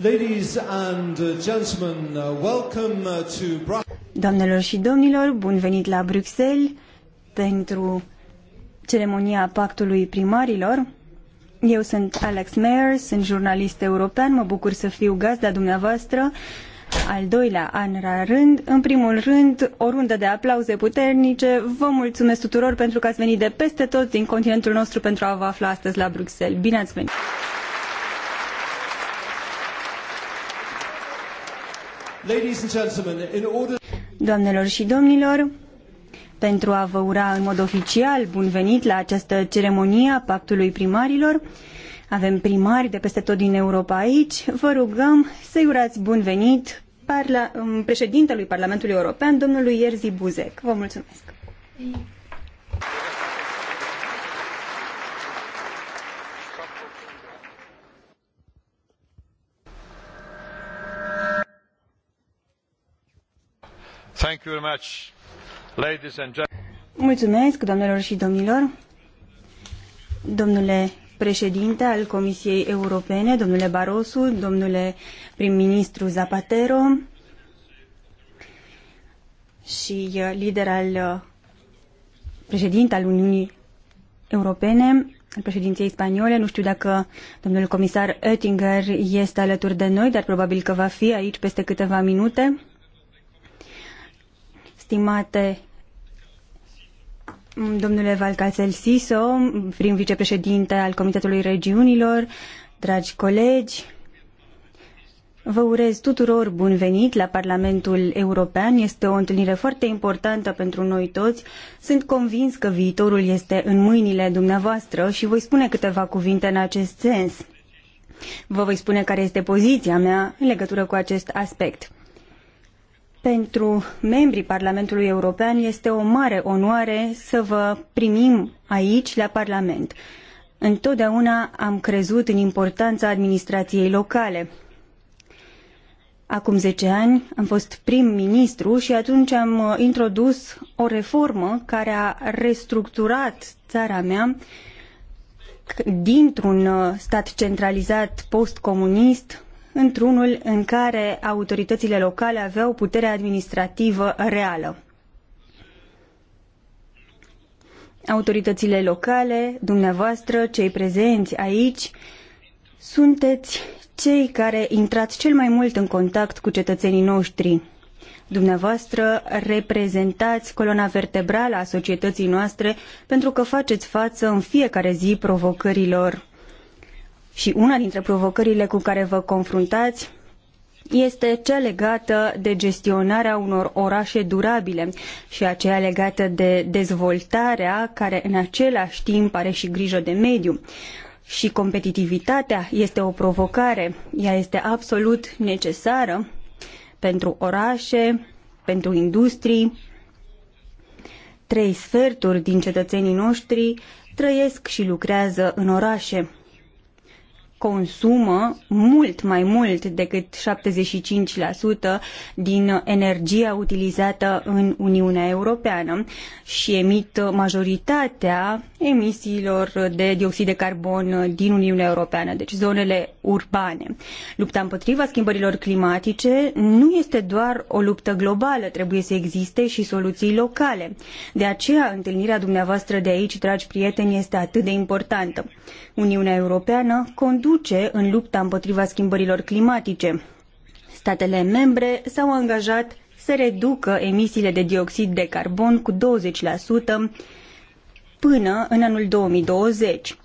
Ladies and uh, gentlemen, uh, welcome uh, to Doamnelor și domnilor, bun venit la Bruxelles pentru ceremonia pactului primarilor. Eu sunt Alex Mayer, sunt jurnalist european, mă bucur să fiu gazda dumneavoastră al doilea an la rând. În primul rând, o rundă de aplauze puternice. Vă mulțumesc tuturor pentru că ați venit de peste tot din continentul nostru pentru a vă afla astăzi la Bruxelles. Bine ați venit! Doamnelor și domnilor, pentru a vă ura în mod oficial bun venit la această ceremonie a Pactului Primarilor, avem primari de peste tot din Europa aici, vă rugăm să-i urați bun venit parla- mm, președintelui Parlamentului European, domnului Ierzi Buzek. Vă mulțumesc! Mulțumesc, doamnelor și domnilor. Domnule președinte al Comisiei Europene, domnule Barroso, domnule prim-ministru Zapatero și uh, lider al uh, președinte al Uniunii Europene, al președinției spaniole. Nu știu dacă domnul comisar Oettinger este alături de noi, dar probabil că va fi aici peste câteva minute. Stimate domnule Valcasel Siso, prim vicepreședinte al Comitetului Regiunilor, dragi colegi, Vă urez tuturor bun venit la Parlamentul European. Este o întâlnire foarte importantă pentru noi toți. Sunt convins că viitorul este în mâinile dumneavoastră și voi spune câteva cuvinte în acest sens. Vă voi spune care este poziția mea în legătură cu acest aspect. Pentru membrii Parlamentului European este o mare onoare să vă primim aici, la Parlament. Întotdeauna am crezut în importanța administrației locale. Acum zece ani am fost prim-ministru și atunci am introdus o reformă care a restructurat țara mea dintr-un stat centralizat post-comunist într-unul în care autoritățile locale aveau putere administrativă reală. Autoritățile locale, dumneavoastră, cei prezenți aici, sunteți cei care intrați cel mai mult în contact cu cetățenii noștri. Dumneavoastră reprezentați coloana vertebrală a societății noastre pentru că faceți față în fiecare zi provocărilor și una dintre provocările cu care vă confruntați este cea legată de gestionarea unor orașe durabile și aceea legată de dezvoltarea care în același timp are și grijă de mediu. Și competitivitatea este o provocare, ea este absolut necesară pentru orașe, pentru industrii. Trei sferturi din cetățenii noștri trăiesc și lucrează în orașe consumă mult mai mult decât 75% din energia utilizată în Uniunea Europeană și emit majoritatea emisiilor de dioxid de carbon din Uniunea Europeană, deci zonele urbane. Lupta împotriva schimbărilor climatice nu este doar o luptă globală, trebuie să existe și soluții locale. De aceea, întâlnirea dumneavoastră de aici, dragi prieteni, este atât de importantă. Uniunea Europeană conduce în lupta împotriva schimbărilor climatice. Statele membre s-au angajat să reducă emisiile de dioxid de carbon cu 20% până în anul 2020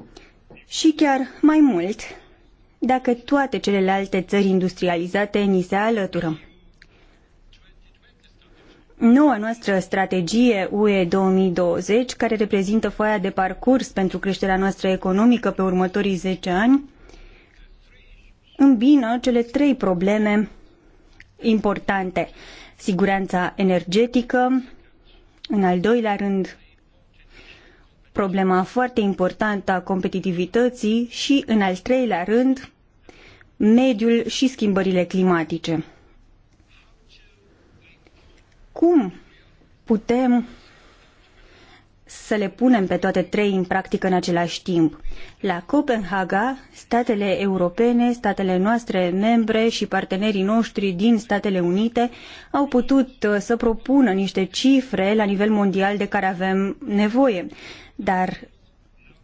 și chiar mai mult dacă toate celelalte țări industrializate ni se alătură. Noua noastră strategie UE 2020, care reprezintă foaia de parcurs pentru creșterea noastră economică pe următorii 10 ani, îmbină cele trei probleme importante. Siguranța energetică, în al doilea rând problema foarte importantă a competitivității și, în al treilea rând, mediul și schimbările climatice. Cum putem să le punem pe toate trei în practică în același timp. La Copenhaga, statele europene, statele noastre membre și partenerii noștri din Statele Unite au putut uh, să propună niște cifre la nivel mondial de care avem nevoie. Dar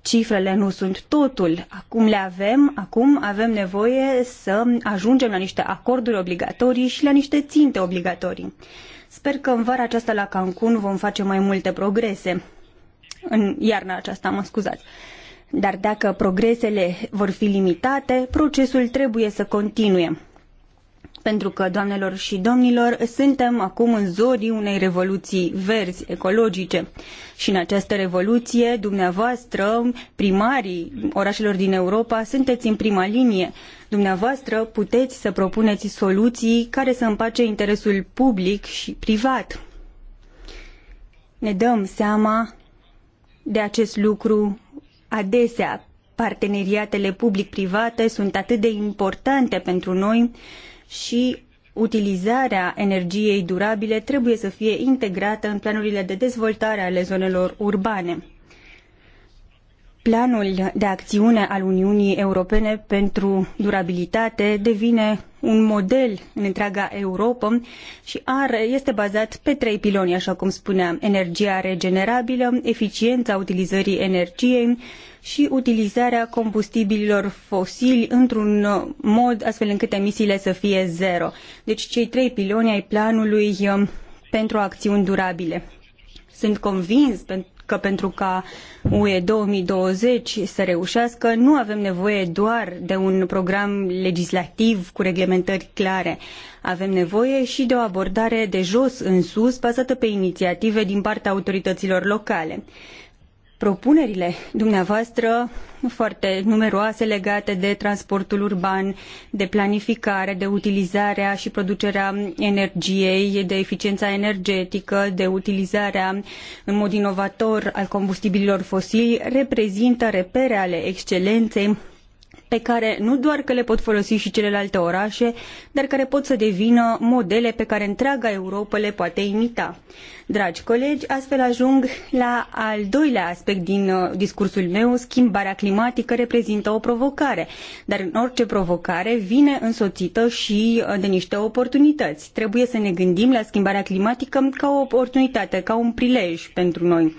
cifrele nu sunt totul. Acum le avem, acum avem nevoie să ajungem la niște acorduri obligatorii și la niște ținte obligatorii. Sper că în vara aceasta la Cancun vom face mai multe progrese în iarna aceasta, mă scuzați. Dar dacă progresele vor fi limitate, procesul trebuie să continue. Pentru că, doamnelor și domnilor, suntem acum în zorii unei revoluții verzi, ecologice. Și în această revoluție, dumneavoastră, primarii orașelor din Europa, sunteți în prima linie. Dumneavoastră puteți să propuneți soluții care să împace interesul public și privat. Ne dăm seama de acest lucru adesea. Parteneriatele public-private sunt atât de importante pentru noi și utilizarea energiei durabile trebuie să fie integrată în planurile de dezvoltare ale zonelor urbane. Planul de acțiune al Uniunii Europene pentru durabilitate devine un model în întreaga Europa și are, este bazat pe trei piloni, așa cum spuneam, energia regenerabilă, eficiența utilizării energiei și utilizarea combustibililor fosili într-un mod astfel încât emisiile să fie zero. Deci cei trei piloni ai planului um, pentru acțiuni durabile. Sunt convins că pentru ca UE 2020 să reușească, nu avem nevoie doar de un program legislativ cu reglementări clare. Avem nevoie și de o abordare de jos în sus, bazată pe inițiative din partea autorităților locale propunerile dumneavoastră foarte numeroase legate de transportul urban, de planificare, de utilizarea și producerea energiei, de eficiența energetică, de utilizarea în mod inovator al combustibililor fosili, reprezintă repere ale excelenței pe care nu doar că le pot folosi și celelalte orașe, dar care pot să devină modele pe care întreaga Europa le poate imita. Dragi colegi, astfel ajung la al doilea aspect din uh, discursul meu, schimbarea climatică reprezintă o provocare, dar în orice provocare vine însoțită și uh, de niște oportunități. Trebuie să ne gândim la schimbarea climatică ca o oportunitate, ca un prilej pentru noi.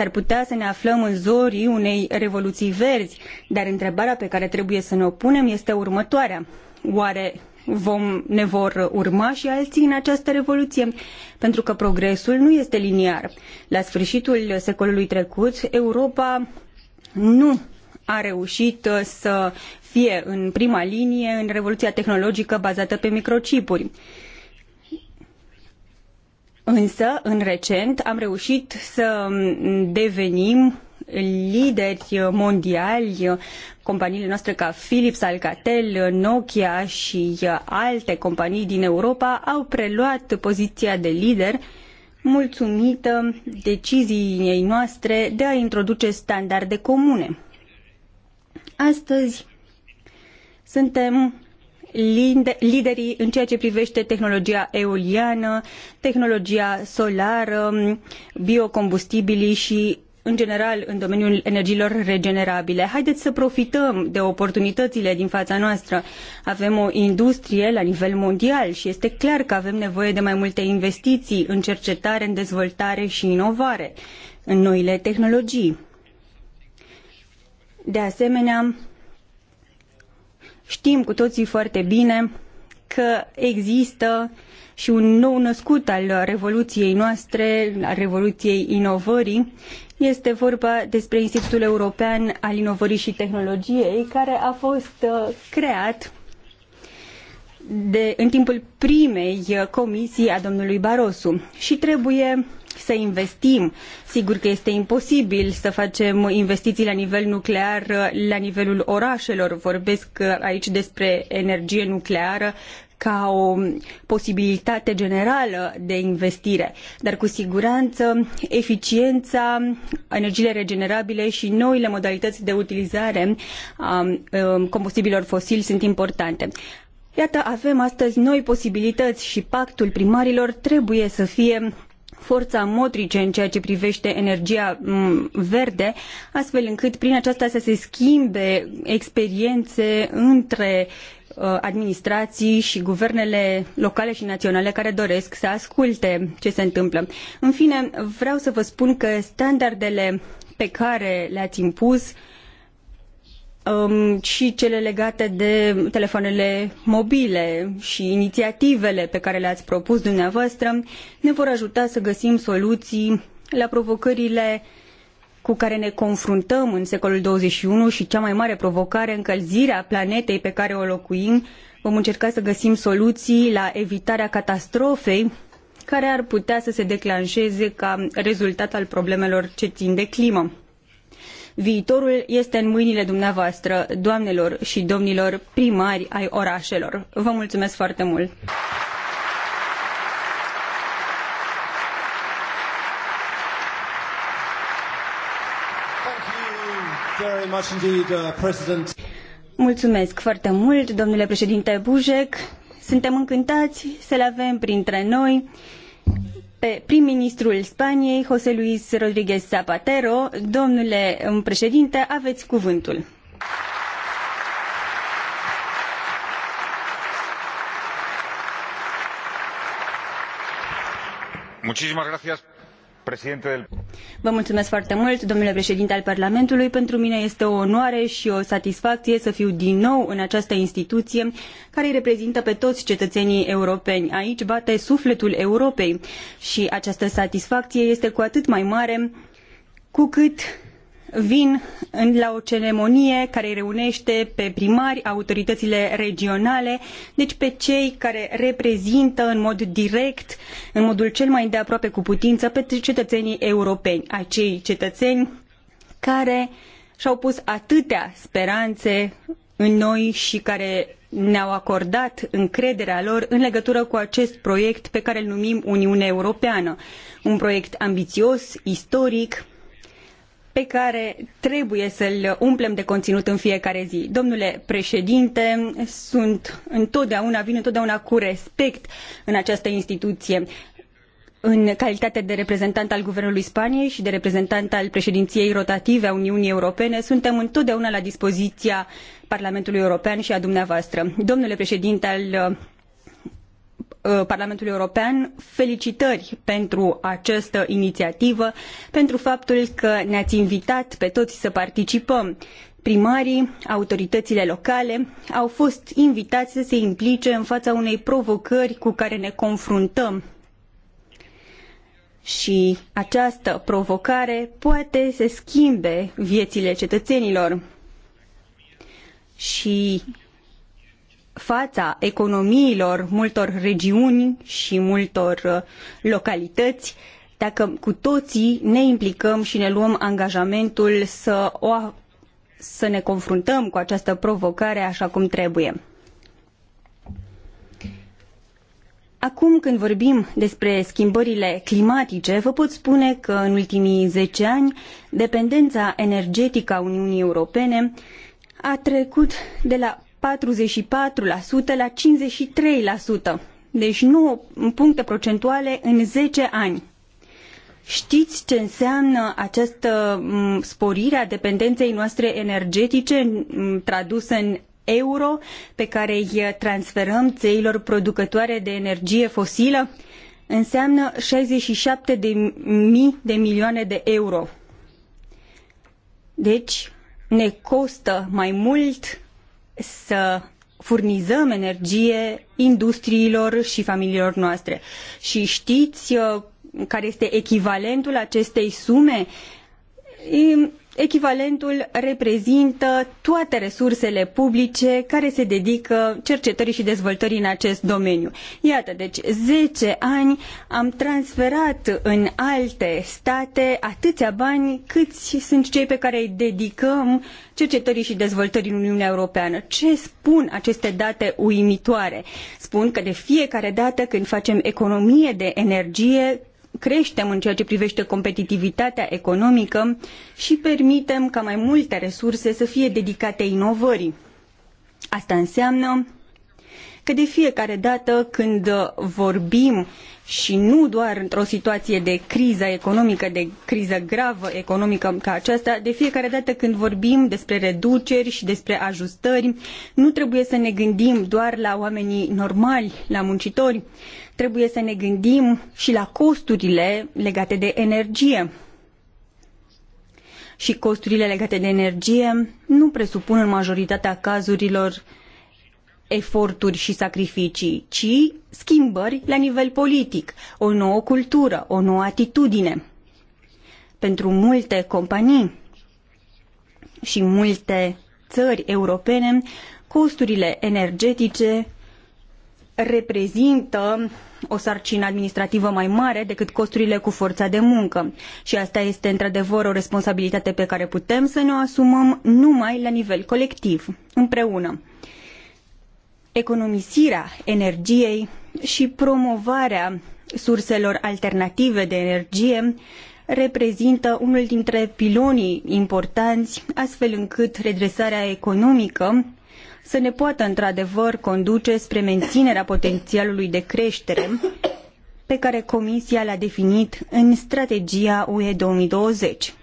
S-ar putea să ne aflăm în zorii unei revoluții verzi, dar întrebarea pe care trebuie să ne o punem este următoarea. Oare vom, ne vor urma și alții în această revoluție, pentru că progresul nu este liniar. La sfârșitul secolului trecut, Europa nu a reușit uh, să fie în prima linie în revoluția tehnologică bazată pe microcipuri. Însă, în recent, am reușit să devenim lideri mondiali, companiile noastre ca Philips, Alcatel, Nokia și alte companii din Europa au preluat poziția de lider mulțumită deciziei noastre de a introduce standarde comune. Astăzi suntem liderii în ceea ce privește tehnologia eoliană, tehnologia solară, biocombustibilii și în general în domeniul energiilor regenerabile. Haideți să profităm de oportunitățile din fața noastră. Avem o industrie la nivel mondial și este clar că avem nevoie de mai multe investiții în cercetare, în dezvoltare și inovare, în noile tehnologii. De asemenea, Știm cu toții foarte bine că există și un nou născut al revoluției noastre, al revoluției inovării. Este vorba despre Institutul European al Inovării și Tehnologiei, care a fost uh, creat de, în timpul primei uh, comisii a domnului Barroso și trebuie să investim. Sigur că este imposibil să facem investiții la nivel nuclear, la nivelul orașelor. Vorbesc aici despre energie nucleară ca o posibilitate generală de investire, dar cu siguranță eficiența, energiile regenerabile și noile modalități de utilizare a combustibilor fosili sunt importante. Iată, avem astăzi noi posibilități și pactul primarilor trebuie să fie forța motrice în ceea ce privește energia mm, verde, astfel încât prin aceasta să se schimbe experiențe între uh, administrații și guvernele locale și naționale care doresc să asculte ce se întâmplă. În fine, vreau să vă spun că standardele pe care le-ați impus uh, um, și cele legate de telefoanele mobile și inițiativele pe care le-ați propus dumneavoastră ne vor ajuta să găsim soluții la provocările cu care ne confruntăm în secolul 21 și cea mai mare provocare, încălzirea planetei pe care o locuim, vom încerca să găsim soluții la evitarea catastrofei care ar putea să se declanșeze ca rezultat al problemelor ce țin de climă. Viitorul este în mâinile dumneavoastră, doamnelor și domnilor primari ai orașelor. Vă mulțumesc foarte mult! Mulțumesc foarte mult, domnule președinte Buzek. Suntem încântați să-l avem printre noi pe prim-ministrul Spaniei, José Luis Rodríguez Zapatero. Domnule președinte, aveți cuvântul. Muchísimas gracias, Vă mulțumesc foarte mult, domnule președinte al Parlamentului. Pentru mine este o onoare și o satisfacție să fiu din nou în această instituție care îi reprezintă pe toți cetățenii europeni. Aici bate sufletul Europei și această satisfacție este cu atât mai mare cu cât vin la o ceremonie care reunește pe primari, autoritățile regionale, deci pe cei care reprezintă în mod direct, în modul cel mai îndeaproape cu putință, pe cetățenii europeni, acei cetățeni care și-au pus atâtea speranțe în noi și care ne-au acordat încrederea lor în legătură cu acest proiect pe care îl numim Uniune Europeană. Un proiect ambițios, istoric, pe care trebuie să-l umplem de conținut în fiecare zi. Domnule președinte, sunt întotdeauna, vin întotdeauna cu respect în această instituție în calitate de reprezentant al Guvernului Spaniei și de reprezentant al președinției rotative a Uniunii Europene, suntem întotdeauna la dispoziția Parlamentului European și a dumneavoastră. Domnule președinte al Uh, Parlamentului European felicitări pentru această inițiativă, pentru faptul că ne-ați invitat pe toți să participăm. Primarii, autoritățile locale au fost invitați să se implice în fața unei provocări cu care ne confruntăm. Și această provocare poate să schimbe viețile cetățenilor și fața economiilor multor regiuni și multor uh, localități, dacă cu toții ne implicăm și ne luăm angajamentul să, o, să ne confruntăm cu această provocare așa cum trebuie. Acum când vorbim despre schimbările climatice, vă pot spune că în ultimii zece ani dependența energetică a Uniunii Europene a trecut de la 44% la 53%, deci 9 puncte procentuale în 10 ani. Știți ce înseamnă această sporire a dependenței noastre energetice tradusă în euro pe care îi transferăm țărilor producătoare de energie fosilă? Înseamnă 67 de mii de milioane de euro. Deci ne costă mai mult să furnizăm energie industriilor și familiilor noastre. Și știți uh, care este echivalentul acestei sume? Echivalentul reprezintă toate resursele publice care se dedică cercetării și dezvoltării în acest domeniu. Iată, deci zece ani am transferat în alte state atâția bani câți sunt cei pe care îi dedicăm cercetării și dezvoltării în Uniunea Europeană. Ce spun aceste date uimitoare? Spun că de fiecare dată când facem economie de energie, creștem în ceea ce privește competitivitatea economică și permitem ca mai multe resurse să fie dedicate inovării. Asta înseamnă că de fiecare dată când vorbim și nu doar într-o situație de criză economică, de criză gravă economică ca aceasta, de fiecare dată când vorbim despre reduceri și despre ajustări, nu trebuie să ne gândim doar la oamenii normali, la muncitori, trebuie să ne gândim și la costurile legate de energie. Și costurile legate de energie nu presupun în majoritatea cazurilor eforturi și sacrificii, ci schimbări la nivel politic, o nouă cultură, o nouă atitudine. Pentru multe companii și multe țări europene, costurile energetice reprezintă o sarcină administrativă mai mare decât costurile cu forța de muncă. Și asta este într-adevăr o responsabilitate pe care putem să ne o asumăm numai la nivel colectiv, împreună. Economisirea energiei și promovarea surselor alternative de energie reprezintă unul dintre pilonii importanți, astfel încât redresarea economică să ne poată într-adevăr conduce spre menținerea potențialului de creștere pe care Comisia l-a definit în strategia UE 2020.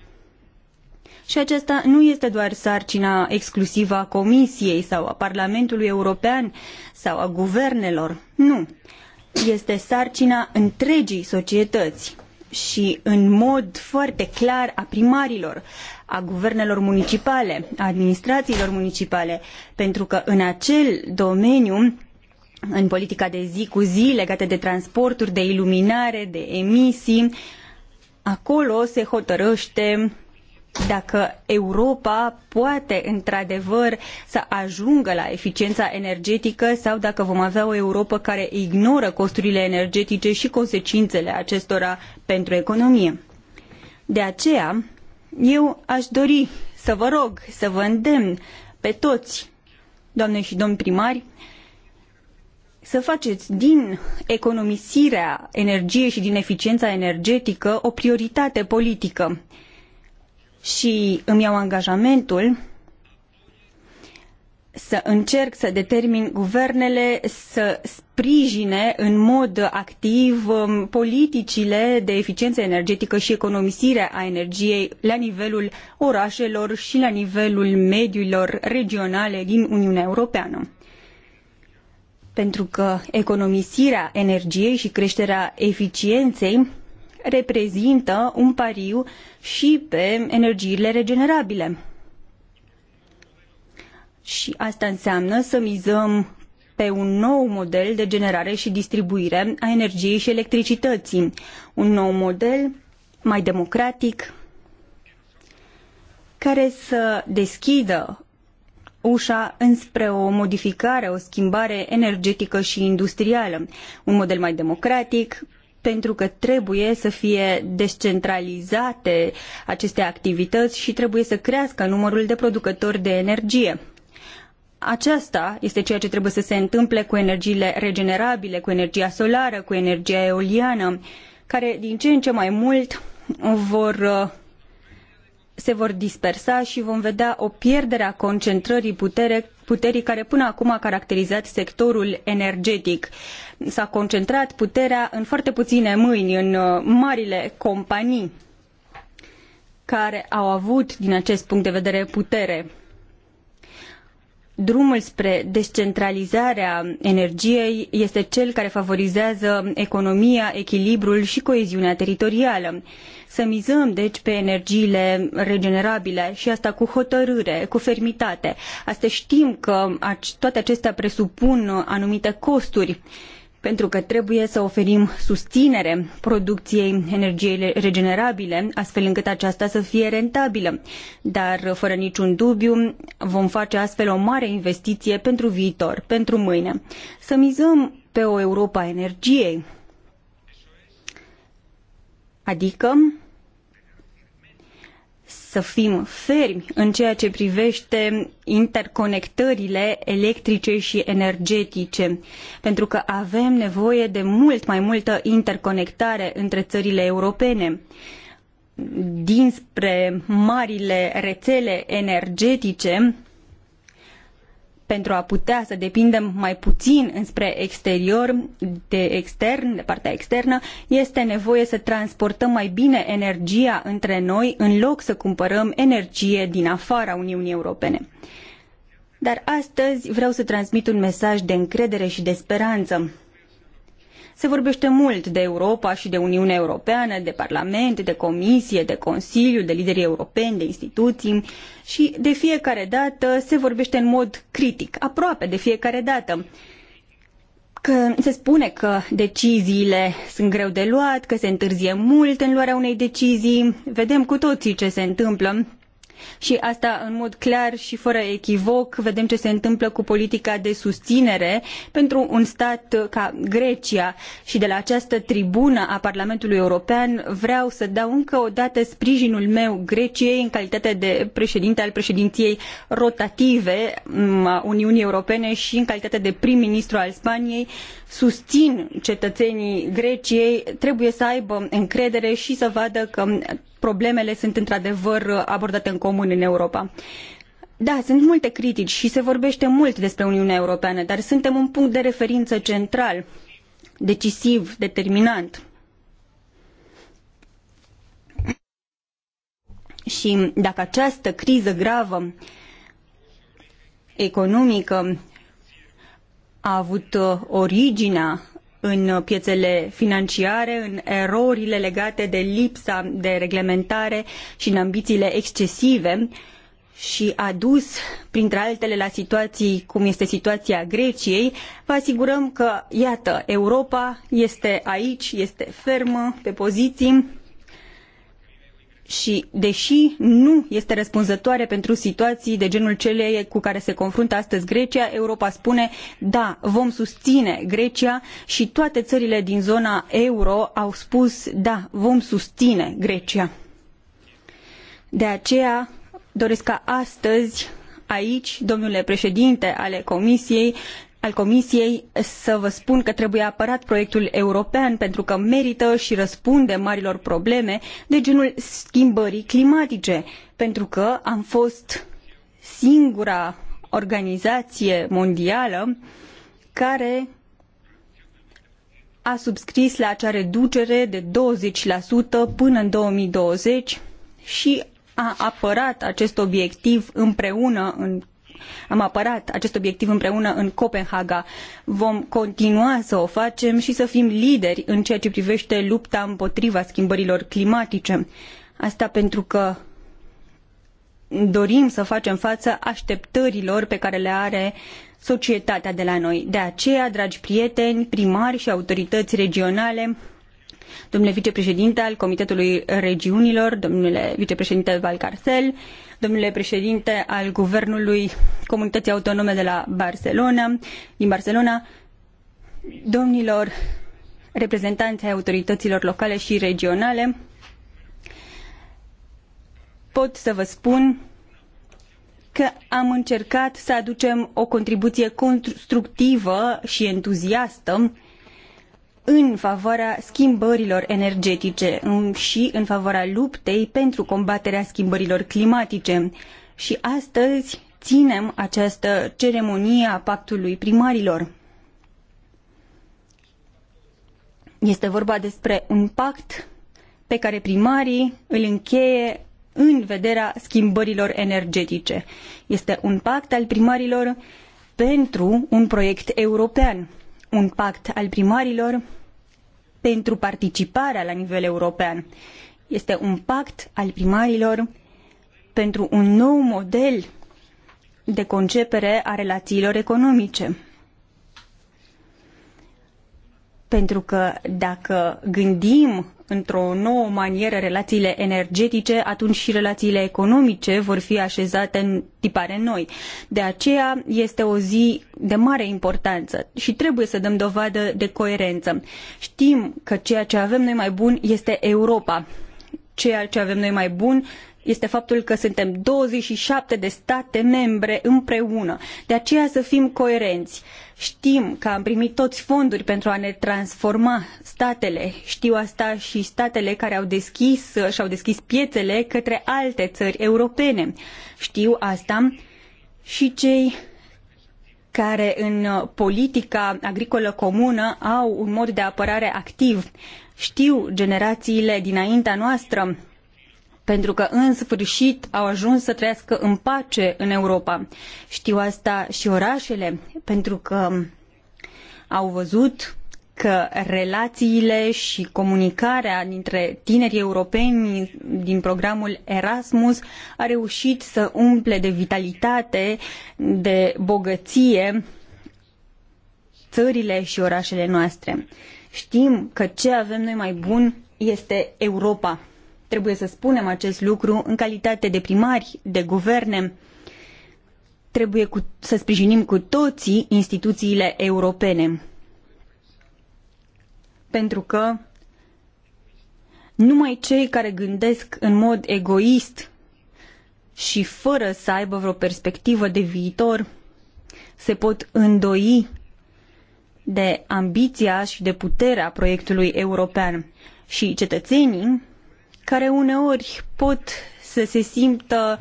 Și aceasta nu este doar sarcina exclusivă a Comisiei sau a Parlamentului European sau a guvernelor. Nu. Este sarcina întregii societăți și în mod foarte clar a primarilor, a guvernelor municipale, a administrațiilor municipale, pentru că în acel domeniu în politica de zi cu zi legată de transporturi, de iluminare, de emisii, acolo se hotărăște dacă Europa poate într-adevăr să ajungă la eficiența energetică sau dacă vom avea o Europa care ignoră costurile energetice și consecințele acestora pentru economie. De aceea, eu aș dori să vă rog, să vă îndemn pe toți, doamne și domni primari, să faceți din economisirea energiei și din eficiența energetică o prioritate politică. Și îmi iau angajamentul să încerc să determin guvernele să sprijine în mod activ um, politicile de eficiență energetică și economisire a energiei la nivelul orașelor și la nivelul mediilor regionale din Uniunea Europeană. Pentru că economisirea energiei și creșterea eficienței reprezintă un pariu și pe energiile regenerabile și asta înseamnă să mizăm pe un nou model de generare și distribuire a energiei și electricității. Un nou model mai democratic, care să deschidă ușa înspre o modificare, o schimbare energetică și industrială. Un model mai democratic, pentru că trebuie să fie descentralizate aceste activități și trebuie să crească numărul de producători de energie aceasta este ceea ce trebuie să se întâmple cu energiile regenerabile, cu energia solară, cu energia eoliană, care din ce în ce mai mult vor, uh, se vor dispersa și vom vedea o pierdere a concentrării putere, puterii care până acum a caracterizat sectorul energetic. S-a concentrat puterea în foarte puține mâini, în uh, marile companii care au avut din acest punct de vedere putere drumul spre descentralizarea energiei este cel care favorizează economia, echilibrul și coeziunea teritorială. Să mizăm, deci, pe energiile regenerabile și asta cu hotărâre, cu fermitate. Asta știm că toate acestea presupun anumite costuri pentru că trebuie să oferim susținere producției energiei regenerabile, astfel încât aceasta să fie rentabilă. Dar, fără niciun dubiu, vom face astfel o mare investiție pentru viitor, pentru mâine. Să mizăm pe o Europa energiei, adică să fim fermi în ceea ce privește interconectările electrice și energetice, pentru că avem nevoie de mult mai multă interconectare între țările europene dinspre marile rețele energetice pentru a putea să depindem mai puțin înspre exterior, de extern, de partea externă, este nevoie să transportăm mai bine energia între noi în loc să cumpărăm energie din afara Uniunii Europene. Dar astăzi vreau să transmit un mesaj de încredere și de speranță se vorbește mult de Europa și de Uniunea Europeană, de Parlament, de Comisie, de Consiliu, de liderii europeni, de instituții și de fiecare dată se vorbește în mod critic, aproape de fiecare dată. Că se spune că deciziile sunt greu de luat, că se întârzie mult în luarea unei decizii. Vedem cu toții ce se întâmplă și asta în mod clar și fără echivoc. Vedem ce se întâmplă cu politica de susținere pentru un stat ca Grecia și de la această tribună a Parlamentului European vreau să dau încă o dată sprijinul meu Greciei în calitate de președinte al președinției rotative mm, a Uniunii Europene și în calitate de prim-ministru al Spaniei susțin cetățenii Greciei trebuie să aibă încredere și să vadă că problemele sunt într-adevăr abordate în comun în Europa. Da, sunt multe critici și se vorbește mult despre Uniunea Europeană, dar suntem un punct de referință central, decisiv, determinant. Și dacă această criză gravă economică a avut originea în piețele financiare, în erorile legate de lipsa de reglementare și în ambițiile excesive și a dus, printre altele, la situații cum este situația Greciei, vă asigurăm că, iată, Europa este aici, este fermă pe poziții și deși nu este răspunzătoare pentru situații de genul celei cu care se confruntă astăzi Grecia, Europa spune da, vom susține Grecia și toate țările din zona euro au spus da, vom susține Grecia. De aceea doresc ca astăzi aici, domnule președinte ale Comisiei, al Comisiei să vă spun că trebuie apărat proiectul european pentru că merită și răspunde marilor probleme de genul schimbării climatice, pentru că am fost singura organizație mondială care a subscris la acea reducere de 20% până în 2020 și a apărat acest obiectiv împreună în am apărat acest obiectiv împreună în Copenhaga. Vom continua să o facem și să fim lideri în ceea ce privește lupta împotriva schimbărilor climatice. Asta pentru că dorim să facem față așteptărilor pe care le are societatea de la noi. De aceea, dragi prieteni, primari și autorități regionale, domnule vicepreședinte al Comitetului Regiunilor, domnule vicepreședinte Valcarcel, domnule președinte al Guvernului Comunității Autonome de la Barcelona, din Barcelona, domnilor reprezentanți ai autorităților locale și regionale, pot să vă spun că am încercat să aducem o contribuție constructivă și entuziastă în favoarea schimbărilor energetice um, și în favoarea luptei pentru combaterea schimbărilor climatice. Și astăzi ținem această ceremonie a pactului primarilor. Este vorba despre un pact pe care primarii îl încheie în vederea schimbărilor energetice. Este un pact al primarilor pentru un proiect european, un pact al primarilor pentru participarea la nivel european. Este un pact al primarilor pentru un nou model de concepere a relațiilor economice pentru că dacă gândim într-o nouă manieră relațiile energetice, atunci și relațiile economice vor fi așezate în tipare noi. De aceea este o zi de mare importanță și trebuie să dăm dovadă de coerență. Știm că ceea ce avem noi mai bun este Europa. Ceea ce avem noi mai bun este faptul că suntem 27 de state membre împreună. De aceea să fim coerenți. Știm că am primit toți fonduri pentru a ne transforma statele. Știu asta și statele care au deschis și-au deschis piețele către alte țări europene. Știu asta și cei care în politica agricolă comună au un mod de apărare activ. Știu generațiile dinaintea noastră pentru că în sfârșit au ajuns să trăiască în pace în Europa. Știu asta și orașele, pentru că au văzut că relațiile și comunicarea dintre tinerii europeni din programul Erasmus a reușit să umple de vitalitate, de bogăție țările și orașele noastre. Știm că ce avem noi mai bun este Europa trebuie să spunem acest lucru, în calitate de primari, de guverne, trebuie cu, să sprijinim cu toții instituțiile europene. Pentru că numai cei care gândesc în mod egoist și fără să aibă vreo perspectivă de viitor se pot îndoi de ambiția și de puterea proiectului european. Și cetățenii care uneori pot să se simtă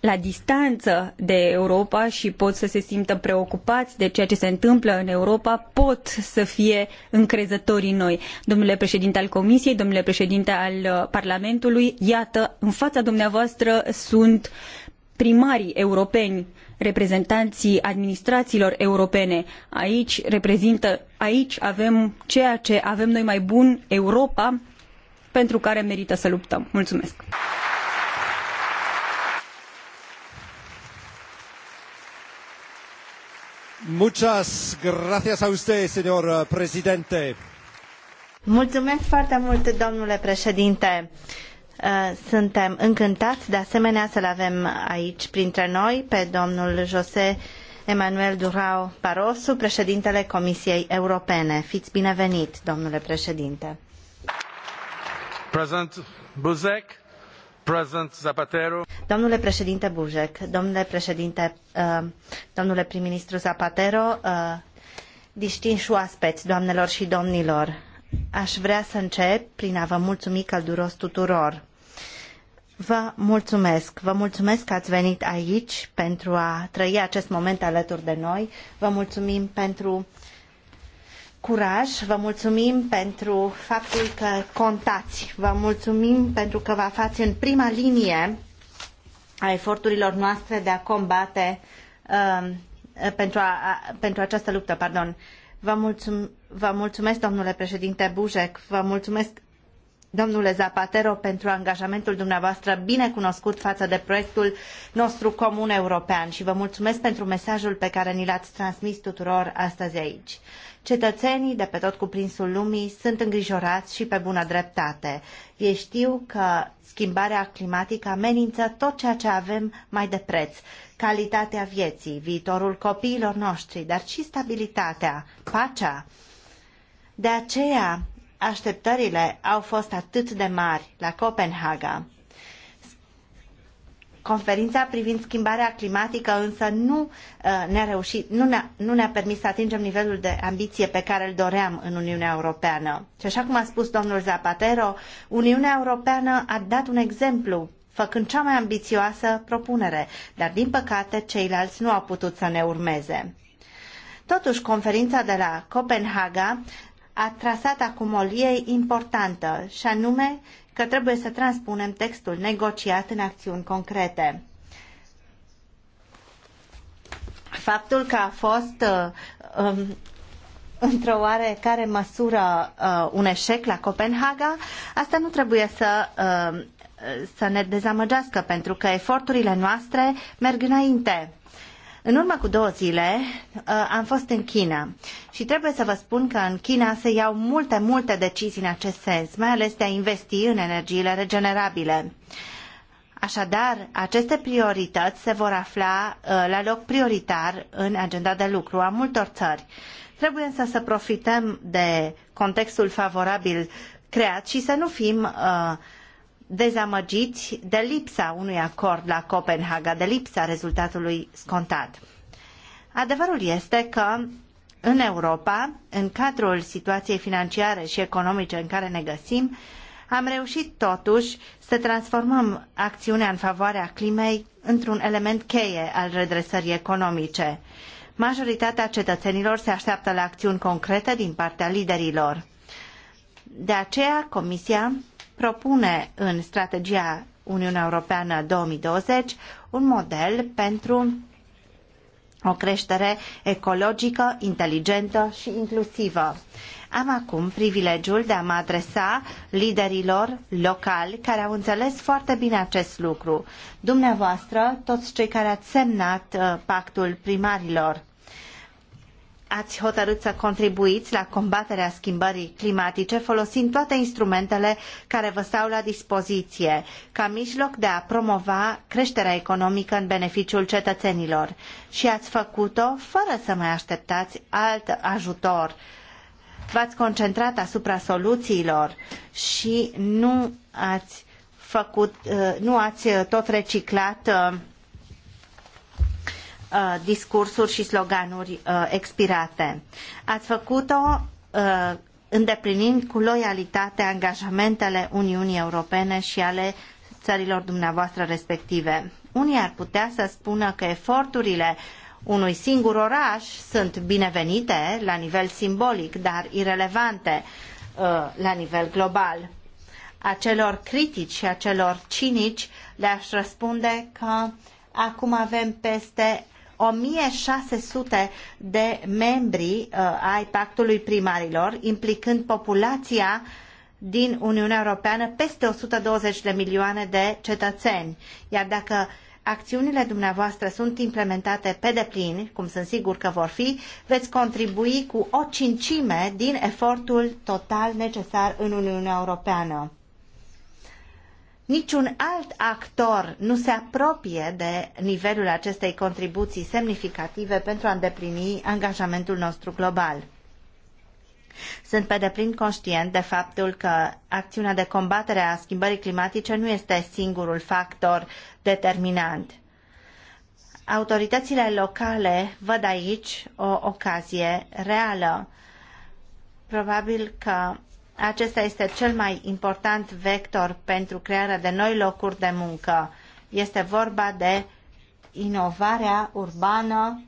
la distanță de Europa și pot să se simtă preocupați de ceea ce se întâmplă în Europa, pot să fie încrezători în noi. Domnule președinte al Comisiei, domnule președinte al uh, Parlamentului, iată, în fața dumneavoastră sunt primarii europeni, reprezentanții administrațiilor europene. Aici reprezintă, aici avem ceea ce avem noi mai bun, Europa, pentru care merită să luptăm. Mulțumesc! Muchas gracias a usted, señor eh, presidente. Mulțumesc foarte mult, domnule președinte. Eh, suntem încântați de asemenea să-l avem aici printre noi pe domnul José Emmanuel Durao Barroso, președintele Comisiei Europene. Fiți binevenit, domnule președinte. Domnule președinte Buzek, domnule președinte, uh, domnule prim-ministru Zapatero, uh, distinși oaspeți, doamnelor și domnilor, aș vrea să încep prin a vă mulțumi călduros tuturor. Vă mulțumesc, vă mulțumesc că ați venit aici pentru a trăi acest moment alături de noi. Vă mulțumim pentru curaj, vă mulțumim pentru faptul că contați, vă mulțumim pentru că vă faceți în prima linie a eforturilor noastre de a combate uh, pentru, a, pentru această luptă, pardon. Vă, mulțum, vă mulțumesc, domnule președinte Buzek, vă mulțumesc, domnule Zapatero, pentru angajamentul dumneavoastră binecunoscut față de proiectul nostru comun european și vă mulțumesc pentru mesajul pe care ni l-ați transmis tuturor astăzi aici. Uh, Cetățenii de pe tot cuprinsul lumii sunt îngrijorați și pe bună dreptate. Ei știu că schimbarea climatică amenință tot ceea ce avem mai de preț, calitatea vieții, viitorul copiilor noștri, dar și stabilitatea, pacea. De aceea, așteptările au fost atât de mari la Copenhaga. Conferința privind schimbarea climatică însă nu uh, ne-a reușit, nu ne-a, nu ne-a permis să atingem nivelul de ambiție pe care îl doream în Uniunea Europeană. Și așa cum a spus domnul Zapatero, Uniunea Europeană a dat un exemplu făcând cea mai ambițioasă propunere, dar din păcate ceilalți nu au putut să ne urmeze. Totuși, conferința de la Copenhaga a trasat acum o linie importantă, și anume că trebuie să transpunem textul negociat în acțiuni concrete. Faptul că a fost uh, um, într-o oarecare măsură uh, un eșec la Copenhaga, asta nu trebuie să, uh, să ne dezamăgească, pentru că eforturile noastre merg înainte. În urmă cu două zile uh, am fost în China și trebuie să vă spun că în China se iau multe, multe decizii în acest sens, mai ales de a investi în energiile regenerabile. Așadar, aceste priorități se vor afla uh, la loc prioritar în agenda de lucru a multor țări. Trebuie însă să profităm de contextul favorabil creat și să nu fim uh, dezamăgiți de lipsa unui acord la Copenhaga, de lipsa rezultatului scontat. Adevărul este că în Europa, în cadrul situației financiare și economice în care ne găsim, am reușit totuși să transformăm acțiunea în favoarea climei într-un element cheie al redresării economice. Majoritatea cetățenilor se așteaptă la acțiuni concrete din partea liderilor. De aceea, Comisia propune în strategia Uniunea Europeană 2020 un model pentru o creștere ecologică, inteligentă și inclusivă. Am acum privilegiul de a mă adresa liderilor locali care au înțeles foarte bine acest lucru. Dumneavoastră, toți cei care ați semnat uh, pactul primarilor ați hotărât să contribuiți la combaterea schimbării climatice folosind toate instrumentele care vă stau la dispoziție ca mijloc de a promova creșterea economică în beneficiul cetățenilor și ați făcut-o fără să mai așteptați alt ajutor. V-ați concentrat asupra soluțiilor și nu ați făcut, uh, nu ați tot reciclat uh, Uh, discursuri și sloganuri uh, expirate. Ați făcut-o uh, îndeplinind cu loialitate angajamentele Uniunii Europene și ale țărilor dumneavoastră respective. Unii ar putea să spună că eforturile unui singur oraș sunt binevenite la nivel simbolic, dar irelevante la nivel global. Acelor critici și acelor cinici le-aș răspunde că acum avem peste 1600 de membri uh, ai Pactului Primarilor, implicând populația din Uniunea Europeană peste 120 de milioane de cetățeni. Iar dacă acțiunile dumneavoastră sunt implementate pe deplin, cum sunt sigur că vor fi, veți contribui cu o cincime din efortul total necesar în Uniunea Europeană. Niciun alt actor nu se apropie de nivelul acestei contribuții semnificative pentru a îndeplini angajamentul nostru global. Sunt pe deplin conștient de faptul că acțiunea de combatere a schimbării climatice nu este singurul factor determinant. Autoritățile locale văd aici o ocazie reală. Probabil că acesta este cel mai important vector pentru crearea de noi locuri de muncă. Este vorba de inovarea urbană,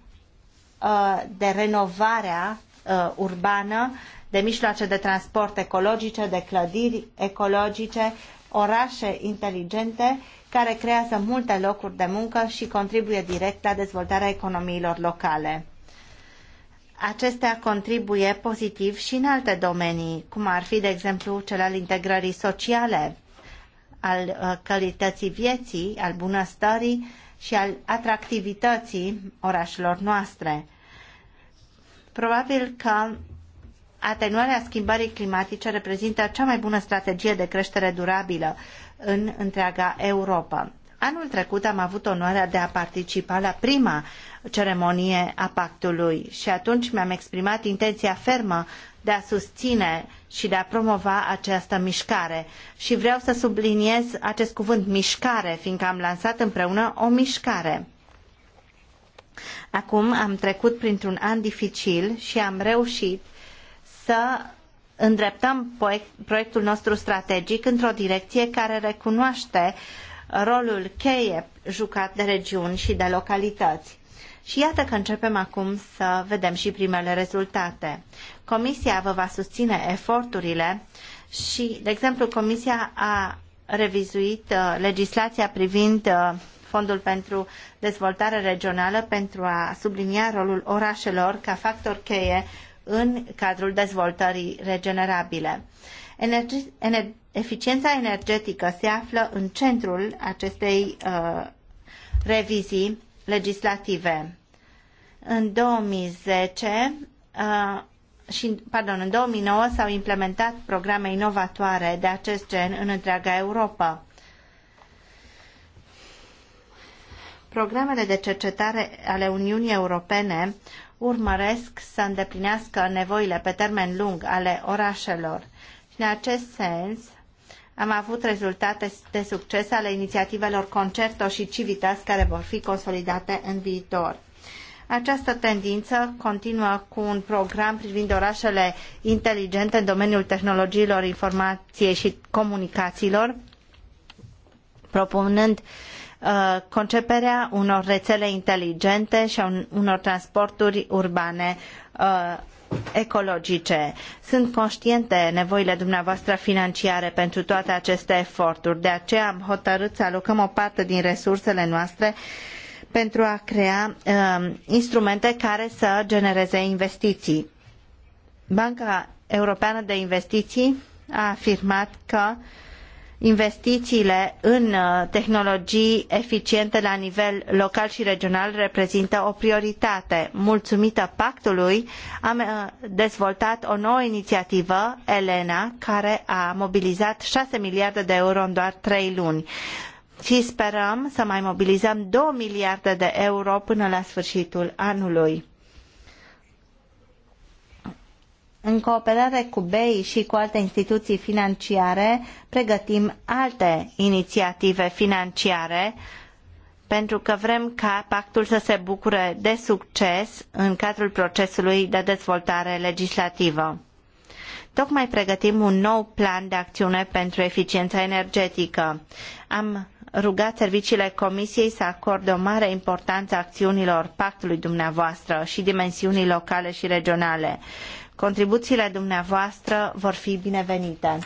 uh, de renovarea uh, urbană, de mijloace de transport ecologice, de clădiri ecologice, orașe inteligente care creează multe locuri de muncă și contribuie direct la dezvoltarea economiilor locale acestea contribuie pozitiv și în alte domenii, cum ar fi, de exemplu, cel al integrării sociale, al uh, calității vieții, al bunăstării și al atractivității orașelor noastre. Probabil că atenuarea schimbării climatice reprezintă cea mai bună strategie de creștere durabilă în întreaga Europa. Anul trecut am avut onoarea de a participa la prima ceremonie a pactului și atunci mi-am exprimat intenția fermă de a susține și de a promova această mișcare. Și vreau să subliniez acest cuvânt mișcare, fiindcă am lansat împreună o mișcare. Acum am trecut printr-un an dificil și am reușit să îndreptăm proiectul nostru strategic într-o direcție care recunoaște rolul cheie jucat de regiuni și de localități. Și iată că începem acum să vedem și primele rezultate. Comisia vă va susține eforturile și, de exemplu, Comisia a revizuit uh, legislația privind uh, Fondul pentru Dezvoltare Regională pentru a sublinia rolul orașelor ca factor cheie în cadrul dezvoltării regenerabile. Energi- ener- eficiența energetică se află în centrul acestei uh, revizii legislative. În 2010 uh, și, pardon, în 2009 s-au implementat programe inovatoare de acest gen în întreaga Europa. Programele de cercetare ale Uniunii Europene urmăresc să îndeplinească nevoile pe termen lung ale orașelor. Și în acest sens, am avut rezultate de succes ale inițiativelor Concerto și Civitas care vor fi consolidate în viitor. Această tendință continuă cu un program privind orașele inteligente în domeniul tehnologiilor informației și comunicațiilor, propunând uh, conceperea unor rețele inteligente și a unor transporturi urbane uh, ecologice. Sunt conștiente nevoile dumneavoastră financiare pentru toate aceste eforturi, de aceea am hotărât să alocăm o parte din resursele noastre pentru a crea uh, instrumente care să genereze investiții. Banca Europeană de Investiții a afirmat că uh, Investițiile în uh, tehnologii eficiente la nivel local și regional reprezintă o prioritate. Mulțumită pactului, am uh, dezvoltat o nouă inițiativă, Elena, care a mobilizat 6 miliarde de euro în doar 3 luni și sperăm să mai mobilizăm 2 miliarde de euro până la sfârșitul anului. În cooperare cu BEI și cu alte instituții financiare, pregătim alte inițiative financiare pentru că vrem ca pactul să se bucure de succes în cadrul procesului de dezvoltare legislativă. Tocmai pregătim un nou plan de acțiune pentru eficiența energetică. Am rugat serviciile Comisiei să acorde o mare importanță acțiunilor pactului dumneavoastră și dimensiunii locale și regionale. Contribuțiile dumneavoastră vor fi binevenite.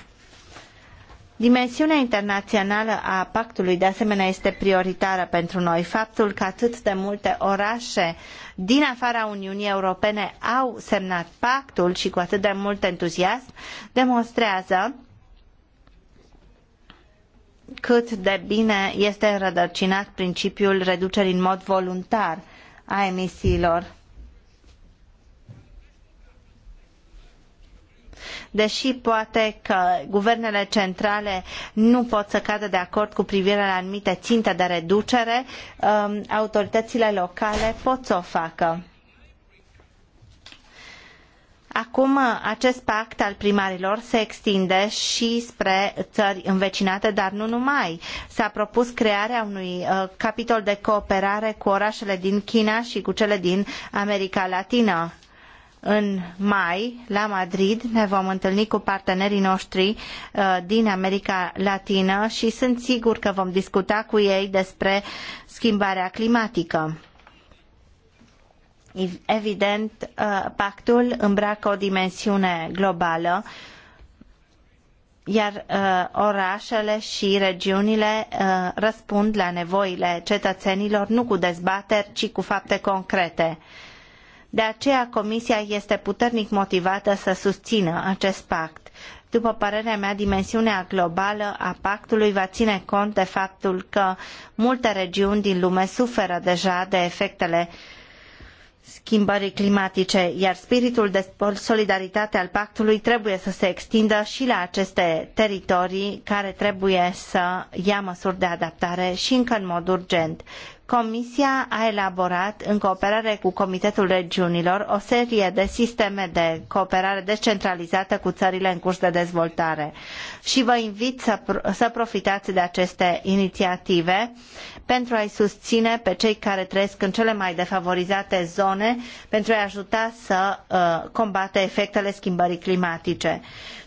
Dimensiunea internațională a pactului de asemenea este prioritară pentru noi. Faptul că atât de multe orașe din afara Uniunii Europene au semnat pactul și cu atât de mult entuziasm demonstrează cât de bine este înrădăcinat principiul reducerii în mod voluntar a emisiilor Deși poate că guvernele centrale nu pot să cadă de acord cu privire la anumite ținte de reducere, um, autoritățile locale pot să o facă. Acum acest pact al primarilor se extinde și spre țări învecinate, dar nu numai. S-a propus crearea unui uh, capitol de cooperare cu orașele din China și cu cele din America Latină în mai la Madrid ne vom întâlni cu partenerii noștri uh, din America Latină și sunt sigur că vom discuta cu ei despre schimbarea climatică. Evident, uh, pactul îmbracă o dimensiune globală, iar uh, orașele și regiunile răspund la nevoile cetățenilor nu cu dezbateri, ci cu fapte concrete. De aceea Comisia este puternic motivată să susțină acest pact. După părerea mea, dimensiunea globală a pactului va ține cont de faptul că multe regiuni din lume suferă deja de efectele schimbării climatice, iar spiritul de solidaritate al pactului trebuie să se extindă și la aceste teritorii care trebuie să ia măsuri de adaptare și încă în mod urgent. Comisia a elaborat, în cooperare cu Comitetul Regiunilor, o serie de sisteme de cooperare descentralizată cu țările în curs de dezvoltare. Și vă invit să, să profitați de aceste inițiative pentru a-i susține pe cei care trăiesc în cele mai defavorizate zone, pentru a-i ajuta să uh, combată efectele schimbării climatice.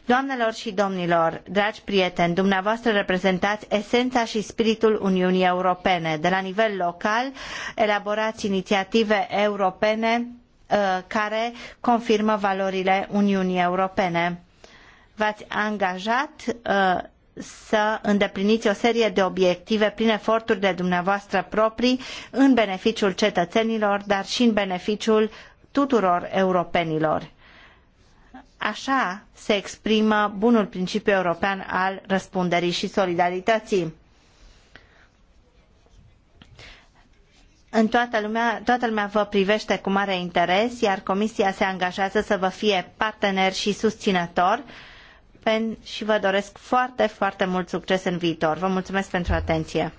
Doamnelor și domnilor, dragi prieteni, dumneavoastră reprezentați esența și spiritul Uniunii Europene. De la nivel local, elaborați inițiative europene uh, care confirmă valorile Uniunii Europene. V-ați angajat uh, să îndepliniți o serie de obiective prin eforturile dumneavoastră proprii în beneficiul cetățenilor, dar și în beneficiul tuturor europenilor. Așa se exprimă bunul principiu european al răspunderii și solidarității. În toată lumea, toată lumea vă privește cu mare interes, iar Comisia se angajează să vă fie partener și susținător și vă doresc foarte, foarte mult succes în viitor. Vă mulțumesc pentru atenție.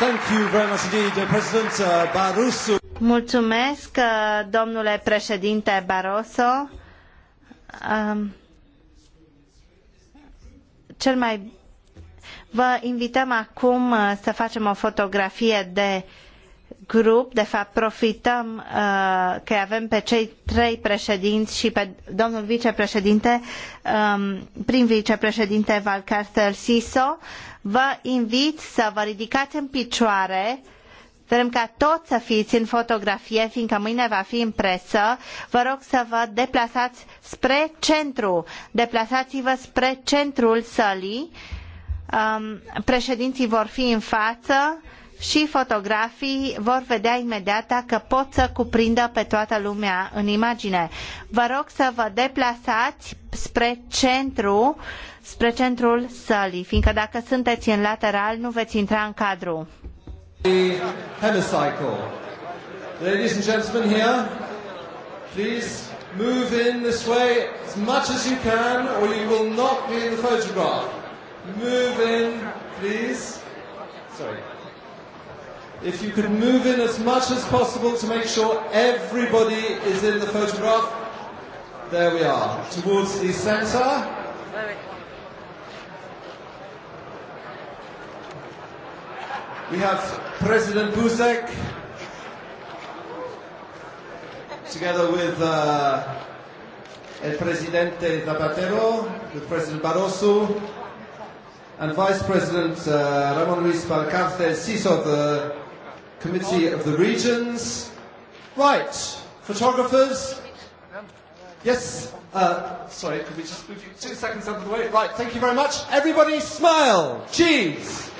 Thank you very much indeed, President uh, Barroso. Mulțumesc, uh, domnule președinte Barroso. Um, cel mai Vă invităm acum uh, să facem o fotografie de grup, de fapt profităm uh, că avem pe cei trei președinți și pe domnul vicepreședinte, um, prim vicepreședinte Valcarcel Siso, vă invit să vă ridicați în picioare Vrem ca toți să fiți în fotografie, fiindcă mâine va fi în presă. Vă rog să vă deplasați spre centru. Deplasați-vă spre centrul sălii. Um, președinții vor fi în față și fotografii vor vedea imediat că pot să cuprindă pe toată lumea în imagine. Vă rog să vă deplasați spre centru, spre centrul sălii, fiindcă dacă sunteți în lateral nu veți intra în cadru. Ladies and gentlemen here, please move in this way as much as you can or you will not be in the photograph. Move in, please. Sorry. If you could move in as much as possible to make sure everybody is in the photograph. There we are, towards the centre. We have President Buzek, together with uh, El Presidente Zapatero, with President Barroso, and Vice President uh, Ramon Luis CISO of the Committee of the Regions. Right, photographers. Yes, uh, sorry, could we just move you two seconds out of the way? Right, thank you very much. Everybody smile. Cheese.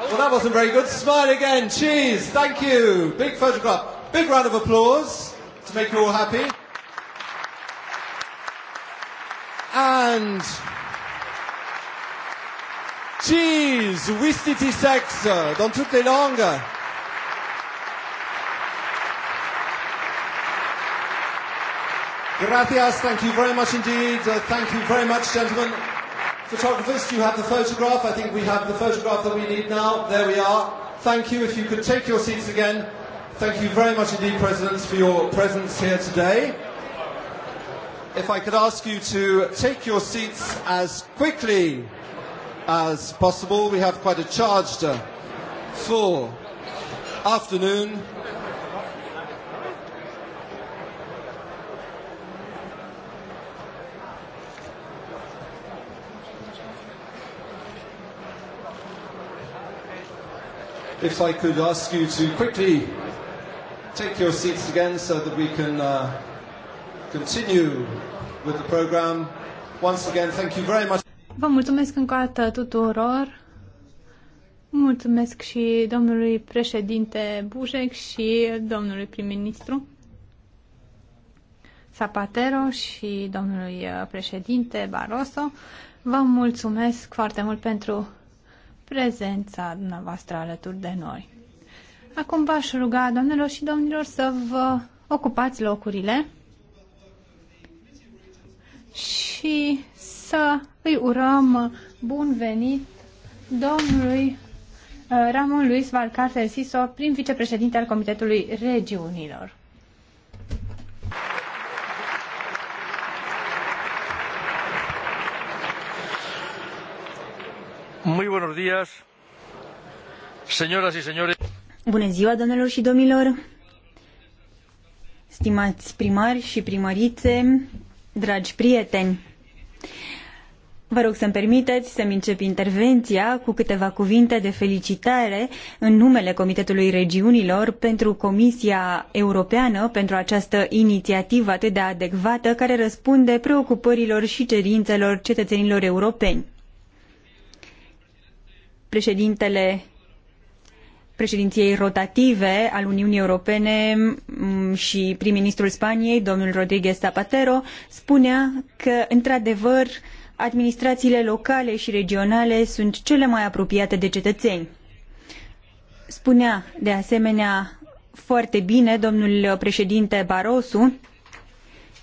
Well, that wasn't very good. Smile again. Cheese. Thank you. Big photograph. Big round of applause to make you all happy. And Cheese, Wistiti Sex, euh, dans toutes les langues. Gracias, thank you very much indeed. Uh, thank you very much, gentlemen. Photographers, you have the photograph. I think we have the photograph that we need now. There we are. Thank you. If you could take your seats again. Thank you very much indeed, Presidents, for your presence here today. If I could ask you to take your seats as quickly as possible. We have quite a charged, uh, full afternoon. If I could ask you to quickly take your seats again so that we can uh, continue with the program. Once again, thank you very much. Vă mulțumesc încă o dată tuturor. Mulțumesc și domnului președinte Bujec și domnului prim-ministru Zapatero și domnului uh, președinte Barroso. Vă mulțumesc foarte mult pentru prezența dumneavoastră alături de noi. Acum v-aș ruga, doamnelor și domnilor, să vă ocupați locurile și să îi urăm bun venit domnului uh, Ramon Luis Valcárcel Siso, prim vicepreședinte al Comitetului Regiunilor. Muy buenos días, señoras y señores. Bună ziua, domnilor și domnilor, stimați primari și primărițe, dragi prieteni. Vă rog să-mi permiteți să-mi încep intervenția cu câteva cuvinte de felicitare în numele Comitetului Regiunilor pentru Comisia Europeană pentru această inițiativă atât de adecvată care răspunde preocupărilor și cerințelor cetățenilor europeni. Președintele președinției rotative al Uniunii Europene mm, și prim-ministrul Spaniei, domnul Rodríguez Zapatero, spunea că, într-adevăr, administrațiile locale și regionale sunt cele mai apropiate de cetățeni. Spunea, de asemenea, foarte bine domnul președinte Barroso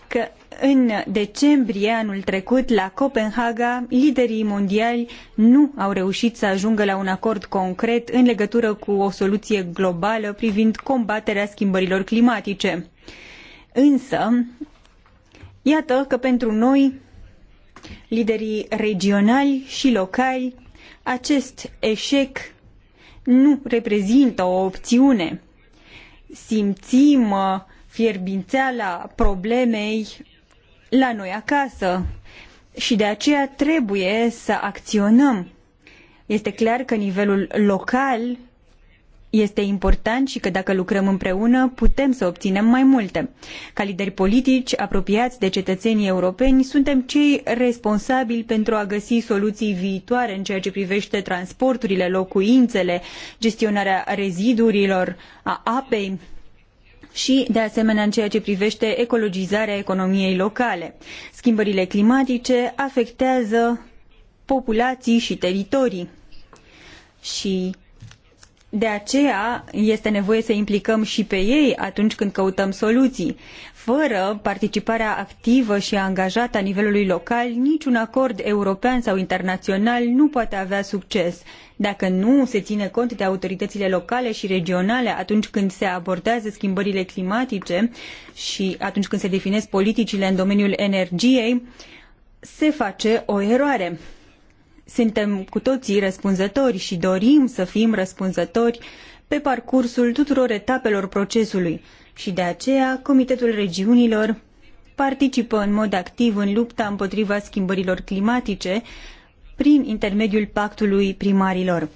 că în decembrie anul trecut, la Copenhaga, liderii mondiali nu au reușit să ajungă la un acord concret în legătură cu o soluție globală privind combaterea schimbărilor climatice. Însă, iată că pentru noi liderii regionali și locali, acest eșec nu reprezintă o opțiune. Simțim uh, fierbințeala problemei la noi acasă și de aceea trebuie să acționăm. Este clar că nivelul local este important și că dacă lucrăm împreună putem să obținem mai multe. Ca lideri politici apropiați de cetățenii europeni, suntem cei responsabili pentru a găsi soluții viitoare în ceea ce privește transporturile, locuințele, gestionarea rezidurilor, a apei, și, de asemenea, în ceea ce privește ecologizarea economiei locale. Schimbările climatice afectează populații și teritorii. Și de aceea este nevoie să implicăm și pe ei atunci când căutăm soluții. Fără participarea activă și angajată a nivelului local, niciun acord european sau internațional nu poate avea succes. Dacă nu se ține cont de autoritățile locale și regionale atunci când se abordează schimbările climatice și atunci când se definesc politicile în domeniul energiei, se face o eroare suntem cu toții răspunzători și dorim să fim răspunzători pe parcursul tuturor etapelor procesului și de aceea Comitetul Regiunilor participă în mod activ în lupta împotriva schimbărilor climatice prin intermediul pactului primarilor.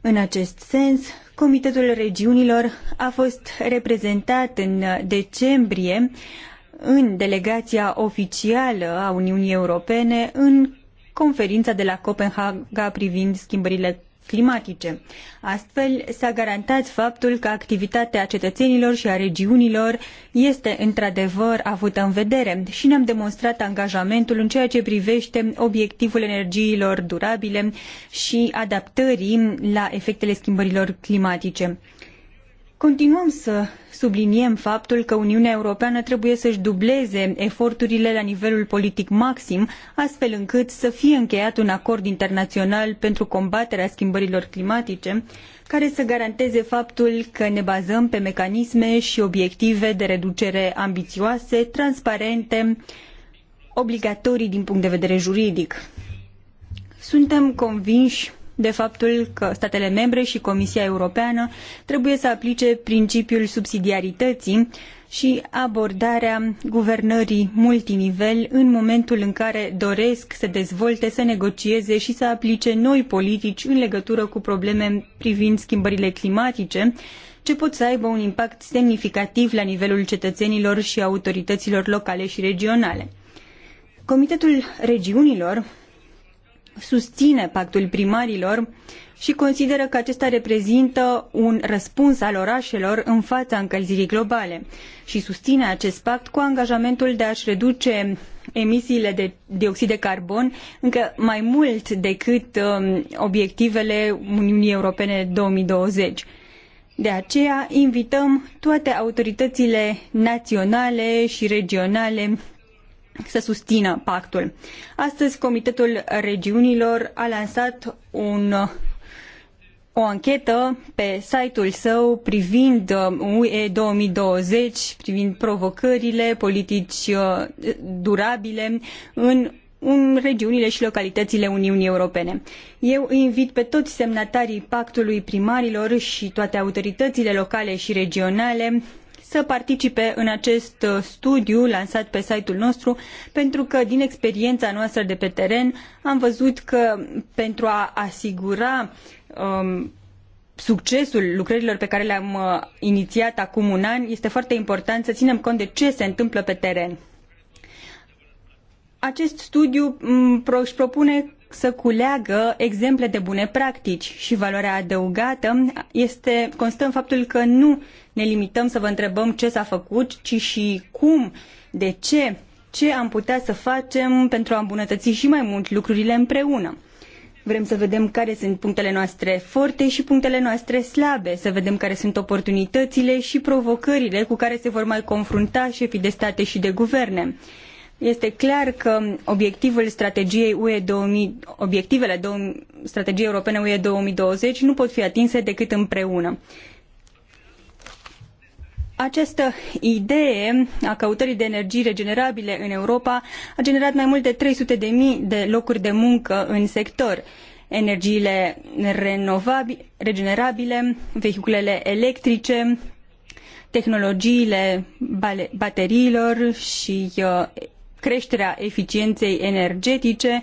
În acest sens, Comitetul Regiunilor a fost reprezentat în decembrie în delegația oficială a Uniunii Europene în conferința de la Copenhaga privind schimbările climatice. Astfel, s-a garantat faptul că activitatea cetățenilor și a regiunilor este într-adevăr avută în vedere și ne-am demonstrat angajamentul în ceea ce privește obiectivul energiilor durabile și adaptării la efectele schimbărilor climatice. Continuăm să subliniem faptul că Uniunea Europeană trebuie să-și dubleze eforturile la nivelul politic maxim, astfel încât să fie încheiat un acord internațional pentru combaterea schimbărilor climatice, care să garanteze faptul că ne bazăm pe mecanisme și obiective de reducere ambițioase, transparente, obligatorii din punct de vedere juridic. Suntem convinși de faptul că statele membre și Comisia Europeană trebuie să aplice principiul subsidiarității și abordarea guvernării multinivel în momentul în care doresc să dezvolte, să negocieze și să aplice noi politici în legătură cu probleme privind schimbările climatice, ce pot să aibă un impact semnificativ la nivelul cetățenilor și autorităților locale și regionale. Comitetul Regiunilor susține pactul primarilor și consideră că acesta reprezintă un răspuns al orașelor în fața încălzirii globale și susține acest pact cu angajamentul de a-și reduce emisiile de dioxid de carbon încă mai mult decât um, obiectivele Uniunii Europene 2020. De aceea invităm toate autoritățile naționale și regionale să susțină pactul. Astăzi, Comitetul Regiunilor a lansat un, o anchetă pe site-ul său privind uh, UE 2020, privind provocările, politici uh, durabile în în regiunile și localitățile Uniunii Europene. Eu îi invit pe toți semnatarii pactului primarilor și toate autoritățile locale și regionale să participe în acest uh, studiu lansat pe site-ul nostru, pentru că din experiența noastră de pe teren am văzut că pentru a asigura um, succesul lucrărilor pe care le-am uh, inițiat acum un an, este foarte important să ținem cont de ce se întâmplă pe teren. Acest studiu mm, își propune să culeagă exemple de bune practici și valoarea adăugată este, constă în faptul că nu ne limităm să vă întrebăm ce s-a făcut, ci și cum, de ce, ce am putea să facem pentru a îmbunătăți și mai mult lucrurile împreună. Vrem să vedem care sunt punctele noastre forte și punctele noastre slabe, să vedem care sunt oportunitățile și provocările cu care se vor mai confrunta șefii de state și de guverne. Este clar că obiectivul strategiei UE 2000, obiectivele strategiei europene UE 2020 nu pot fi atinse decât împreună. Această idee a căutării de energii regenerabile în Europa a generat mai mult de 300 de mii de locuri de muncă în sector. Energiile regenerabile, vehiculele electrice, tehnologiile bateriilor și uh, creșterea eficienței energetice,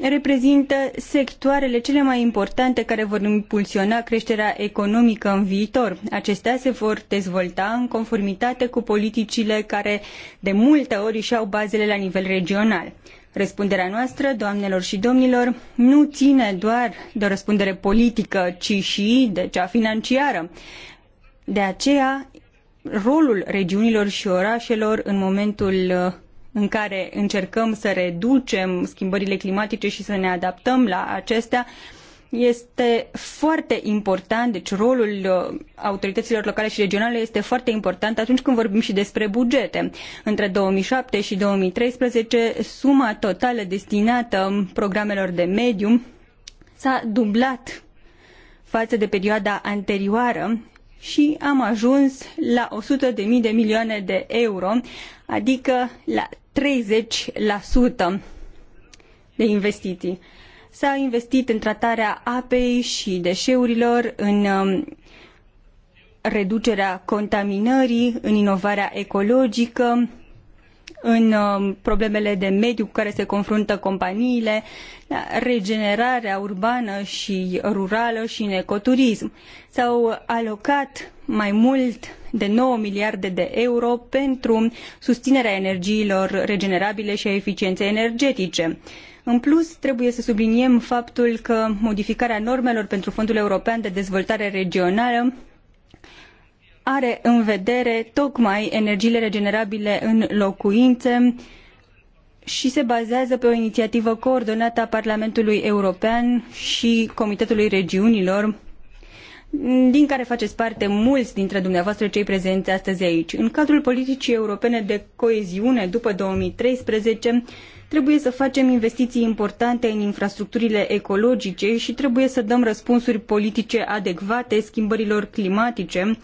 reprezintă sectoarele cele mai importante care vor impulsiona creșterea economică în viitor. Acestea se vor dezvolta în conformitate cu politicile care de multe ori își au bazele la nivel regional. Răspunderea noastră, doamnelor și domnilor, nu ține doar de o răspundere politică, ci și de cea financiară. De aceea, rolul regiunilor și orașelor în momentul în care încercăm să reducem schimbările climatice și să ne adaptăm la acestea, este foarte important, deci rolul uh, autorităților locale și regionale este foarte important atunci când vorbim și despre bugete. Între 2007 și 2013, suma totală destinată programelor de mediu s-a dublat față de perioada anterioară și am ajuns la 100.000 de milioane de euro, adică la 30% de investiții. S-a investit în tratarea apei și deșeurilor, în um, reducerea contaminării, în inovarea ecologică, în um, problemele de mediu cu care se confruntă companiile, regenerarea urbană și rurală și în ecoturism. S-au alocat mai mult de 9 miliarde de euro pentru susținerea energiilor regenerabile și a eficienței energetice. În plus, trebuie să subliniem faptul că modificarea normelor pentru Fondul European de Dezvoltare Regională are în vedere tocmai energiile regenerabile în locuințe și se bazează pe o inițiativă coordonată a Parlamentului European și Comitetului Regiunilor din care faceți parte mulți dintre dumneavoastră cei prezenți astăzi aici. În cadrul politicii europene de coeziune după 2013, trebuie să facem investiții importante în infrastructurile ecologice și trebuie să dăm răspunsuri politice adecvate schimbărilor climatice,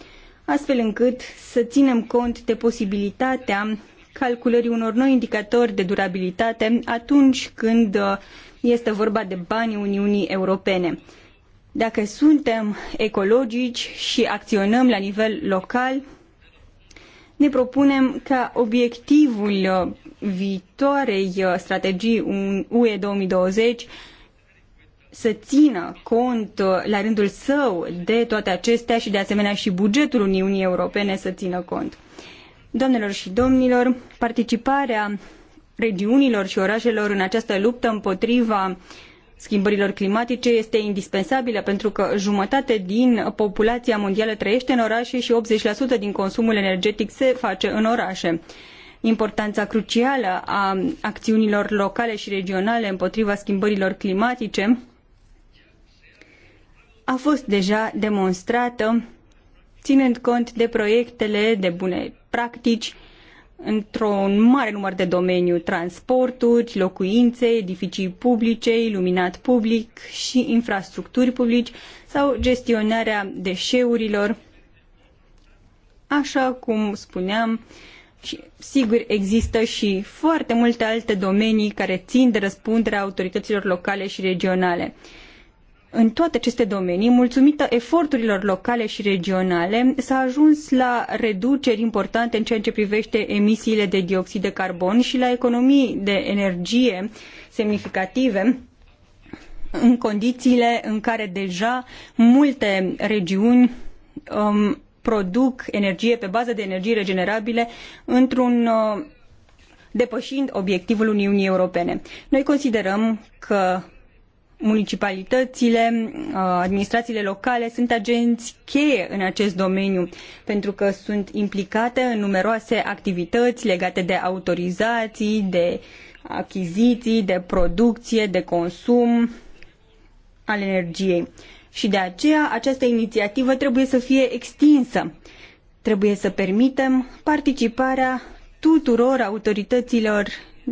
astfel încât să ținem cont de posibilitatea calculării unor noi indicatori de durabilitate atunci când uh, este vorba de banii Uniunii Europene. Dacă suntem ecologici și acționăm la nivel local, ne propunem ca obiectivul uh, viitoarei uh, strategii UE 2020 să țină cont uh, la rândul său de toate acestea și de asemenea și bugetul Uniunii Europene să țină cont. Doamnelor și domnilor, participarea regiunilor și orașelor în această luptă împotriva uh, schimbărilor climatice este indispensabilă pentru că jumătate din populația mondială trăiește în orașe și 80% din consumul energetic se face în orașe. Importanța crucială a acțiunilor locale și regionale împotriva schimbărilor climatice a fost deja demonstrată ținând cont de proiectele de bune practici într-un mare număr de domenii, transporturi, locuințe, edificii publice, iluminat public și infrastructuri publici sau gestionarea deșeurilor. Așa cum spuneam, și sigur există și foarte multe alte domenii care țin de răspunderea autorităților locale și regionale în toate aceste domenii, mulțumită eforturilor locale și regionale, s-a ajuns la reduceri importante în ceea ce privește emisiile de dioxid de carbon și la economii de energie semnificative în condițiile în care deja multe regiuni um, produc energie pe bază de energii regenerabile într-un uh, depășind obiectivul Uniunii Europene. Noi considerăm că municipalitățile, uh, administrațiile locale sunt agenți cheie în acest domeniu pentru că sunt implicate în numeroase activități legate de autorizații, de achiziții, de producție, de consum al energiei. Și de aceea această inițiativă trebuie să fie extinsă. Trebuie să permitem participarea tuturor autorităților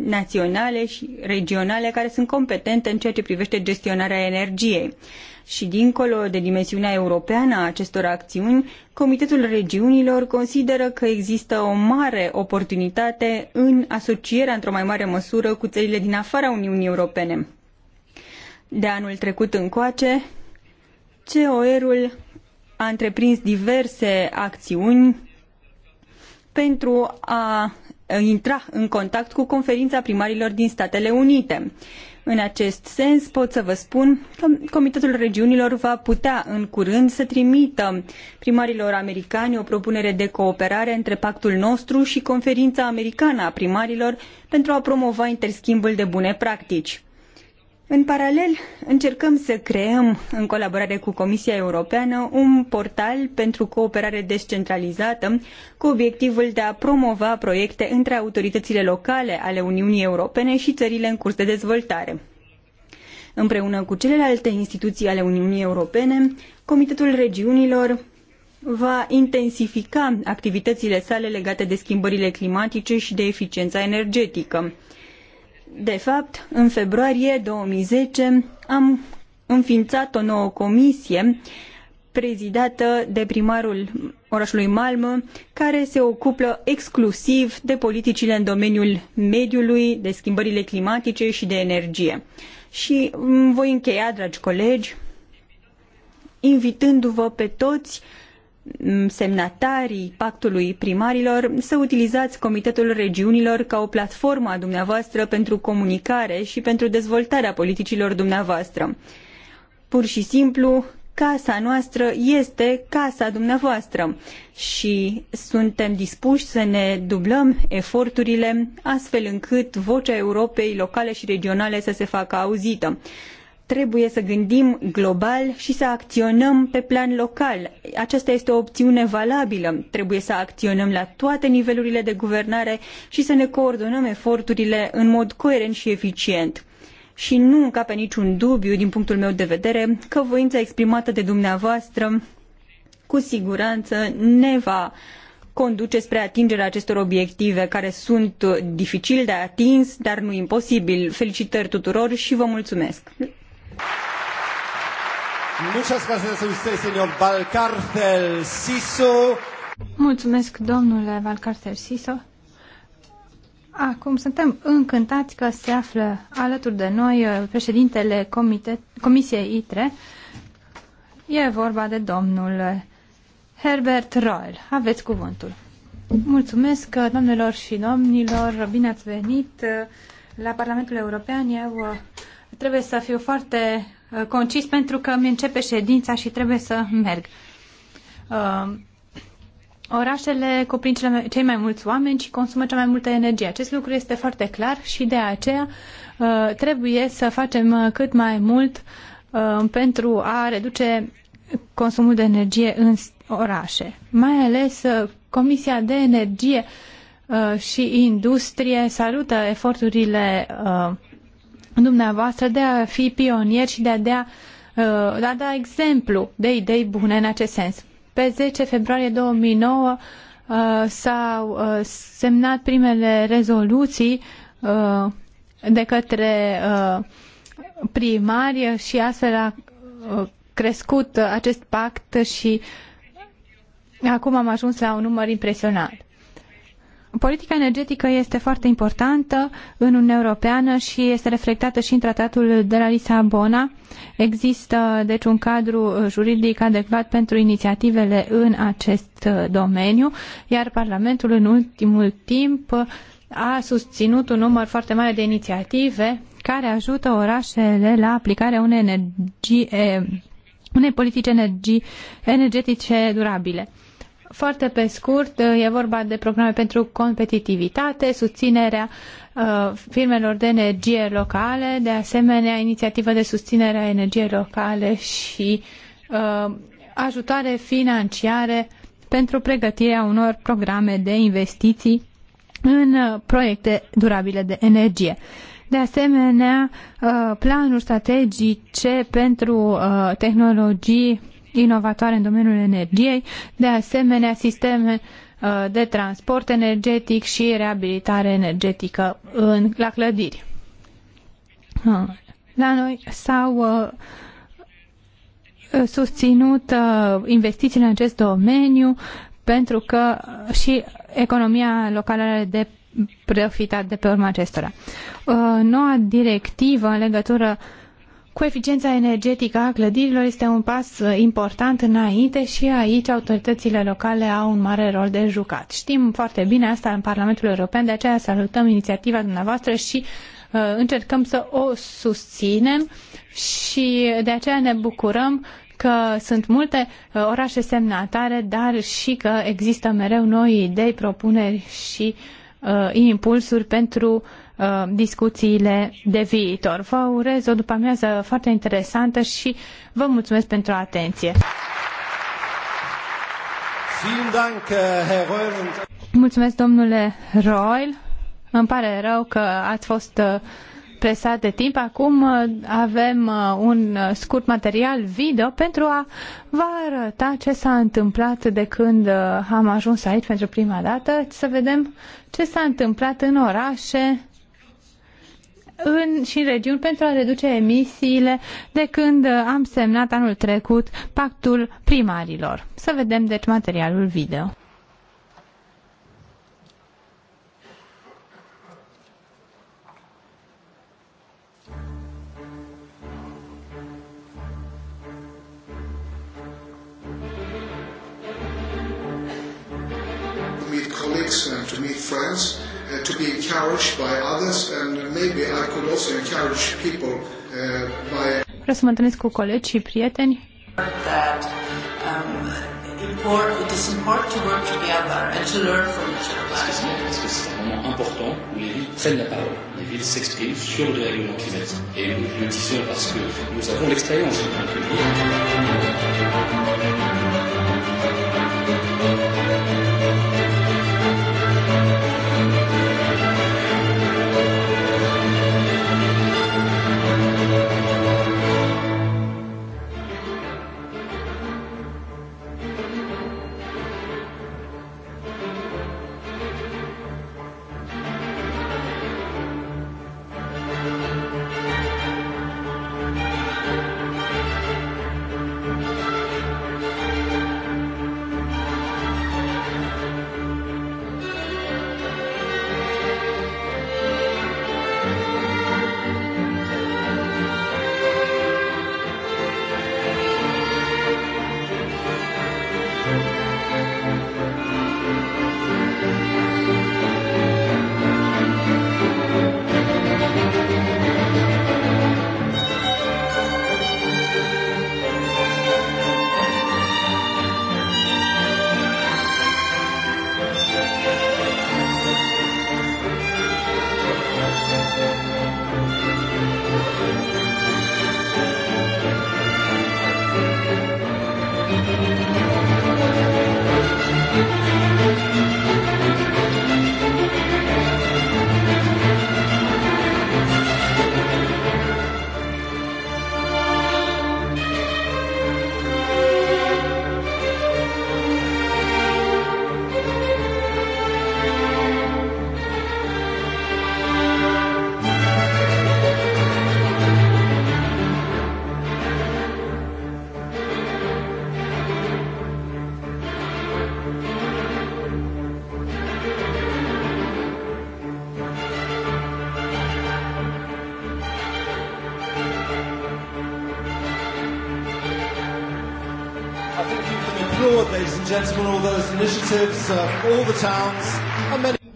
naționale și regionale care sunt competente în ceea ce privește gestionarea energiei. Și dincolo de dimensiunea europeană a acestor acțiuni, Comitetul Regiunilor consideră că există o mare oportunitate în asocierea într-o mai mare măsură cu țările din afara Uniunii Europene. De anul trecut încoace, COR-ul a întreprins diverse acțiuni pentru a Eh, intra în contact cu conferința primarilor din Statele Unite. În acest sens pot să vă spun că Comitetul Regiunilor va putea în curând să trimită primarilor americani o propunere de cooperare între pactul nostru și conferința americană a primarilor pentru a promova interschimbul de bune practici. În paralel, încercăm să creăm, în colaborare cu Comisia Europeană, un portal pentru cooperare descentralizată cu obiectivul de a promova proiecte între autoritățile locale ale Uniunii Europene și țările în curs de dezvoltare. Împreună cu celelalte instituții ale Uniunii Europene, Comitetul Regiunilor va intensifica activitățile sale legate de schimbările climatice și de eficiența energetică. De fapt, în februarie 2010 am înființat o nouă comisie prezidată de primarul orașului Malmö, care se ocupă exclusiv de politicile în domeniul mediului, de schimbările climatice și de energie. Și voi încheia, dragi colegi, invitându-vă pe toți Mm, semnatarii pactului primarilor să utilizați Comitetul Regiunilor ca o platformă a dumneavoastră pentru comunicare și pentru dezvoltarea politicilor dumneavoastră. Pur și simplu, casa noastră este casa dumneavoastră și suntem dispuși să ne dublăm eforturile astfel încât vocea Europei locale și regionale să se facă auzită trebuie să gândim global și să acționăm pe plan local. Aceasta este o opțiune valabilă. Trebuie să acționăm la toate nivelurile de guvernare și să ne coordonăm eforturile în mod coerent și eficient. Și nu încape niciun dubiu, din punctul meu de vedere, că voința exprimată de dumneavoastră cu siguranță ne va conduce spre atingerea acestor obiective care sunt dificil de atins, dar nu imposibil. Felicitări tuturor și vă mulțumesc! Muchas gracias a usted, señor Valcárcel Siso. Mulțumesc, domnule Valcarcel Siso. Acum suntem încântați că se află alături de noi uh, președintele comite, Comisiei ITRE. E vorba de domnul Herbert Royal. Aveți cuvântul. Mulțumesc, uh, domnilor și domnilor, bine ați venit uh, la Parlamentul European. Eu Trebuie să fiu foarte uh, concis pentru că mi începe ședința și trebuie să merg. Uh, orașele cuprind cele mai, cei mai mulți oameni și consumă cea mai multă energie. Acest lucru este foarte clar și de aceea uh, trebuie să facem uh, cât mai mult uh, pentru a reduce consumul de energie în orașe. Mai ales uh, Comisia de Energie și Industrie salută eforturile uh, dumneavoastră de a fi pionieri și de a, dea, de uh, a da exemplu de idei bune în acest sens. Pe 10 februarie 2009 uh, s-au uh, semnat primele rezoluții de către primari și astfel a crescut acest pact și acum am ajuns la un număr impresionant. Politica energetică este foarte importantă în Uniunea Europeană și este reflectată și în tratatul de la Lisabona. Există, deci, un cadru juridic adecvat pentru inițiativele în acest uh, domeniu, iar Parlamentul, în ultimul timp, a susținut un număr foarte mare de inițiative care ajută orașele la aplicarea unei, energie, unei politici energie, energetice durabile. Foarte pe scurt, e vorba de programe pentru competitivitate, susținerea uh, firmelor de energie locale, de asemenea inițiativă de susținere a energiei locale și uh, ajutoare financiare pentru pregătirea unor programe de investiții în proiecte durabile de energie. De asemenea, uh, planuri strategice pentru tehnologii inovatoare în domeniul energiei, de asemenea sisteme uh, de transport energetic și reabilitare energetică în, la clădiri. Uh, la noi s-au uh, susținut investiții în acest domeniu pentru că și economia locală are de profitat de pe urma acestora. Noua directivă în legătură uh, cu eficiența energetică a clădirilor este un pas uh, important înainte și aici autoritățile locale au un mare rol de jucat. Știm foarte bine asta în Parlamentul European, de aceea salutăm inițiativa dumneavoastră și uh, încercăm să o susținem și de aceea ne bucurăm că sunt multe uh, orașe semnatare, dar și că există mereu noi idei, propuneri și uh, impulsuri pentru uh, Uh, discuțiile de viitor. Vă urez o după amiază foarte interesantă și vă mulțumesc pentru atenție. Uh, mulțumesc, domnule Royal. Îmi pare rău că ați fost uh, presat de timp. Acum avem un scurt material video pentru a vă arăta ce s-a întâmplat de când am ajuns aici pentru prima dată, să vedem ce s-a întâmplat în orașe în, și în regiuni pentru a reduce emisiile de când am semnat anul trecut pactul primarilor. Să vedem deci materialul video. colleagues and to meet friends to be encouraged by others and maybe I could also encourage people uh, by Vreau să mă întâlnesc cu colegi și prieteni. That, um, important, it is important to work together and to learn from each other. Parce que c'est important où les villes prennent la parole, les villes s'expriment sur le dérèglement climatique. Et nous le disons parce que nous avons l'expérience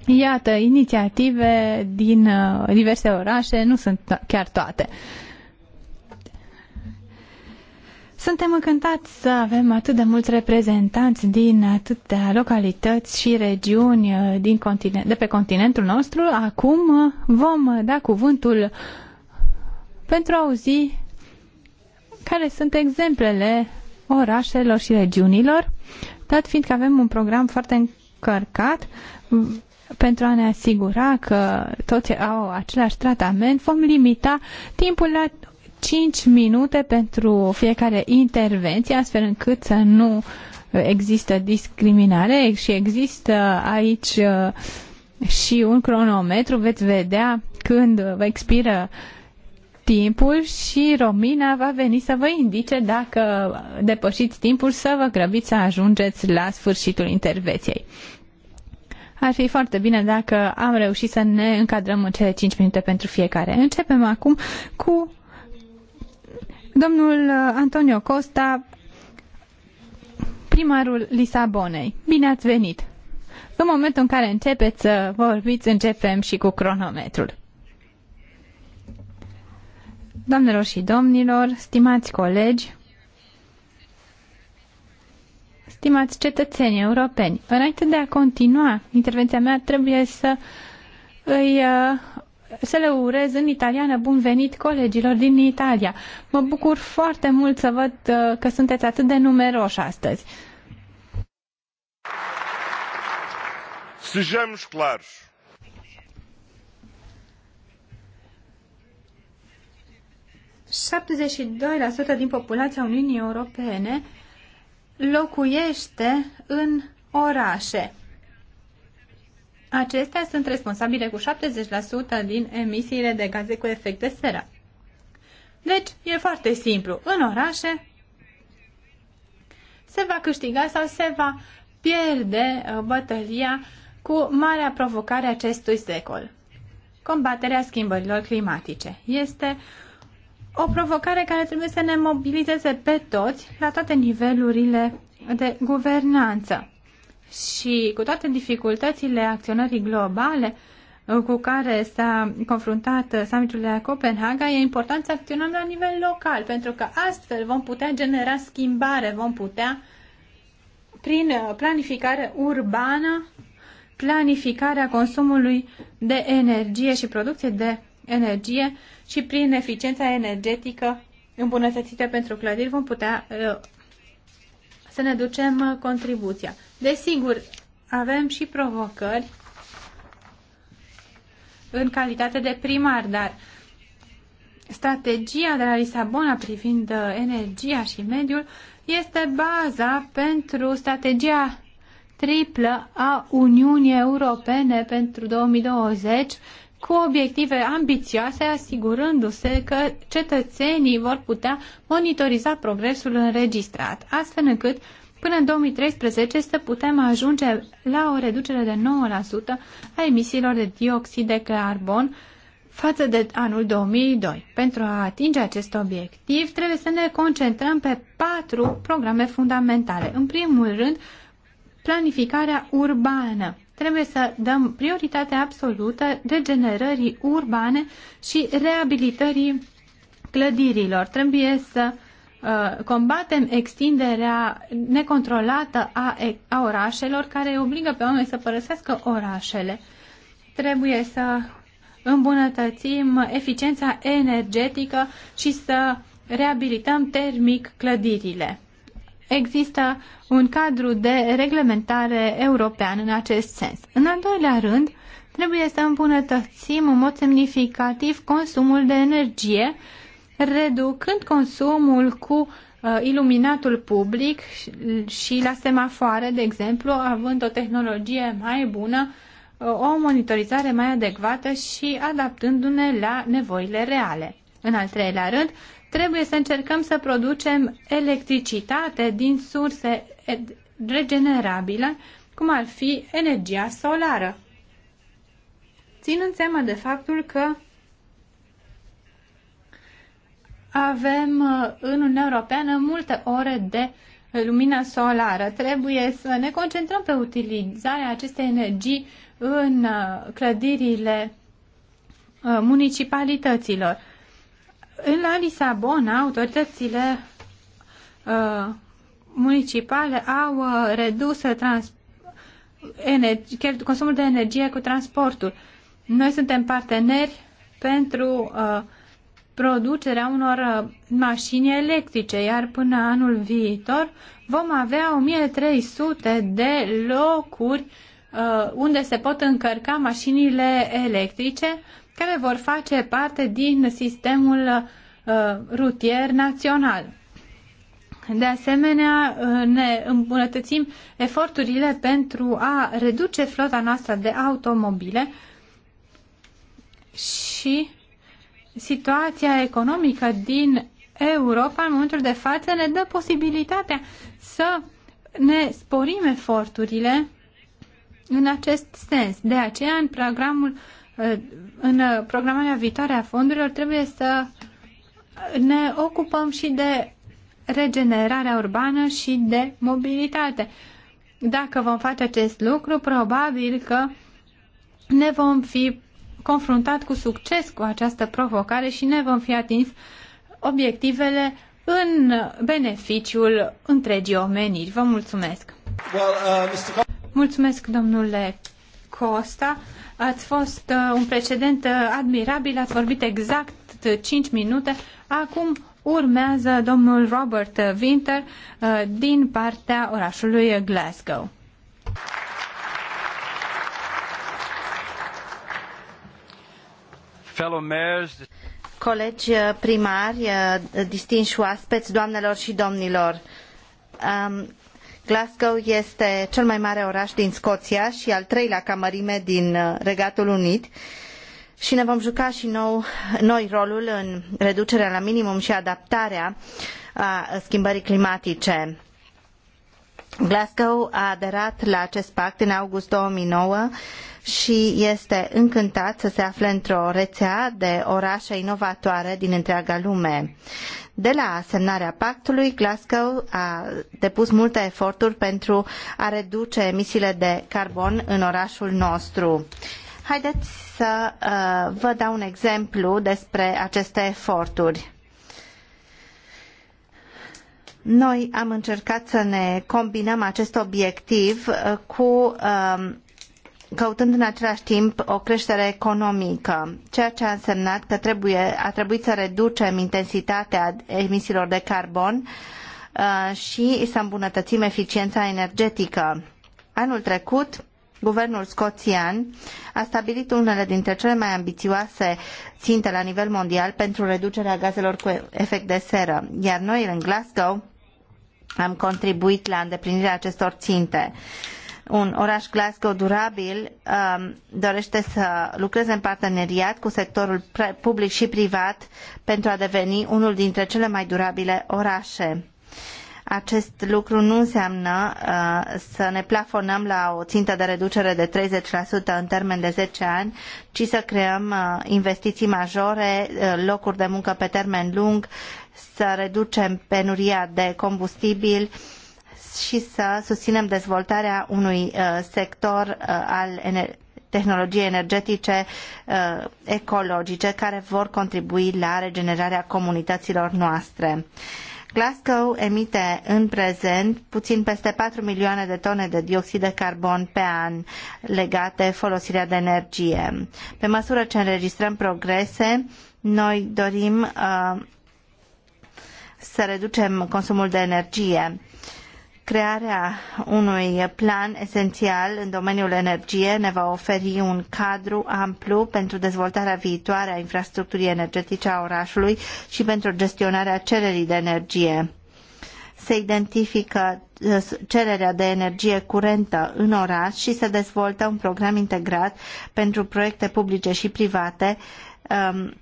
Iată, inițiative din uh, diverse orașe, nu sunt chiar toate. Suntem încântați să avem atât de mulți reprezentanți din atâtea localități și regiuni uh, din continent, de pe continentul nostru. Acum uh, vom da cuvântul pentru a auzi care sunt exemplele orașelor și regiunilor dat fiindcă avem un program foarte încărcat pentru a ne asigura că toți au același tratament, vom limita timpul la 5 minute pentru fiecare intervenție, astfel încât să nu există discriminare și există aici uh, și un cronometru, veți vedea când vă expiră timpul și Romina va veni să vă indice dacă depășiți timpul să vă grăbiți să ajungeți la sfârșitul intervenției. Ar fi foarte bine dacă am reușit să ne încadrăm în cele 5 minute pentru fiecare. Începem acum cu domnul Antonio Costa, primarul Lisabonei. Bine ați venit! În momentul în care începeți să vorbiți, începem și cu cronometrul. Doamnelor și domnilor, stimați colegi, stimați cetățeni europeni, înainte de a continua intervenția mea, trebuie să îi uh, să le urez în italiană bun venit colegilor din Italia. Mă bucur foarte mult să văd uh, că sunteți atât de numeroși astăzi. Sejamos claros 72% din populația Uniunii Europene locuiește în orașe. Acestea sunt responsabile cu 70% din emisiile de gaze cu efect de seră. Deci, e foarte simplu. În orașe se va câștiga sau se va pierde uh, bătălia cu marea provocare acestui secol. Combaterea schimbărilor climatice este uh, o provocare care trebuie să ne mobilizeze pe toți la toate nivelurile de guvernanță. Și cu toate dificultățile acționării globale cu care s-a confruntat summitul de la Copenhaga, e important să acționăm la nivel local, pentru că astfel vom putea genera schimbare, vom putea prin planificare urbană, planificarea consumului de energie și producție de energie și prin eficiența energetică îmbunătățită pentru clădiri vom putea uh, să ne ducem uh, contribuția. Desigur, avem și provocări în calitate de primar, dar strategia de la Lisabona privind uh, energia și mediul este baza pentru strategia triplă a Uniunii Europene pentru 2020 cu obiective ambițioase, asigurându-se că cetățenii vor putea monitoriza progresul înregistrat, astfel încât până în 2013 să putem ajunge la o reducere de 9% a emisiilor de dioxid de carbon față de anul 2002. Pentru a atinge acest obiectiv, trebuie să ne concentrăm pe patru programe fundamentale. În primul rând, planificarea urbană trebuie să dăm prioritate absolută regenerării urbane și reabilitării clădirilor. Trebuie să uh, combatem extinderea necontrolată a, a orașelor care obligă pe oameni să părăsească orașele. Trebuie să îmbunătățim eficiența energetică și să reabilităm termic clădirile există un cadru de reglementare european în acest sens. În al doilea rând, trebuie să îmbunătățim în mod semnificativ consumul de energie, reducând consumul cu uh, iluminatul public și, și la semafoare, de exemplu, având o tehnologie mai bună, uh, o monitorizare mai adecvată și adaptându-ne la nevoile reale. În al treilea rând, Trebuie să încercăm să producem electricitate din surse regenerabile, cum ar fi energia solară. Ținând seama de faptul că avem uh, în Uniunea Europeană multe ore de lumină solară. Trebuie să ne concentrăm pe utilizarea acestei energii în uh, clădirile uh, municipalităților. În La Lisabona, autoritățile uh, municipale au uh, redus trans- energi- consumul de energie cu transportul. Noi suntem parteneri pentru uh, producerea unor uh, mașini electrice, iar până anul viitor vom avea 1300 de locuri uh, unde se pot încărca mașinile electrice care vor face parte din sistemul uh, rutier național. De asemenea, uh, ne îmbunătățim eforturile pentru a reduce flota noastră de automobile și situația economică din Europa în momentul de față ne dă posibilitatea să ne sporim eforturile în acest sens. De aceea, în programul uh, în uh, programarea viitoare a fondurilor trebuie să ne ocupăm și de regenerarea urbană și de mobilitate. Dacă vom face acest lucru, probabil că ne vom fi confruntat cu succes cu această provocare și ne vom fi atins obiectivele în beneficiul întregii omeniri. Vă mulțumesc! Uh, mulțumesc, domnule Costa. Ați fost uh, un precedent uh, admirabil, ați vorbit exact 5 uh, minute. Acum urmează domnul Robert Winter din partea orașului Glasgow. colegi primari, distinși oaspeți, doamnelor și domnilor, um, Glasgow este cel mai mare oraș din Scoția și al treilea ca mărime din uh, Regatul Unit și ne vom juca și nou, noi rolul în reducerea la minimum și adaptarea a schimbării climatice. Glasgow a aderat la acest pact în august 2009 și este încântat să se afle într-o rețea de orașe inovatoare din întreaga lume. De la semnarea pactului, Glasgow a depus multe eforturi pentru a reduce emisiile de carbon în orașul nostru. Haideți să uh, vă dau un exemplu despre aceste eforturi. Noi am încercat să ne combinăm acest obiectiv uh, cu um, căutând în același timp o creștere economică, ceea ce a însemnat că trebuie, a trebuit să reducem intensitatea emisiilor de carbon uh, și să îmbunătățim eficiența energetică. Anul trecut, guvernul scoțian a stabilit unele dintre cele mai ambițioase ținte la nivel mondial pentru reducerea gazelor cu efect de seră, iar noi în Glasgow am contribuit la îndeplinirea acestor ținte un oraș Glasgow durabil um, dorește să lucreze în parteneriat cu sectorul public și privat pentru a deveni unul dintre cele mai durabile orașe. Acest lucru nu înseamnă uh, să ne plafonăm la o țintă de reducere de 30% în termen de zece ani, ci să creăm uh, investiții majore, uh, locuri de muncă pe termen lung, să reducem penuria de combustibil uh, și să susținem dezvoltarea unui uh, sector uh, al tehnologiei energetice uh, ecologice care vor contribui la regenerarea comunităților noastre. Glasgow emite în prezent puțin peste 4 milioane de tone de dioxid de carbon pe an legate folosirea de energie. Pe măsură ce înregistrăm progrese, noi dorim uh, să reducem consumul de energie. Uh, Crearea unui plan esențial în domeniul energiei ne va oferi un cadru amplu pentru dezvoltarea viitoare a infrastructurii energetice a orașului și pentru gestionarea cererii de energie. Se identifică uh, cererea de energie curentă în oraș și se dezvoltă un program integrat pentru proiecte publice și private um,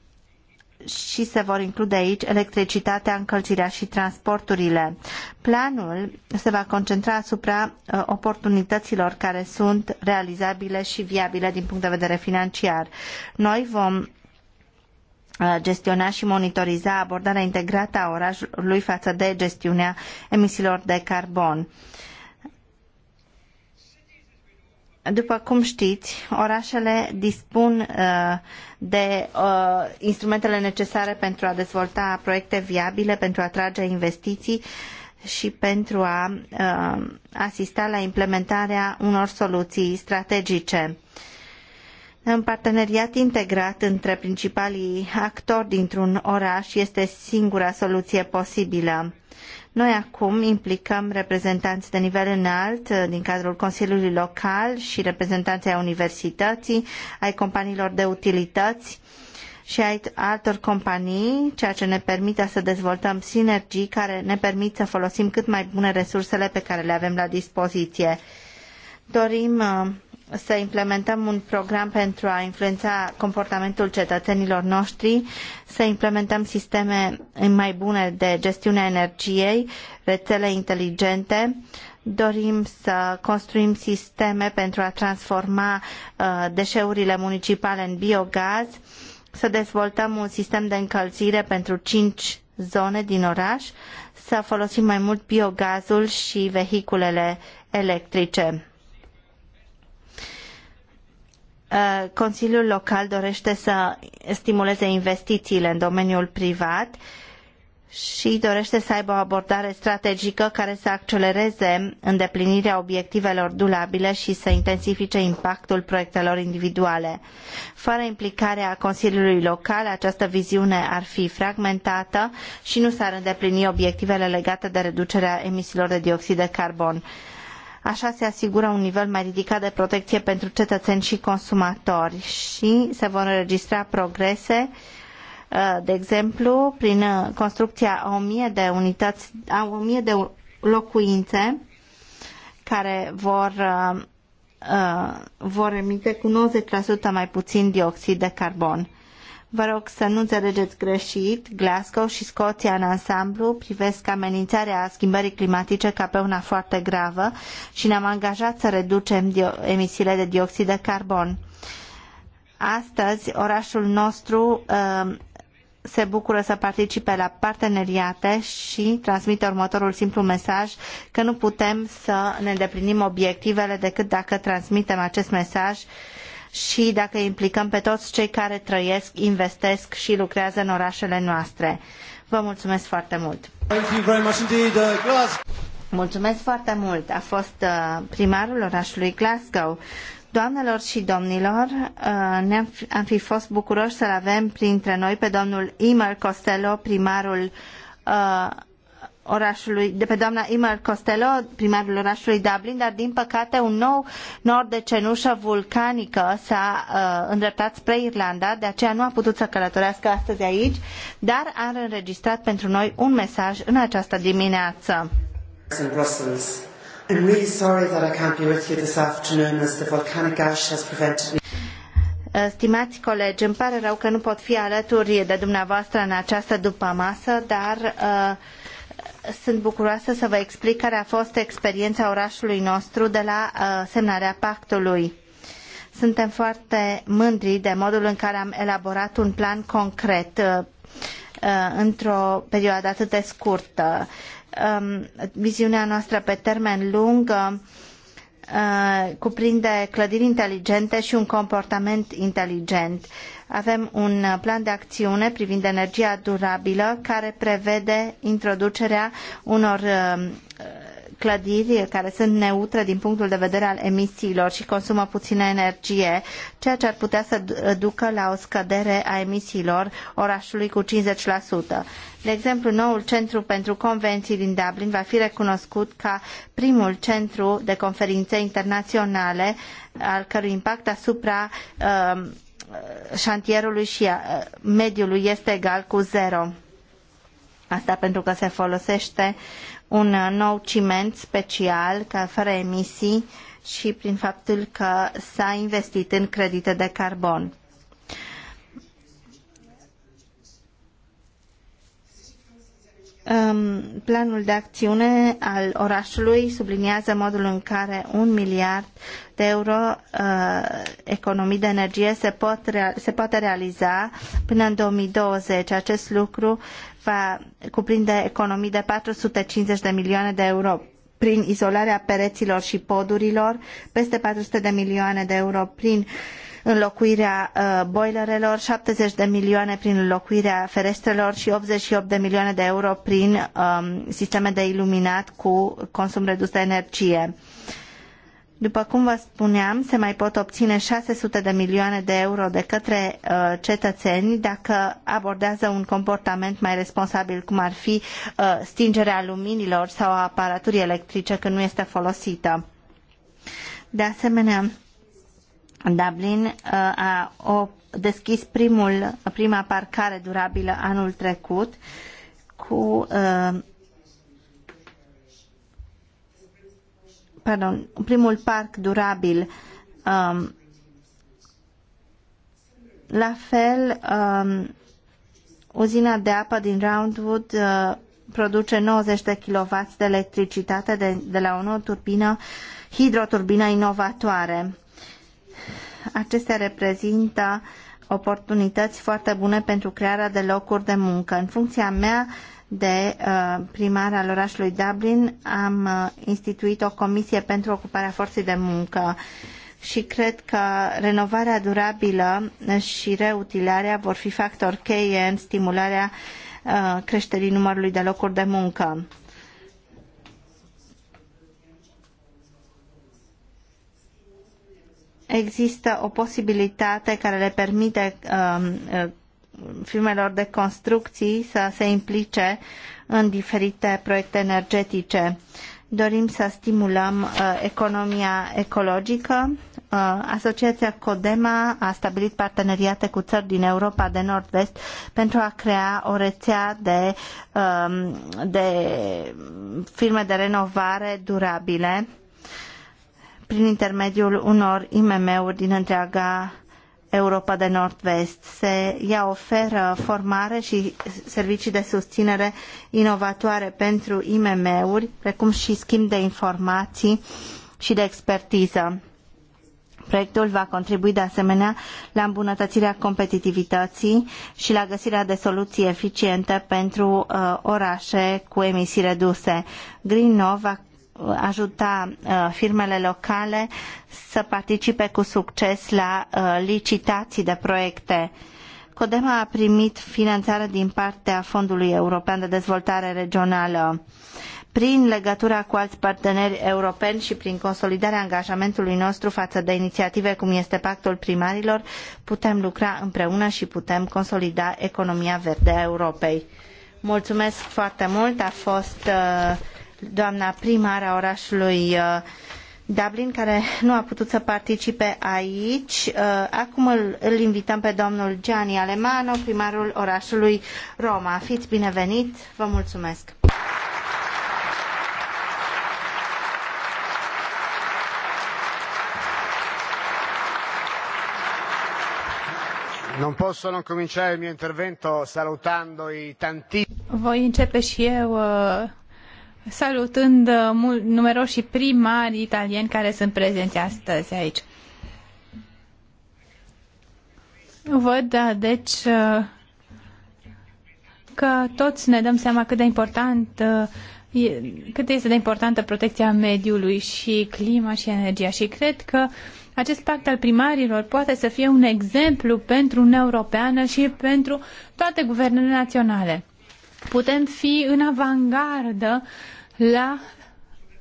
și se vor include aici electricitatea, încălzirea și transporturile. Planul se va concentra asupra uh, oportunităților care sunt realizabile și viabile din punct de vedere financiar. Noi vom uh, gestiona și monitoriza abordarea integrată a orașului față de gestiunea emisiilor de carbon. Uh, după cum știți, orașele dispun uh, de uh, instrumentele necesare pentru a dezvolta proiecte viabile, pentru a atrage investiții și pentru a uh, asista la implementarea unor soluții strategice. Un parteneriat integrat între principalii actori dintr-un oraș este singura soluție posibilă. Noi acum implicăm reprezentanți de nivel înalt uh, din cadrul Consiliului Local și reprezentanții ai universității, ai companiilor de utilități și ai altor companii, ceea ce ne permite să dezvoltăm sinergii care ne permit să folosim cât mai bune resursele pe care le avem la dispoziție. Dorim uh, să implementăm un program pentru a influența comportamentul cetățenilor noștri, să implementăm sisteme mai bune de gestiune a energiei, rețele inteligente. Dorim să construim sisteme pentru a transforma uh, deșeurile municipale în biogaz, să dezvoltăm un sistem de încălzire pentru cinci zone din oraș, să folosim mai mult biogazul și vehiculele electrice Uh, Consiliul Local dorește să stimuleze investițiile în domeniul privat și dorește să aibă o abordare strategică care să accelereze îndeplinirea obiectivelor durabile și să intensifice impactul proiectelor individuale. Fără implicarea Consiliului Local, această viziune ar fi fragmentată și nu s-ar îndeplini obiectivele legate de reducerea emisiilor de dioxid de carbon. Uh, Așa se asigură un nivel mai ridicat de protecție pentru cetățeni și consumatori și se vor înregistra progrese uh, de exemplu, prin uh, construcția a 1000 de unități, a 1000 de locuințe care vor, uh, vor emite cu 90% mai puțin dioxid de carbon. Vă rog să nu înțelegeți greșit, Glasgow și Scoția în ansamblu privesc amenințarea schimbării climatice ca pe una foarte gravă și ne-am angajat să reducem emisiile de dioxid de carbon. Astăzi, orașul nostru um, se bucură să participe la parteneriate și transmite următorul simplu mesaj că nu putem să ne îndeplinim obiectivele decât dacă transmitem acest mesaj uh, și dacă implicăm pe toți cei care trăiesc, investesc și lucrează în orașele noastre. Vă mulțumesc foarte mult! Uh, mulțumesc foarte mult! A fost uh, primarul orașului Glasgow. Doamnelor și domnilor, uh, ne-am fi, am fi fost bucuroși să-l avem printre noi pe domnul Imer Costello, primarul uh, orașului, de pe doamna Imer Costello, primarul orașului Dublin, dar din păcate un nou nor de cenușă vulcanică s-a uh, îndreptat spre Irlanda, de aceea nu a putut să călătorească astăzi aici, dar a înregistrat pentru noi un mesaj în această dimineață. I'm really sorry that I can't be with you this afternoon as the volcanic ash has prevented me. Uh, stimați colegi, îmi pare rău că nu pot fi alături de dumneavoastră în această după masă, dar uh, sunt bucuroasă să vă explic care a fost experiența orașului nostru de la uh, semnarea pactului. Suntem foarte mândri de modul în care am elaborat un plan concret uh, uh, într-o perioadă atât de scurtă. Um, viziunea noastră pe termen lung cuprinde clădiri inteligente și un comportament inteligent. Avem un uh, plan de acțiune privind energia durabilă care prevede introducerea unor uh, uh, clădiri care sunt neutre din punctul de vedere al emisiilor și consumă puțină energie, ceea ce ar putea să ducă la o scădere a emisiilor orașului cu 50%. De exemplu, noul Centru pentru Convenții din Dublin va fi recunoscut ca primul centru de conferințe internaționale al cărui impact asupra uh, șantierului și a uh, mediului este egal cu zero. Asta pentru că se folosește un uh, nou ciment special care fără emisii și prin faptul că s-a investit în credite de carbon. Planul de acțiune al orașului subliniază modul în care un miliard de euro uh, economii de energie se, pot, se poate realiza până în 2020. Acest lucru va cuprinde economii de 450 de milioane de euro prin izolarea pereților și podurilor, peste 400 de milioane de euro prin uh, înlocuirea uh, boilerelor, 70 de milioane prin înlocuirea ferestrelor și 88 de milioane de euro prin um, sisteme de iluminat cu consum redus de energie. După cum vă spuneam, se mai pot obține 600 de milioane de euro de către uh, cetățeni dacă abordează un comportament mai responsabil, cum ar fi uh, stingerea luminilor sau a aparaturii electrice când nu este folosită. De asemenea, Dublin uh, a deschis primul, prima parcare durabilă anul trecut cu uh, pardon, primul parc durabil um, la fel um, uzina de apă din Roundwood uh, produce 90 de kW de electricitate de, de la o nouă turbină, hidroturbină inovatoare. Acestea reprezintă oportunități foarte bune pentru crearea de locuri de muncă. În funcția mea de uh, primar al orașului Dublin am uh, instituit o comisie pentru ocuparea forței de muncă și cred că renovarea durabilă și reutilarea vor fi factori cheie în stimularea uh, creșterii numărului de locuri de muncă. există o posibilitate care le permite um, uh, firmelor de construcții să se implice în diferite proiecte energetice. Dorim să stimulăm uh, economia ecologică. Uh, Asociația Codema a stabilit parteneriate cu țări din Europa de Nord-Vest pentru a crea o rețea de, um, de firme de renovare durabile prin intermediul unor IMM-uri din întreaga Europa de Nord-Vest. Se ia oferă formare și servicii de susținere inovatoare pentru IMM-uri, precum și schimb de informații și de expertiză. Proiectul va contribui de asemenea la îmbunătățirea competitivității și la găsirea de soluții eficiente pentru uh, orașe cu emisii reduse. Green Nova Uh, ajuta uh, firmele locale să participe cu succes la uh, licitații de proiecte. Codema a primit finanțare din partea Fondului European de Dezvoltare Regională. Prin legătura cu alți parteneri europeni și prin consolidarea angajamentului nostru față de inițiative cum este Pactul Primarilor, putem lucra împreună și putem consolida economia verde a Europei. Mulțumesc foarte mult, a fost uh, doamna primar a orașului uh, Dublin, care nu a putut să participe aici. Uh, acum îl, îl invităm pe domnul Gianni Alemano, primarul orașului Roma. Fiți binevenit, vă mulțumesc! Non posso non cominciare il mio intervento salutando i tantissimi. Voi incepe și eu uh salutând uh, mul- numeroși primari italieni care sunt prezenți astăzi aici. Văd, da, deci, uh, că toți ne dăm seama cât de important uh, cât este de importantă protecția mediului și clima și energia și cred că acest pact al primarilor poate să fie un exemplu pentru Uniunea Europeană și pentru toate guvernele naționale putem fi în avangardă la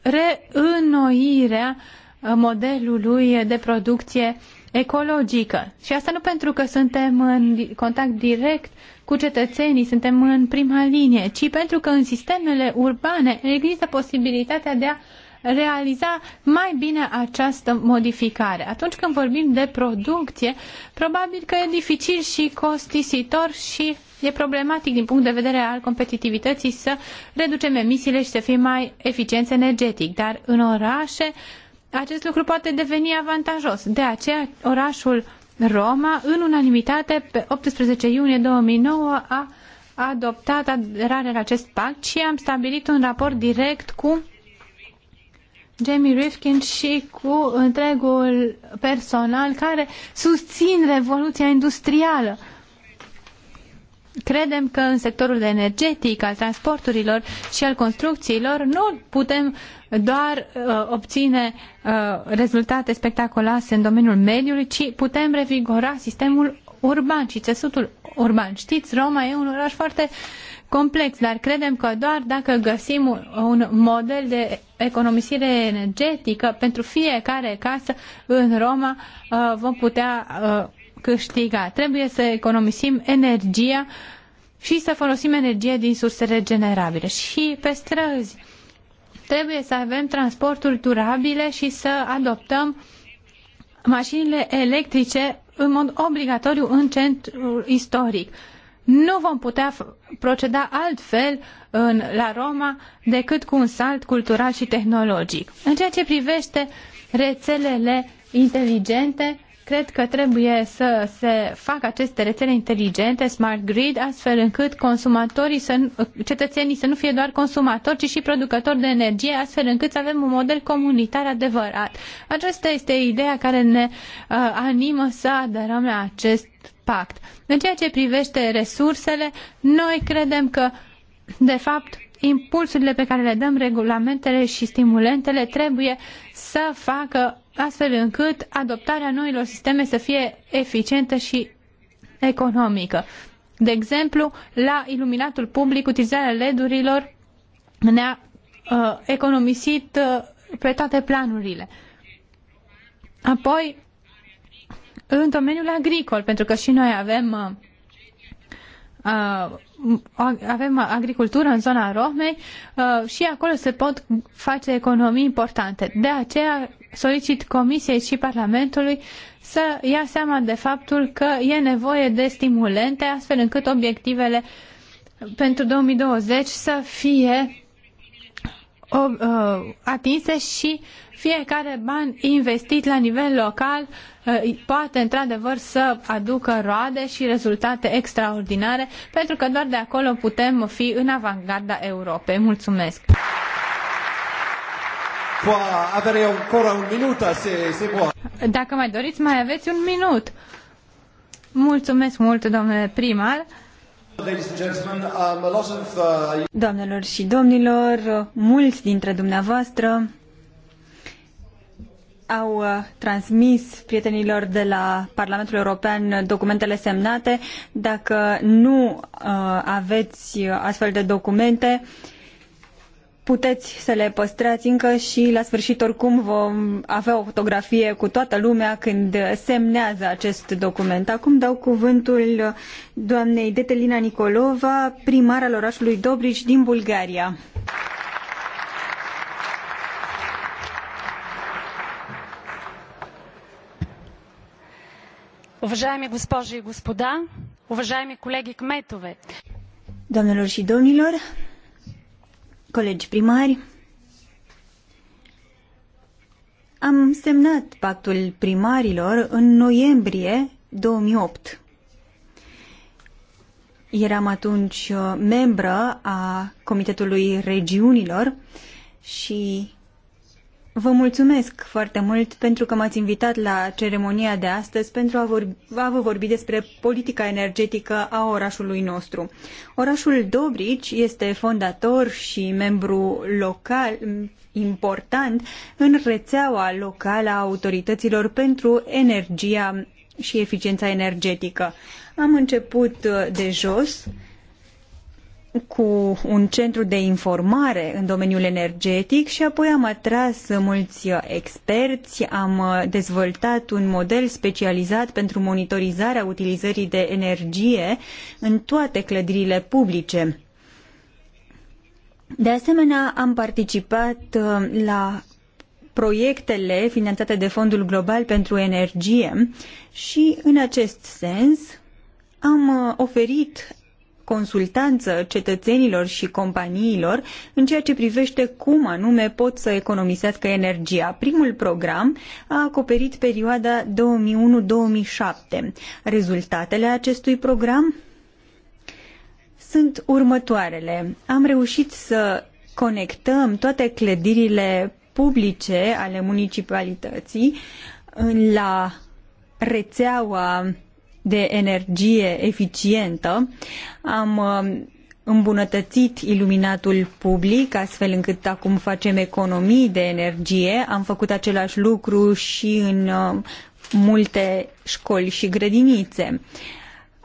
reînnoirea modelului de producție ecologică. Și asta nu pentru că suntem în contact direct cu cetățenii, suntem în prima linie, ci pentru că în sistemele urbane există posibilitatea de a realiza mai bine această modificare. Atunci când vorbim de producție, probabil că e dificil și costisitor și e problematic din punct de vedere al competitivității să reducem emisiile și să fim mai eficienți energetic. Dar în orașe acest lucru poate deveni avantajos. De aceea orașul Roma, în unanimitate, pe 18 iunie 2009 a adoptat aderarea la acest pact și am stabilit un raport direct cu Jamie Rifkin și cu întregul personal care susțin revoluția industrială. Credem că în sectorul energetic, al transporturilor și al construcțiilor nu putem doar uh, obține uh, rezultate spectaculoase în domeniul mediului, ci putem revigora sistemul urban și țesutul urban. Știți, Roma e un oraș foarte uh, complex, dar credem că doar dacă găsim un model de economisire energetică pentru fiecare casă în Roma uh, vom putea uh, câștiga. Trebuie să economisim energia și să folosim energie din surse regenerabile și pe străzi. Trebuie să avem transporturi durabile și să adoptăm mașinile electrice în mod obligatoriu în centrul istoric. Nu vom putea proceda altfel în, la Roma decât cu un salt cultural și tehnologic. În ceea ce privește rețelele inteligente, cred că trebuie să se facă aceste rețele inteligente, smart grid, astfel încât consumatorii să, cetățenii să nu fie doar consumatori, ci și producători de energie, astfel încât să avem un model comunitar adevărat. Aceasta este ideea care ne uh, animă să aderăm la acest pact. În ceea ce privește resursele, noi credem că, de fapt, impulsurile pe care le dăm regulamentele și stimulentele trebuie să facă astfel încât adoptarea noilor sisteme să fie eficientă și economică. De exemplu, la iluminatul public, utilizarea LED-urilor ne-a uh, economisit uh, pe toate planurile. Apoi, în domeniul agricol, pentru că și noi avem uh, uh, avem agricultură în zona Romei uh, și acolo se pot face economii importante. De aceea solicit Comisiei și Parlamentului să ia seama de faptul că e nevoie de stimulente astfel încât obiectivele pentru 2020 să fie atinse și fiecare ban investit la nivel local uh, poate într-adevăr să aducă roade și rezultate extraordinare, pentru că doar de acolo putem fi în avangarda Europei. Mulțumesc! Dacă mai doriți, mai aveți un minut. Mulțumesc mult, domnule primar. Um, uh, domnilor și domnilor, mulți dintre dumneavoastră au uh, transmis prietenilor de la Parlamentul European documentele semnate. Dacă nu uh, aveți uh, astfel de documente, puteți să le păstrați încă și la sfârșit oricum vom avea o fotografie cu toată lumea când semnează acest document. Acum dau cuvântul doamnei Detelina Nicolova, primar al orașului Dobrici din Bulgaria. Уважаеми госпожи и господа, уважаеми колеги кметове. Doamnelor și domnilor, colegi primari, am semnat pactul primarilor în noiembrie 2008. Eram atunci uh, membră a Comitetului Regiunilor și Vă mulțumesc foarte mult pentru că m-ați invitat la ceremonia de astăzi pentru a, vorbi, a vă vorbi despre politica energetică a orașului nostru. Orașul Dobrici este fondator și membru local important în rețeaua locală a autorităților pentru energia și eficiența energetică. Am început de jos cu un centru de informare în domeniul energetic și apoi am atras mulți experți, am dezvoltat un model specializat pentru monitorizarea utilizării de energie în toate clădirile publice. De asemenea, am participat uh, la proiectele finanțate de Fondul Global pentru Energie și, în acest sens, am uh, oferit consultanță cetățenilor și companiilor în ceea ce privește cum anume pot să economisească energia. Primul program a acoperit perioada 2001-2007. Rezultatele acestui program sunt următoarele. Am reușit să conectăm toate clădirile publice ale municipalității la rețeaua de energie eficientă. Am um, îmbunătățit iluminatul public, astfel încât acum facem economii de energie. Am făcut același lucru și în um, multe școli și grădinițe. Uh,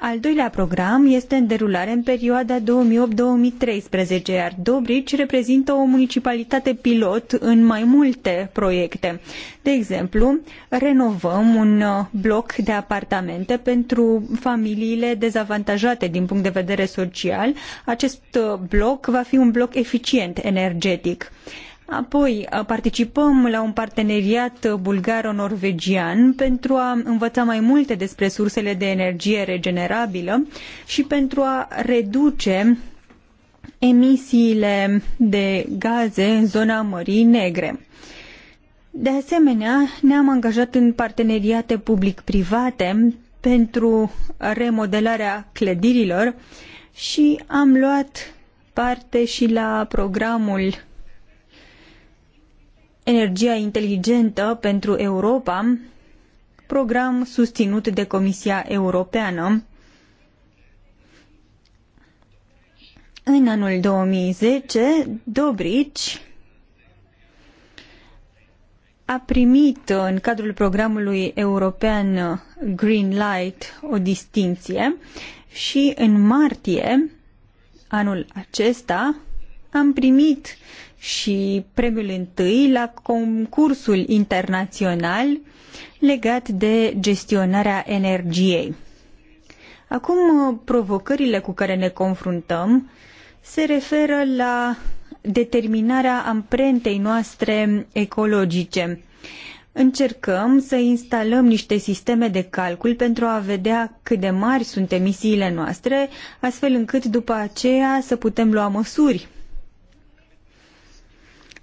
al doilea program este în derulare în perioada 2008-2013, iar Dobrici reprezintă o municipalitate pilot în mai multe proiecte. De exemplu, renovăm un uh, bloc de apartamente pentru familiile dezavantajate din punct de vedere social. Acest uh, bloc va fi un bloc eficient energetic. Apoi uh, participăm la un parteneriat bulgaro-norvegian pentru a învăța mai multe despre sursele de energie regenerabilă și pentru a reduce emisiile de gaze în zona Mării Negre. De asemenea, ne-am angajat în parteneriate public-private pentru remodelarea clădirilor și am luat parte și la programul Energia inteligentă pentru Europa, program susținut de Comisia Europeană. În anul 2010, Dobrici a primit în cadrul programului european Green Light o distinție și în martie anul acesta am primit uh, și premiul întâi la concursul internațional legat de gestionarea energiei. Acum, provocările cu care ne confruntăm se referă la determinarea amprentei noastre ecologice. Încercăm să instalăm niște sisteme de calcul pentru a vedea cât de mari sunt emisiile noastre, astfel încât după aceea să putem lua măsuri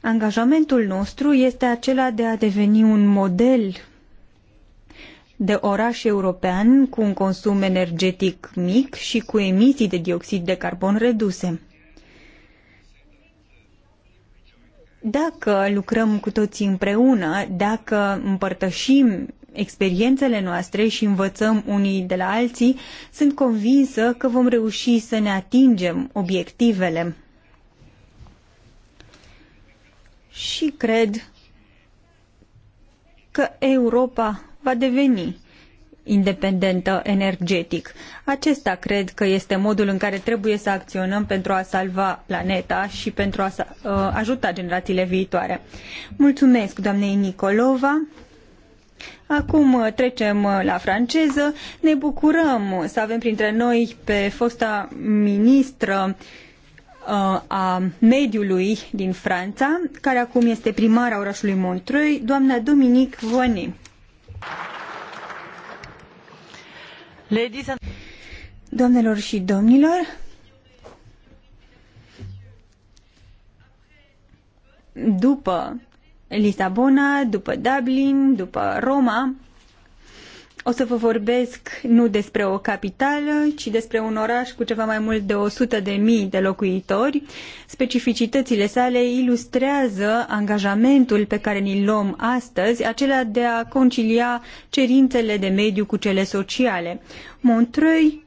Angajamentul nostru este acela de a deveni un model de oraș european cu un consum energetic mic și cu emisii de dioxid de carbon reduse. Dacă lucrăm cu toții împreună, dacă împărtășim experiențele noastre și învățăm unii de la alții, sunt convinsă că vom reuși să ne atingem obiectivele. și cred că Europa va deveni independentă energetic. Acesta cred că este modul în care trebuie să acționăm pentru a salva planeta și pentru a uh, ajuta generațiile viitoare. Mulțumesc doamnei Nicolova. Acum uh, trecem uh, la franceză. Ne bucurăm să avem printre noi pe fosta ministră uh, Uh, a mediului din Franța, care acum este a orașului Montreuil, doamna Dominique Voinet. Doamnelor și domnilor, după Lisabona, după Dublin, după Roma, o să vă vorbesc nu despre o capitală, ci despre un oraș cu ceva mai mult de 100 de mii de locuitori. Specificitățile sale ilustrează angajamentul pe care ni-l luăm astăzi, acela de a concilia cerințele de mediu cu cele sociale. Montreuil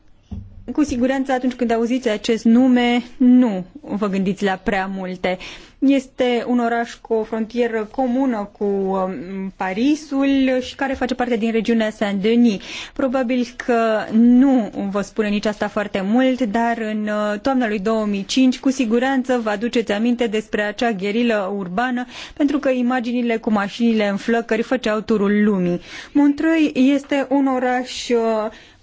cu siguranță atunci când auziți acest nume, nu vă gândiți la prea multe. Este un oraș cu o frontieră comună cu um, Parisul și care face parte din regiunea Saint-Denis. Probabil că nu vă spune nici asta foarte mult, dar în uh, toamna lui 2005 cu siguranță vă aduceți aminte despre acea gherilă urbană, pentru că imaginile cu mașinile în flăcări făceau turul lumii. Montreuil este un oraș uh,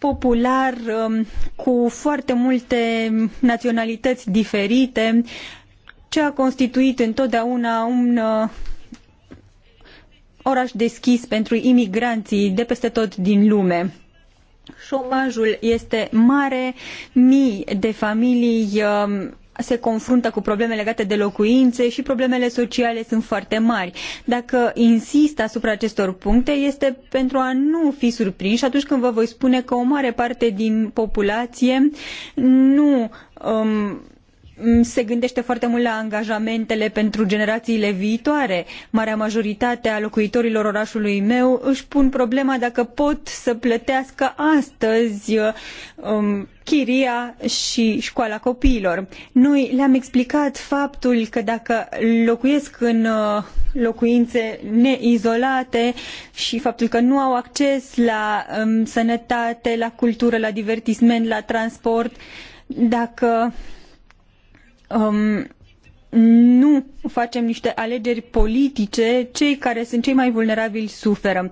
popular um, cu foarte multe naționalități diferite, ce a constituit întotdeauna un uh, oraș deschis pentru imigranții de peste tot din lume. Șomajul este mare, mii de familii um, se confruntă cu probleme legate de locuințe și problemele sociale sunt foarte mari. Dacă insist asupra acestor puncte, este pentru a nu fi surprinși atunci când vă voi spune că o mare parte din populație nu um, Mm, se gândește foarte mult la angajamentele pentru generațiile viitoare. Marea majoritate a locuitorilor orașului meu își pun problema dacă pot să plătească astăzi uh, um, chiria și școala copiilor. Noi le-am explicat faptul că dacă locuiesc în uh, locuințe neizolate și faptul că nu au acces la um, sănătate, la cultură, la divertisment, la transport, dacă um, nu facem niște alegeri politice, cei care sunt cei mai vulnerabili suferă.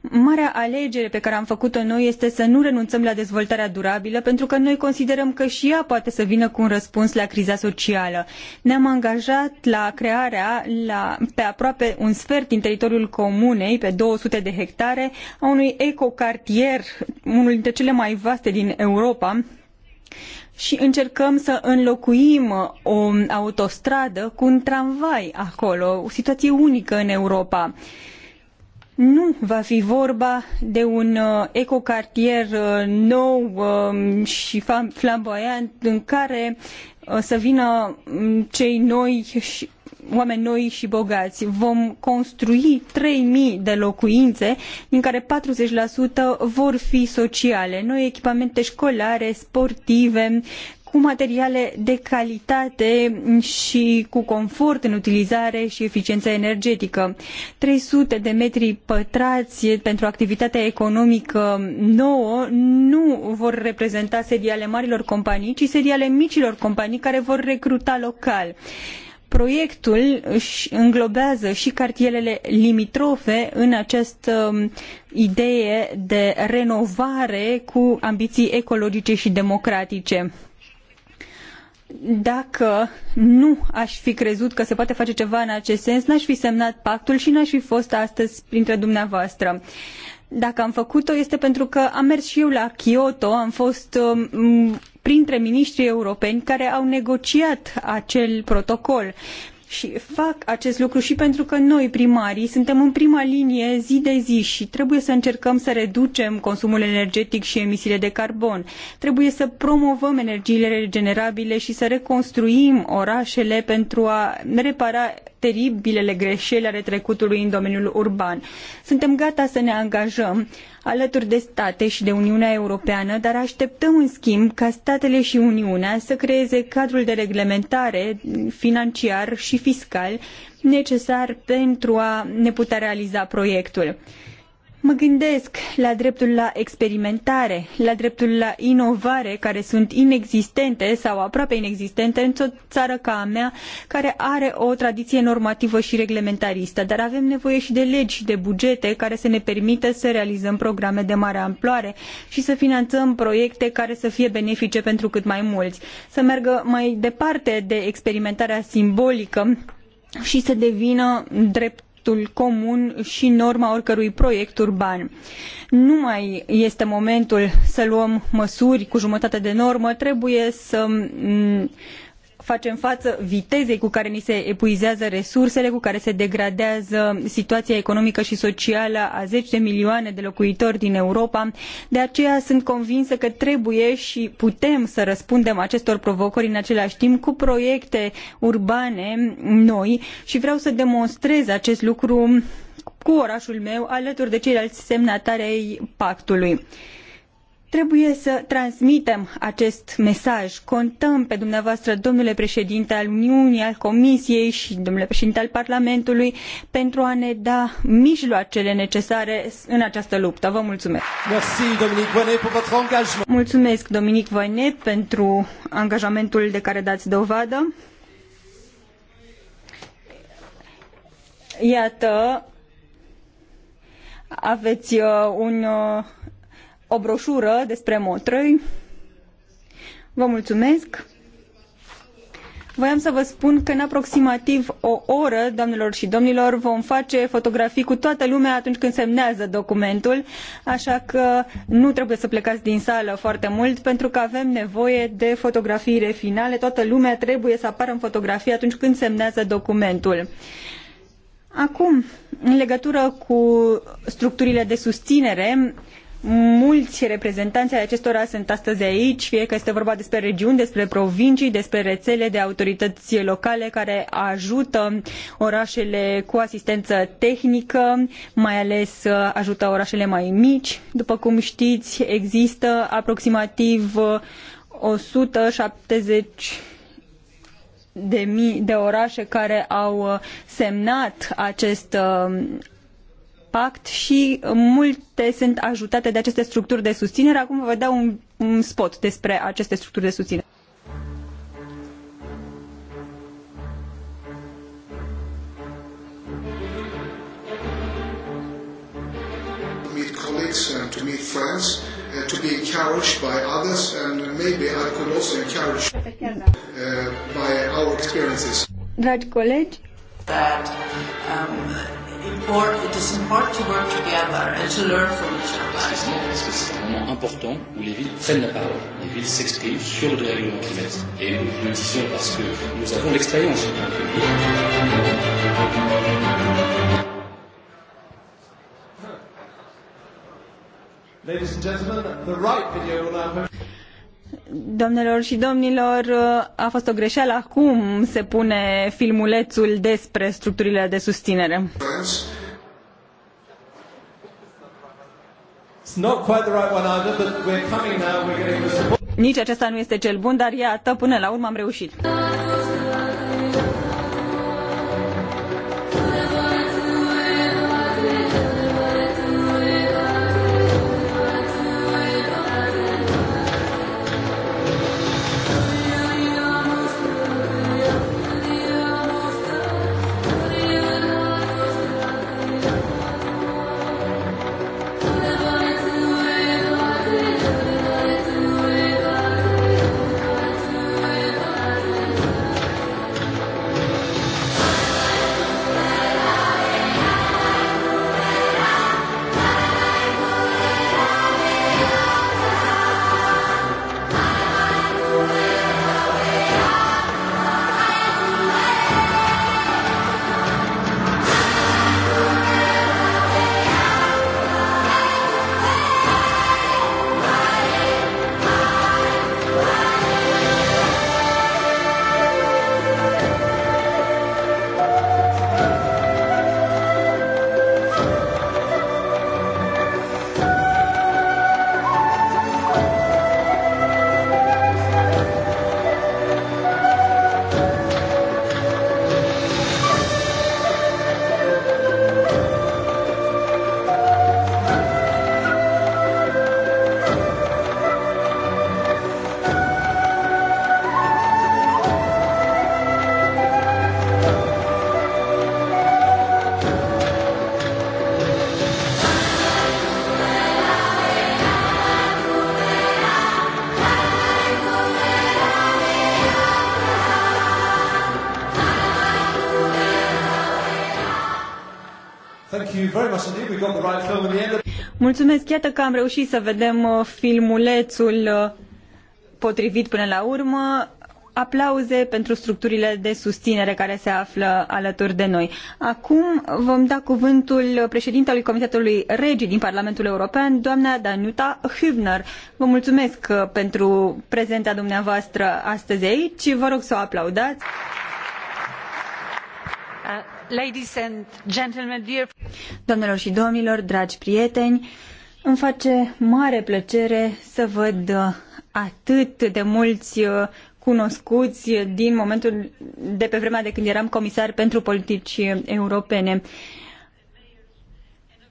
Marea alegere pe care am făcut-o noi este să nu renunțăm la dezvoltarea durabilă, pentru că noi considerăm că și ea poate să vină cu un răspuns la criza socială. Ne-am angajat la crearea, la, pe aproape un sfert din teritoriul comunei, pe 200 de hectare, a unui ecocartier, unul dintre cele mai vaste din Europa, și încercăm să înlocuim uh, o autostradă cu un tramvai acolo, o situație unică în Europa. Nu va fi vorba de un uh, ecocartier uh, nou um, și flamboyant în care să vină um, cei noi și oameni noi și bogați. Vom construi 3.000 de locuințe, din care 40% vor fi sociale. Noi echipamente școlare, sportive, cu materiale de calitate și cu confort în utilizare și eficiență energetică. 300 de metri pătrați pentru activitatea economică nouă nu vor reprezenta sediile marilor companii, ci sediile micilor companii care vor recruta local proiectul își înglobează și cartierele limitrofe în această um, idee de renovare cu ambiții ecologice și democratice. Dacă nu aș fi crezut că se poate face ceva în acest sens, n-aș fi semnat pactul și n-aș fi fost astăzi printre dumneavoastră. Dacă am făcut-o este pentru că am mers și eu la Kyoto, am fost um, printre miniștrii europeni care au negociat acel protocol. Și fac acest lucru și pentru că noi, primarii, suntem în prima linie zi de zi și trebuie să încercăm să reducem consumul energetic și emisiile de carbon. Trebuie să promovăm energiile regenerabile și să reconstruim orașele pentru a repara teribilele greșeli ale trecutului în domeniul urban. Suntem gata să ne angajăm alături de state și de Uniunea Europeană, dar așteptăm în schimb ca statele și Uniunea să creeze cadrul de reglementare financiar și fiscal necesar pentru a ne putea realiza proiectul. Mă gândesc la dreptul la experimentare, la dreptul la inovare, care sunt inexistente sau aproape inexistente într-o țară ca a mea, care are o tradiție normativă și reglementaristă, dar avem nevoie și de legi și de bugete care să ne permită să realizăm programe de mare amploare și să finanțăm proiecte care să fie benefice pentru cât mai mulți, să meargă mai departe de experimentarea simbolică și să devină drept proiectul comun și norma oricărui proiect urban. Nu mai este momentul să luăm măsuri cu jumătate de normă, trebuie să facem față vitezei cu care ni se epuizează resursele, cu care se degradează situația economică și socială a zeci de milioane de locuitori din Europa. De aceea sunt convinsă că trebuie și putem să răspundem acestor provocări în același timp cu proiecte urbane noi și vreau să demonstrez acest lucru cu orașul meu alături de ceilalți semnatari ai pactului. Trebuie să transmitem acest mesaj. Contăm pe dumneavoastră, domnule președinte al Uniunii, al Comisiei și domnule președinte al Parlamentului, pentru a ne da mijloacele necesare în această luptă. Vă mulțumesc! Mulțumesc, Dominic Voinet, pentru angajamentul de care dați dovadă. Iată, aveți uh, un uh, o broșură despre motrăi. Vă mulțumesc! Voiam să vă spun că în aproximativ o oră, doamnelor și domnilor, vom face fotografii cu toată lumea atunci când semnează documentul, așa că nu trebuie să plecați din sală foarte mult, pentru că avem nevoie de fotografiile finale. Toată lumea trebuie să apară în fotografie atunci când semnează documentul. Acum, în legătură cu structurile de susținere, mulți reprezentanți ai acestora sunt astăzi aici, fie că este vorba despre regiuni, despre provincii, despre rețele de autorități locale care ajută orașele cu asistență tehnică, mai ales ajută orașele mai mici. După cum știți, există aproximativ 170 de mii de orașe care au semnat acest pact și multe sunt ajutate de aceste structuri de susținere. Acum vă dau un, un spot despre aceste structuri de susținere. colleagues and to meet friends and to be encouraged by others and maybe I could also encourage uh, by our experiences. Dragi colegi, that um, import, it is important to work together and to learn from each other. Parce que c'est un moment important où les villes prennent la parole, les villes s'expriment sur le dérèglement climatique. Et nous le disons parce que nous avons l'expérience Ladies and gentlemen, the right video will now... Domnilor și domnilor, a fost o greșeală. Acum se pune filmulețul despre structurile de susținere. Nici acesta nu este cel bun, dar iată, până la urmă am reușit. Mulțumesc, iată că am reușit să vedem uh, filmulețul uh, potrivit până la urmă. Aplauze pentru structurile de susținere care se află alături de noi. Acum vom da cuvântul președintelui Comitetului Regii din Parlamentul European, doamna Danuta Hübner. Vă mulțumesc uh, pentru prezența dumneavoastră astăzi aici. Vă rog să o aplaudați. Uh. Ladies and gentlemen, dear... Doamnelor și domnilor, dragi prieteni, îmi face mare plăcere să văd uh, atât de mulți uh, cunoscuți din momentul de pe vremea de când eram comisar pentru politici europene.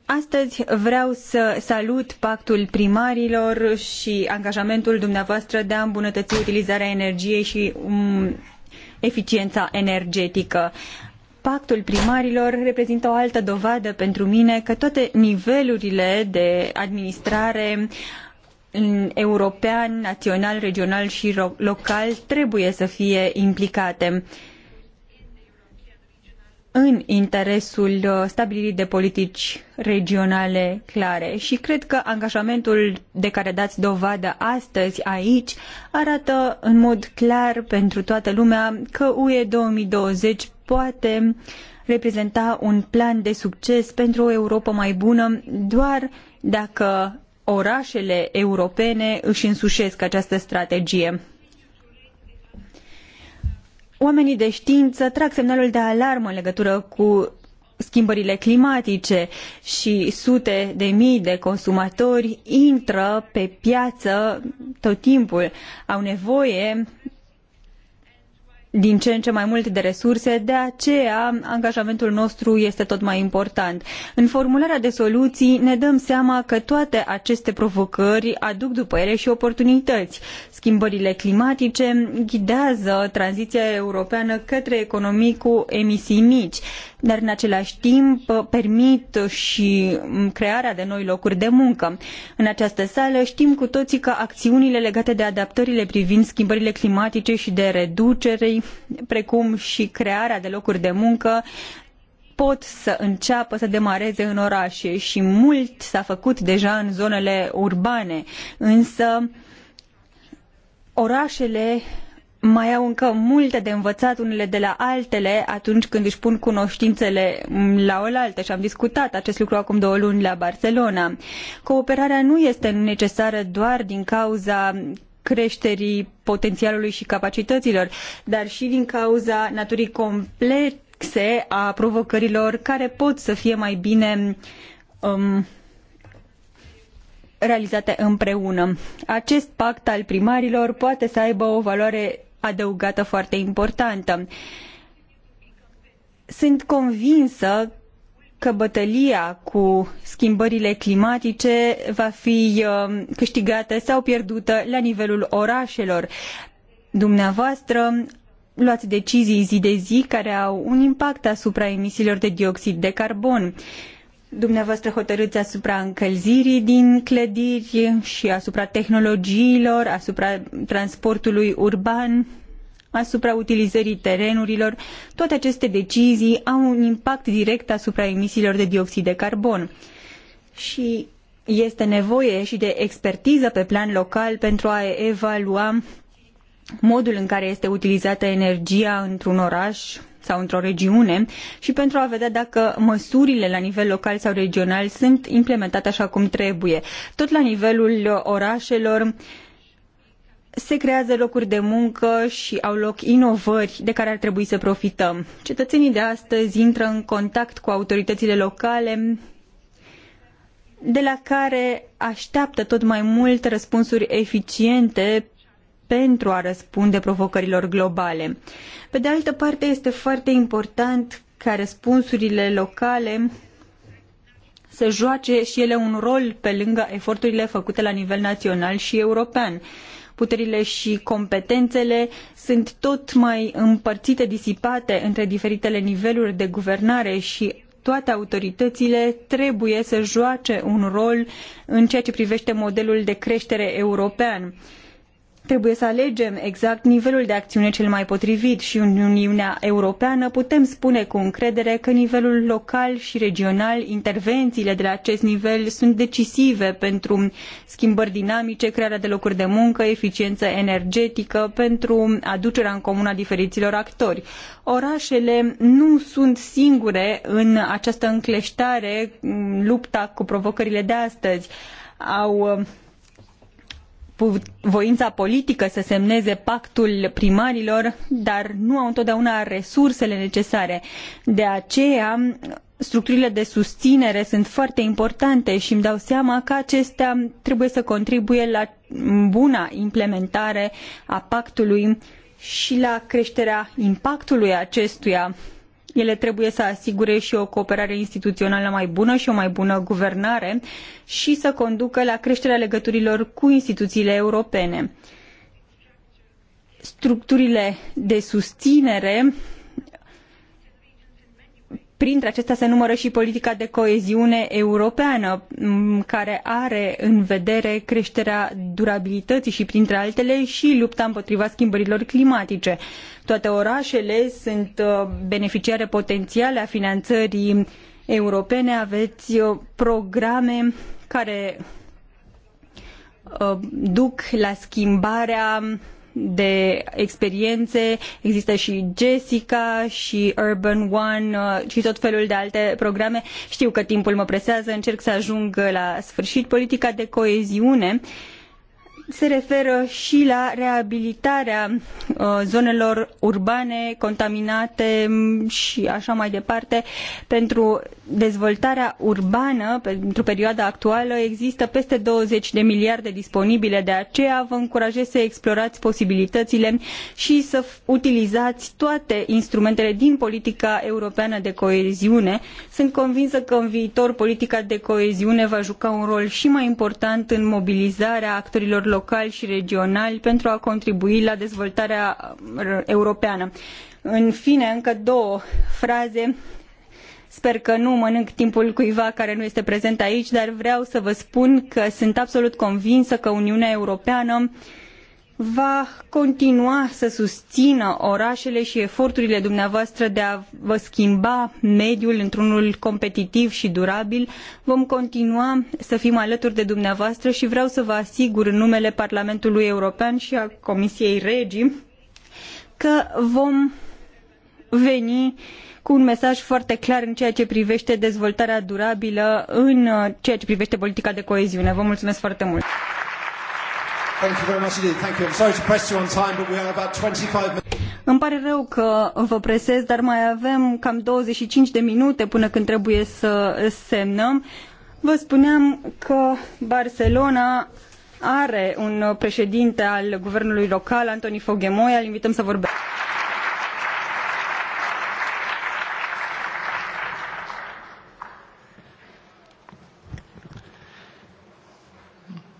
Astăzi vreau să salut pactul primarilor și angajamentul dumneavoastră de a îmbunătăți utilizarea energiei și um, eficiența energetică pactul primarilor reprezintă o altă dovadă pentru mine că toate nivelurile de administrare european, național, regional și local trebuie să fie implicate în interesul uh, stabilirii de politici regionale clare și cred că angajamentul de care dați dovadă astăzi aici arată în mod clar pentru toată lumea că UE 2020 poate reprezenta un plan de succes pentru o Europa mai bună doar dacă orașele europene își însușesc această strategie. Oamenii de știință trag semnalul de alarmă în legătură cu schimbările climatice și sute de mii de consumatori intră pe piață tot timpul, au nevoie din ce în ce mai mult de resurse, de aceea angajamentul nostru este tot mai important. În formularea de soluții ne dăm seama că toate aceste provocări aduc după ele și oportunități. Schimbările climatice ghidează tranziția europeană către economii cu emisii mici, dar în același timp permit și crearea de noi locuri de muncă. În această sală știm cu toții că acțiunile legate de adaptările privind schimbările climatice și de reducere precum și crearea de locuri de muncă, pot să înceapă să demareze în orașe și mult s-a făcut deja în zonele urbane, însă orașele mai au încă multe de învățat unele de la altele atunci când își pun cunoștințele la oaltă și am discutat acest lucru acum două luni la Barcelona. Cooperarea nu este necesară doar din cauza creșterii potențialului și capacităților, dar și din cauza naturii complexe a provocărilor care pot să fie mai bine um, realizate împreună. Acest pact al primarilor poate să aibă o valoare adăugată foarte importantă. Sunt convinsă că bătălia cu schimbările climatice va fi um, câștigată sau pierdută la nivelul orașelor. Dumneavoastră luați decizii zi de zi care au un impact asupra emisiilor de dioxid de carbon. Dumneavoastră hotărâți asupra încălzirii din clădiri și asupra tehnologiilor, asupra transportului urban asupra utilizării terenurilor, toate aceste decizii au un impact direct asupra emisiilor de dioxid de carbon. Și este nevoie și de expertiză pe plan local pentru a evalua modul în care este utilizată energia într-un oraș sau într-o regiune și pentru a vedea dacă măsurile la nivel local sau regional sunt implementate așa cum trebuie. Tot la nivelul orașelor se creează locuri de muncă și au loc inovări de care ar trebui să profităm. Cetățenii de astăzi intră în contact cu autoritățile locale de la care așteaptă tot mai mult răspunsuri eficiente pentru a răspunde provocărilor globale. Pe de altă parte, este foarte important ca răspunsurile locale să joace și ele un rol pe lângă eforturile făcute la nivel național și european puterile și competențele sunt tot mai împărțite, disipate între diferitele niveluri de guvernare și toate autoritățile trebuie să joace un rol în ceea ce privește modelul de creștere european. Trebuie să alegem exact nivelul de acțiune cel mai potrivit și în Uniunea Europeană putem spune cu încredere că nivelul local și regional, intervențiile de la acest nivel sunt decisive pentru schimbări dinamice, crearea de locuri de muncă, eficiență energetică, pentru aducerea în comun a diferiților actori. Orașele nu sunt singure în această încleștare, în lupta cu provocările de astăzi. Au voința politică să semneze pactul primarilor, dar nu au întotdeauna resursele necesare. De aceea, structurile de susținere sunt foarte importante și îmi dau seama că acestea trebuie să contribuie la buna implementare a pactului și la creșterea impactului acestuia ele trebuie să asigure și o cooperare instituțională mai bună și o mai bună guvernare și să conducă la creșterea legăturilor cu instituțiile europene. Structurile de susținere Printre acestea se numără și politica de coeziune europeană, care are în vedere creșterea durabilității și, printre altele, și lupta împotriva schimbărilor climatice. Toate orașele sunt uh, beneficiare potențiale a finanțării europene. Aveți uh, programe care uh, duc la schimbarea de experiențe. Există și Jessica și Urban One uh, și tot felul de alte programe. Știu că timpul mă presează, încerc să ajung la sfârșit. Politica de coeziune se referă și la reabilitarea uh, zonelor urbane contaminate mm, și așa mai departe. Pentru dezvoltarea urbană, pentru perioada actuală, există peste 20 de miliarde disponibile, de aceea vă încurajez să explorați posibilitățile și să utilizați toate instrumentele din politica europeană de coeziune. Sunt convinsă că în viitor politica de coeziune va juca un rol și mai important în mobilizarea actorilor locali locali și regionali pentru a contribui la dezvoltarea uh, europeană. În fine, încă două fraze Sper că nu mănânc timpul cuiva care nu este prezent aici, dar vreau să vă spun că sunt absolut convinsă că Uniunea Europeană uh, va continua să susțină orașele și eforturile dumneavoastră de a vă schimba mediul într-unul competitiv și durabil. Vom continua să fim alături de dumneavoastră și vreau să vă asigur în numele Parlamentului European și a Comisiei Regi că vom veni cu un mesaj foarte clar în ceea ce privește dezvoltarea durabilă, în uh, ceea ce privește politica de coeziune. Vă mulțumesc foarte mult! Îmi pare rău că vă presez, dar mai avem cam 25 de minute până când trebuie să semnăm. Vă spuneam că Barcelona are un președinte al guvernului local, Antoni Foghemoia, îl invităm să vorbească.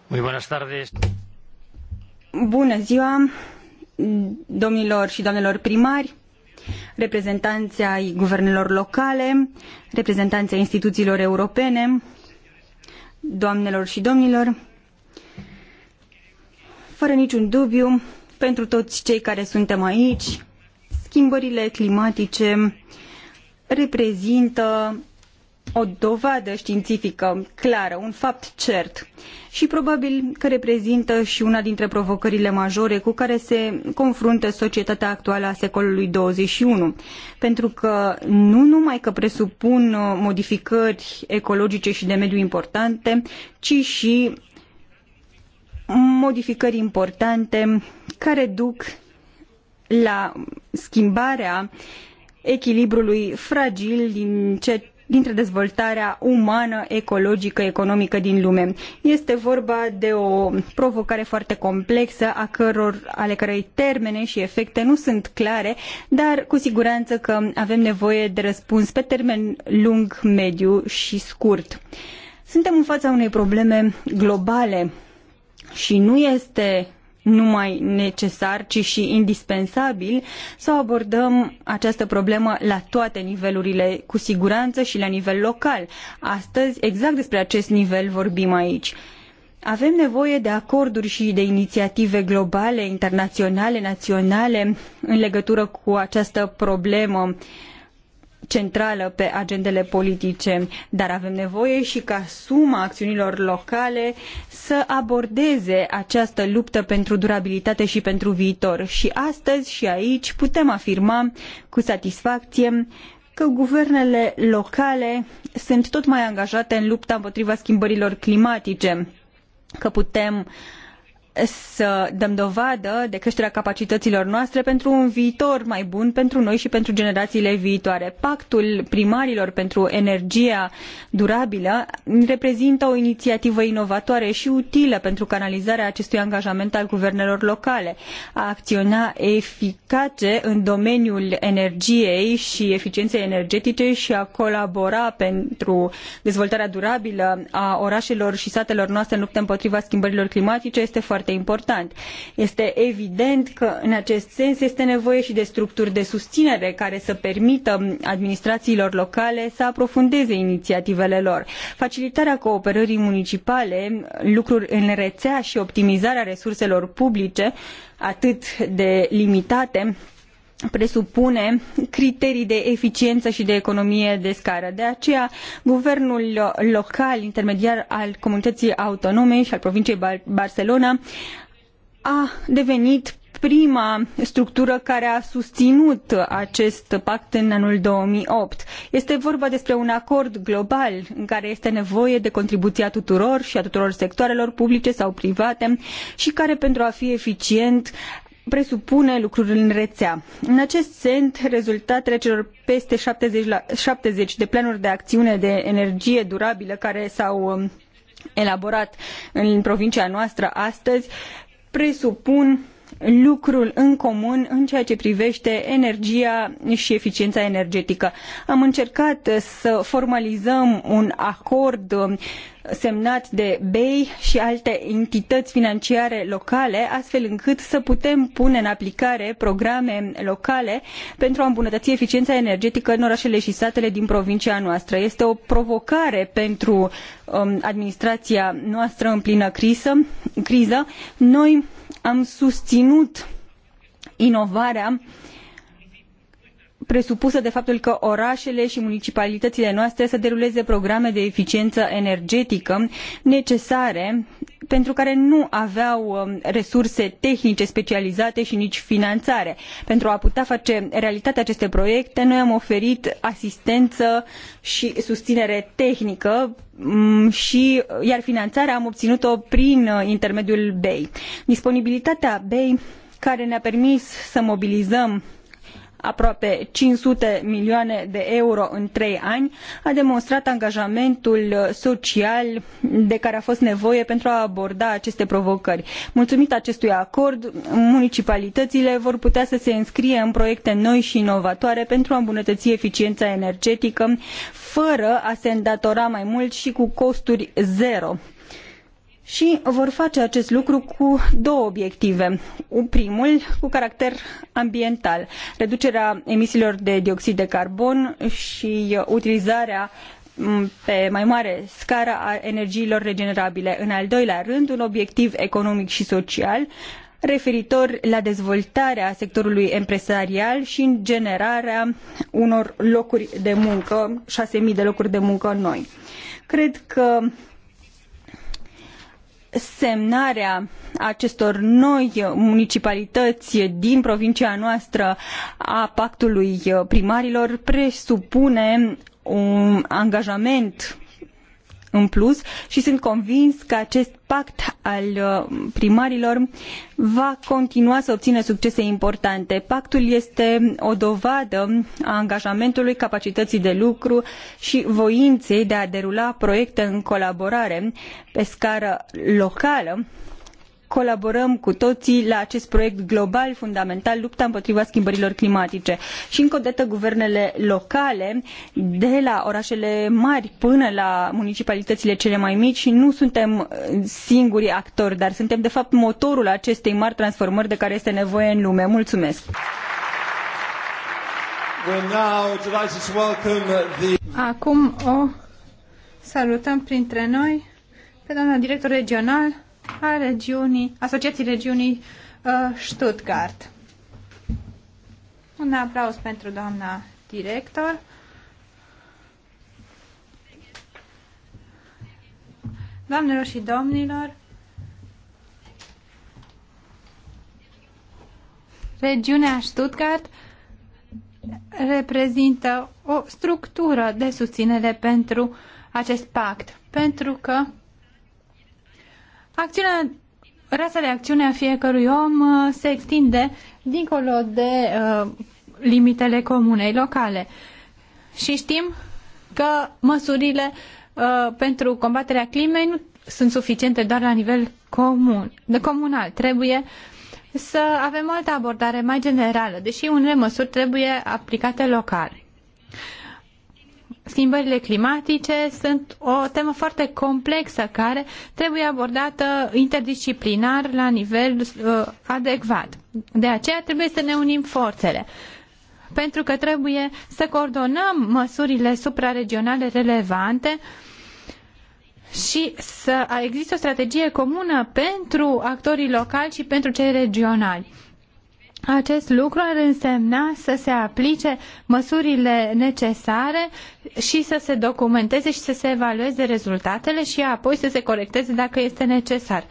Muy buenas tardes. Bună ziua, domnilor și doamnelor primari, reprezentanții ai guvernelor locale, reprezentanții ai instituțiilor europene, doamnelor și domnilor, fără niciun dubiu, pentru toți cei care suntem aici, schimbările climatice reprezintă o dovadă științifică clară, un fapt cert și probabil că reprezintă și una dintre provocările majore cu care se confruntă societatea actuală a secolului 21. Pentru că nu numai că presupun uh, modificări ecologice și de mediu importante, ci și modificări importante care duc la schimbarea echilibrului fragil din ceea dintre dezvoltarea umană, ecologică, economică din lume. Este vorba de o provocare foarte complexă, a căror, ale cărei termene și efecte nu sunt clare, dar cu siguranță că avem nevoie de răspuns pe termen lung, mediu și scurt. Suntem în fața unei probleme globale și nu este numai necesar, ci și indispensabil, să abordăm această problemă la toate nivelurile, cu siguranță și la nivel local. Astăzi, exact despre acest nivel vorbim aici. Avem nevoie de acorduri și de inițiative globale, internaționale, naționale în legătură cu această problemă uh, centrală pe agendele politice, dar avem nevoie și ca suma acțiunilor locale să abordeze această luptă pentru durabilitate și pentru viitor. Și astăzi și aici putem afirma cu satisfacție că guvernele locale sunt tot mai angajate în lupta împotriva schimbărilor climatice, că putem uh, să dăm dovadă de creșterea capacităților noastre pentru un viitor mai bun pentru noi și pentru generațiile viitoare. Pactul primarilor pentru energia durabilă reprezintă o inițiativă inovatoare și utilă pentru canalizarea acestui angajament al guvernelor locale. A acționa eficace în domeniul energiei și eficienței energetice și a colabora pentru dezvoltarea durabilă a orașelor și satelor noastre în luptă împotriva schimbărilor climatice este foarte foarte important. Este evident că în acest sens este nevoie și de structuri de susținere care să permită administrațiilor locale să aprofundeze inițiativele lor. Facilitarea cooperării municipale, lucruri în rețea și optimizarea resurselor publice, atât de limitate, presupune criterii de eficiență și de economie de scară. De aceea, guvernul local intermediar al comunității autonome și al provinciei Bar Barcelona a devenit prima structură care a susținut acest pact în anul 2008. Este vorba despre un acord global în care este nevoie de contribuția tuturor și a tuturor sectoarelor publice sau private și care pentru a fi eficient presupune lucruri în rețea. În acest sens, rezultatele celor peste 70, la, 70 de planuri de acțiune de energie durabilă care s-au um, elaborat în provincia noastră astăzi presupun lucrul în comun în ceea ce privește energia și eficiența energetică. Am încercat să formalizăm un acord um, semnat de BEI și alte entități financiare locale, astfel încât să putem pune în aplicare programe locale pentru a îmbunătăți eficiența energetică în orașele și satele din provincia noastră. Este o provocare pentru um, administrația noastră în plină criză. criză. Noi am susținut inovarea uh, presupusă de faptul că orașele și municipalitățile noastre să deruleze programe de eficiență energetică necesare pentru care nu aveau um, resurse tehnice specializate și nici finanțare. Pentru a putea face realitate aceste proiecte, noi am oferit asistență și susținere tehnică mm, și, uh, iar finanțarea am obținut-o prin uh, intermediul BEI. Disponibilitatea BEI care ne-a permis să mobilizăm aproape 500 milioane de euro în trei ani, a demonstrat angajamentul social de care a fost nevoie pentru a aborda aceste provocări. mulumită acestui acord, municipalitățile vor putea să se înscrie în proiecte noi și inovatoare pentru a îmbunătăi eficiena energetică, fără a se îndatora mai mult și cu costuri zero și vor face acest lucru cu două obiective. Primul, cu caracter ambiental, reducerea emisiilor de dioxid de carbon și uh, utilizarea pe mai mare scară a energiilor regenerabile. În al doilea rând, un obiectiv economic și social referitor la dezvoltarea sectorului empresarial și în generarea unor locuri de muncă, 6.000 de locuri de muncă noi. Cred că semnarea acestor noi municipalități din provincia noastră a pactului primarilor presupune un angajament în plus și sunt convins că acest pact al uh, primarilor va continua să obțină succese importante. Pactul este o dovadă a angajamentului, capacității de lucru și voinței de a derula proiecte în colaborare pe scară locală colaborăm cu toții la acest proiect global fundamental, lupta împotriva schimbărilor climatice. Și încă o dată, guvernele locale, de la orașele mari până la municipalitățile cele mai mici, nu suntem uh, singurii actori, dar suntem de fapt motorul acestei mari transformări de care este nevoie în lume. Mulțumesc! Uh, Acum o salutăm printre noi pe doamna director regional a regiunii, Asociației Regiunii uh, Stuttgart. Un aplauz pentru doamna director. Doamnelor și domnilor, regiunea Stuttgart reprezintă o structură de susținere pentru acest pact, pentru că Acțiunea, rasa de acțiune a fiecărui om uh, se extinde dincolo de uh, limitele comunei locale. Și știm că măsurile uh, pentru combaterea climei nu sunt suficiente doar la nivel comun, de comunal. Trebuie să avem o altă abordare mai generală, deși unele măsuri trebuie aplicate local. Schimbările climatice sunt o temă foarte complexă care trebuie abordată interdisciplinar la nivel uh, adecvat. De aceea trebuie să ne unim forțele pentru că trebuie să coordonăm măsurile supraregionale relevante și să există o strategie comună pentru actorii locali și pentru cei regionali acest lucru ar însemna să se aplice măsurile necesare și să se documenteze și să se evalueze rezultatele și apoi să se corecteze dacă este necesar.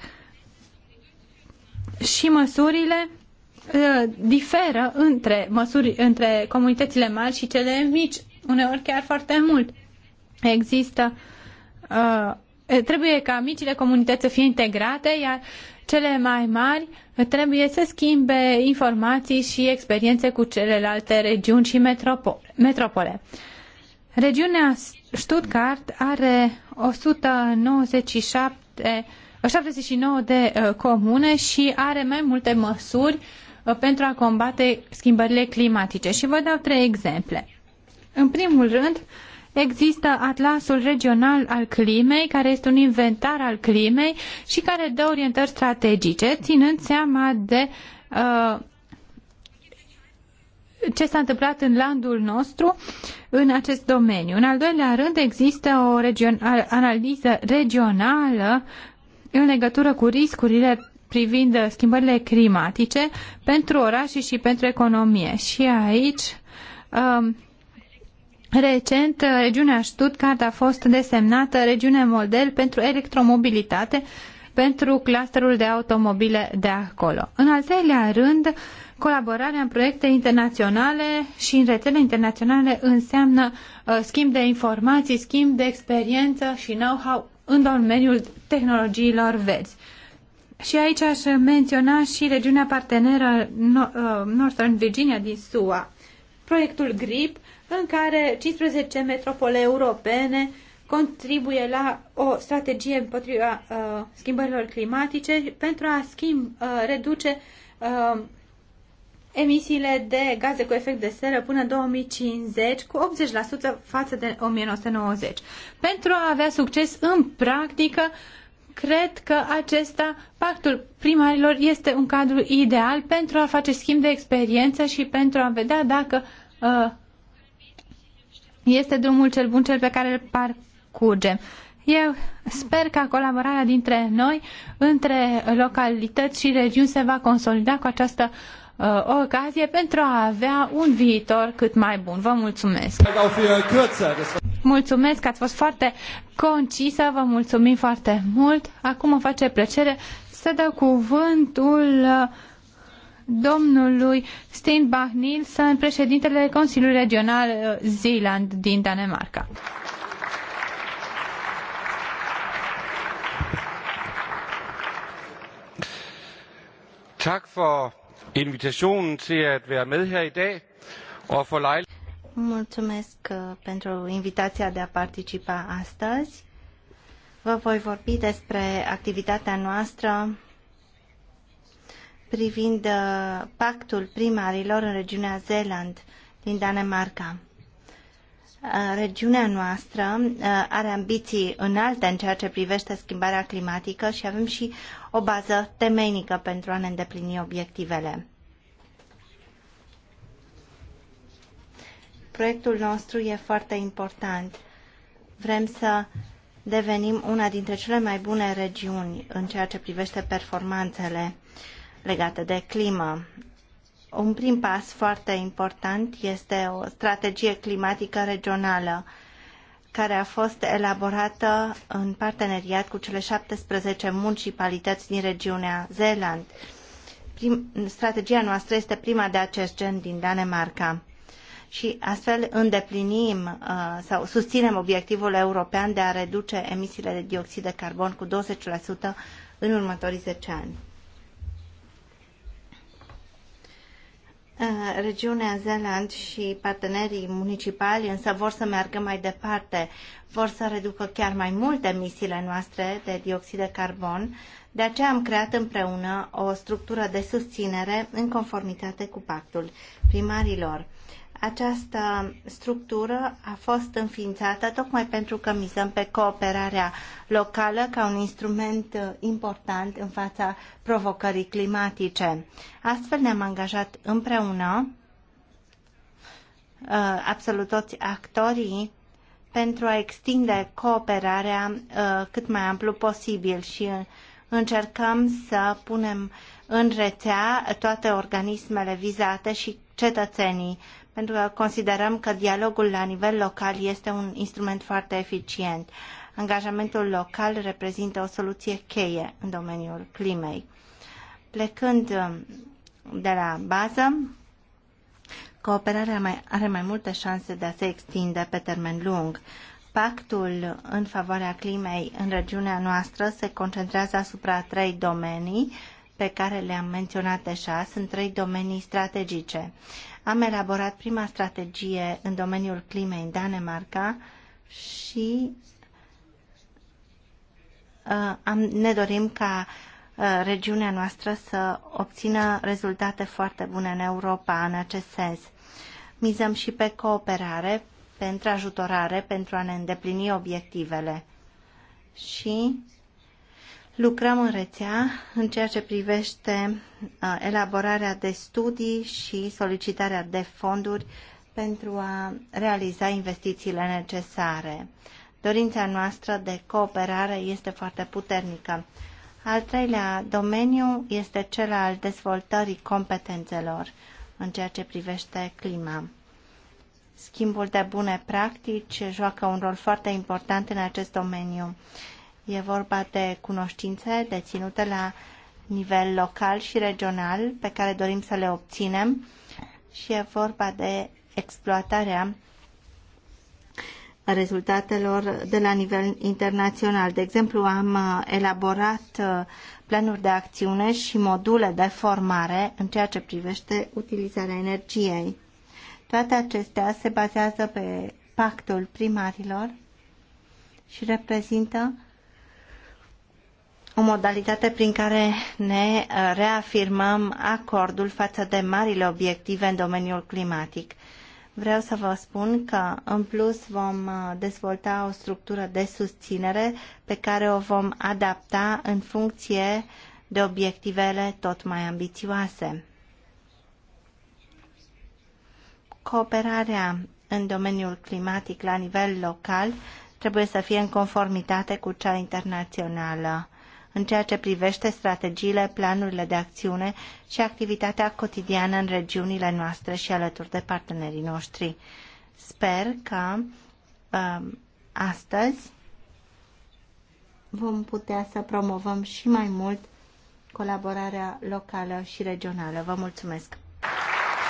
Și măsurile uh, diferă între, măsuri, între comunitățile mari și cele mici, uneori chiar foarte mult. Există uh, trebuie ca micile comunități să fie integrate, iar cele mai mari uh, trebuie să schimbe informații și experiențe cu celelalte regiuni și metropole. Regiunea Stuttgart are 197, 79 de uh, comune și are mai multe măsuri uh, pentru a combate schimbările climatice. Și vă dau trei exemple. În primul rând, Există atlasul regional al climei, care este un inventar al climei și care dă orientări strategice, ținând seama de uh, ce s-a întâmplat în landul nostru în acest domeniu. În al doilea rând, există o region, analiză regională în legătură cu riscurile privind schimbările climatice pentru orașe și pentru economie. Și aici um, Recent, uh, regiunea Stuttgart a fost desemnată regiune model pentru electromobilitate pentru clusterul de automobile de acolo. În al treilea rând, colaborarea în proiecte internaționale și în rețele internaționale înseamnă uh, schimb de informații, schimb de experiență și know-how în domeniul tehnologiilor verzi. Și aici aș menționa și regiunea parteneră uh, Northern Virginia din SUA proiectul GRIP, în care 15 metropole europene contribuie la o strategie împotriva uh, schimbărilor climatice pentru a schimb, uh, reduce uh, emisiile de gaze cu efect de seră până în 2050 cu 80% față de 1990. Pentru a avea succes în practică, cred că acesta, pactul primarilor, este un cadru ideal pentru a face schimb de experiență și pentru a vedea dacă uh, Uh, este drumul cel bun, cel pe care îl parcurgem. Eu sper că colaborarea dintre noi, între localități și regiuni, se va consolida cu această uh, ocazie pentru a avea un viitor cât mai bun. Vă mulțumesc! Mulțumesc că ați fost foarte concisă, vă mulțumim foarte mult. Acum o face plăcere să dau cuvântul uh, domnului Steinbach Nielsen, președintele Consiliului Regional uh, Zeeland din Danemarca. Tak for invitationen til at være med her i dag og for Mulțumesc uh, pentru invitația de a participa astăzi. Vă voi vorbi despre activitatea noastră privind uh, pactul primarilor în regiunea Zeeland din Danemarca. Uh, regiunea noastră uh, are ambiții înalte în ceea ce privește schimbarea climatică și avem și o bază temeinică pentru a ne îndeplini obiectivele. Proiectul nostru e foarte important. Vrem să devenim una dintre cele mai bune regiuni în ceea ce privește performanțele legate de climă. Un prim pas foarte important este o strategie climatică regională care a fost elaborată în parteneriat cu cele 17 municipalități din regiunea Zeeland. Prim, strategia noastră este prima de acest gen din Danemarca și astfel îndeplinim uh, sau susținem obiectivul european de a reduce emisiile de dioxid de carbon cu 20% în următorii 10 ani. Eh, regiunea Zeeland și partenerii municipali însă vor să meargă mai departe, vor să reducă chiar mai mult emisiile noastre de dioxid de carbon, de aceea am creat împreună o structură de susținere în conformitate cu pactul primarilor. Această structură a fost înființată tocmai pentru că mizăm pe cooperarea locală ca un instrument uh, important în fața provocării climatice. Astfel ne-am angajat împreună uh, absolut toți actorii pentru a extinde cooperarea uh, cât mai amplu posibil și încercăm să punem în rețea toate organismele vizate și cetățenii pentru că considerăm că dialogul la nivel local este un instrument foarte eficient. Angajamentul local reprezintă o soluție cheie în domeniul climei. Plecând um, de la bază, cooperarea mai, are mai multe șanse de a se extinde pe termen lung. Pactul în favoarea climei în regiunea noastră se concentrează asupra trei domenii pe care le-am menționat deja. Sunt trei domenii strategice. Am elaborat prima strategie în domeniul climei în Danemarca și uh, am, ne dorim ca uh, regiunea noastră să obțină rezultate foarte bune în Europa în acest sens. Mizăm și pe cooperare pentru ajutorare pentru a ne îndeplini obiectivele și Lucrăm în rețea în ceea ce privește elaborarea de studii și solicitarea de fonduri pentru a realiza investițiile necesare. Dorința noastră de cooperare este foarte puternică. Al treilea domeniu este cel al dezvoltării competențelor în ceea ce privește clima. Schimbul de bune practici joacă un rol foarte important în acest domeniu. E vorba de cunoștințe deținute la nivel local și regional pe care dorim să le obținem și e vorba de exploatarea rezultatelor de la nivel internațional. De exemplu, am uh, elaborat uh, planuri de acțiune și module de formare în ceea ce privește utilizarea energiei. Toate acestea se bazează pe pactul primarilor și reprezintă o modalitate prin care ne uh, reafirmăm acordul față de marile obiective în domeniul climatic. Vreau să vă spun că, în plus, vom uh, dezvolta o structură de susținere pe care o vom adapta în funcție de obiectivele tot mai ambițioase. Cooperarea în domeniul climatic la nivel local trebuie să fie în conformitate cu cea internațională în ceea ce privește strategiile, planurile de acțiune și activitatea cotidiană în regiunile noastre și alături de partenerii noștri. Sper că um, astăzi vom putea să promovăm și mai mult colaborarea locală și regională. Vă mulțumesc!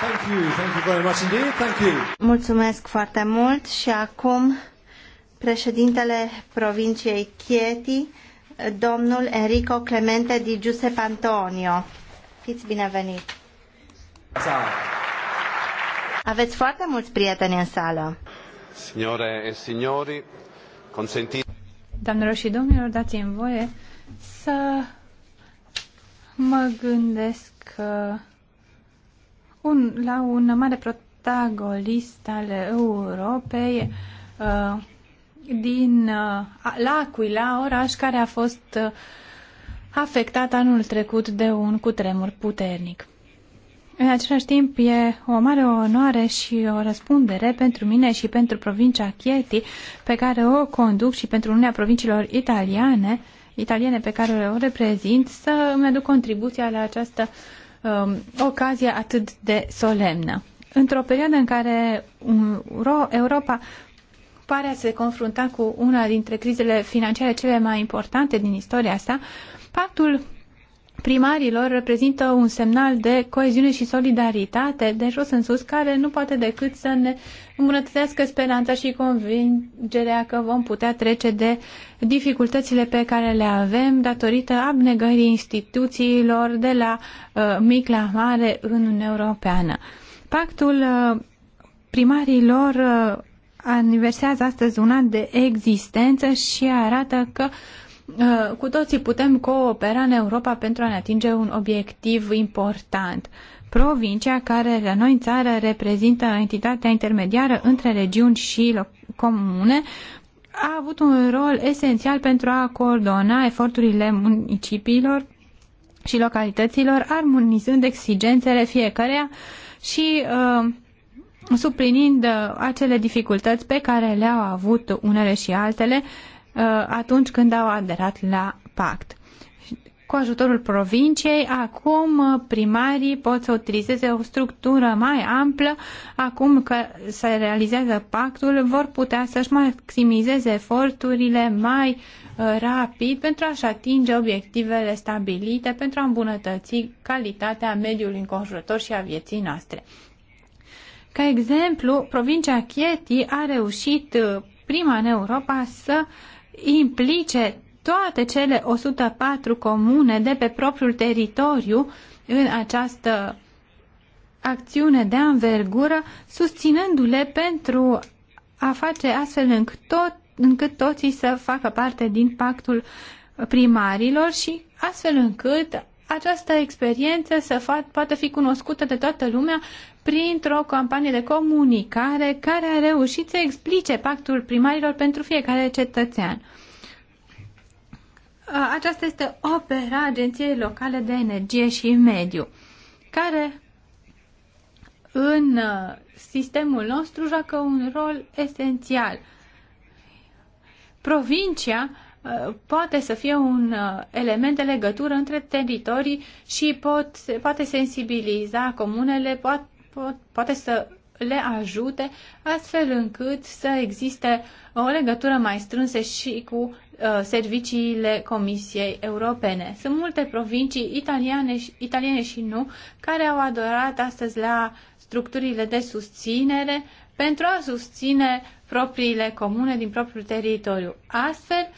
Thank you, thank you very much indeed. Thank you. Mulțumesc foarte mult și acum președintele provinciei Chieti, domnul Enrico Clemente di Giuseppe Antonio. Fiți binevenit! Aveți foarte mulți prieteni în sală. Signore e signori, consentite... Doamnelor și domnilor, dați-mi voie să mă gândesc un, la un mare protagonist al Europei, uh, din uh, la Aquila, oraș care a fost uh, afectat anul trecut de un cutremur puternic. În același timp, e o mare onoare și o răspundere pentru mine și pentru provincia Chieti, pe care o conduc și pentru Uniunea Provinciilor Italiane, italiene pe care o reprezint, să îmi aduc contribuția la această um, ocazie atât de solemnă. Într-o perioadă în care um, Europa pare a se confrunta cu una dintre crizele financiare cele mai importante din istoria sa, pactul primarilor reprezintă un semnal de coeziune și solidaritate de jos în sus care nu poate decât să ne îmbunătățească speranța și convingerea că vom putea trece de dificultățile pe care le avem datorită abnegării instituțiilor de la uh, mic la mare în Uniunea Europeană. Pactul uh, primarilor uh, aniversează astăzi un an de existență și arată că uh, cu toții putem coopera în Europa pentru a ne atinge un obiectiv important. Provincia, care la noi în țară reprezintă entitatea intermediară între regiuni și comune, a avut un rol esențial pentru a coordona eforturile municipiilor și localităților, armonizând exigențele fiecăreia și uh, suplinind uh, acele dificultăți pe care le-au avut unele și altele uh, atunci când au aderat la pact. Cu ajutorul provinciei, acum uh, primarii pot să utilizeze o structură mai amplă, acum că se realizează pactul, vor putea să-și maximizeze eforturile mai rapid pentru a-și atinge obiectivele stabilite, pentru a îmbunătăți calitatea mediului înconjurător și a vieții noastre. Ca exemplu, provincia Chieti a reușit uh, prima în Europa să implice toate cele 104 comune de pe propriul teritoriu în această acțiune de anvergură, susținându-le pentru a face astfel încât, tot, încât toții să facă parte din pactul primarilor și astfel încât această experiență să fa- poate fi cunoscută de toată lumea printr-o campanie de comunicare care a reușit să explice pactul primarilor pentru fiecare cetățean. Aceasta este opera Agenției Locale de Energie și Mediu, care în sistemul nostru joacă un rol esențial. Provincia Uh, poate să fie un uh, element de legătură între teritorii și pot, poate sensibiliza comunele, poate, poate să le ajute astfel încât să existe o legătură mai strânsă și cu uh, serviciile Comisiei Europene. Sunt multe provincii italiane și, italiene și nu care au adorat astăzi la structurile de susținere pentru a susține propriile comune din propriul teritoriu. Astfel, uh,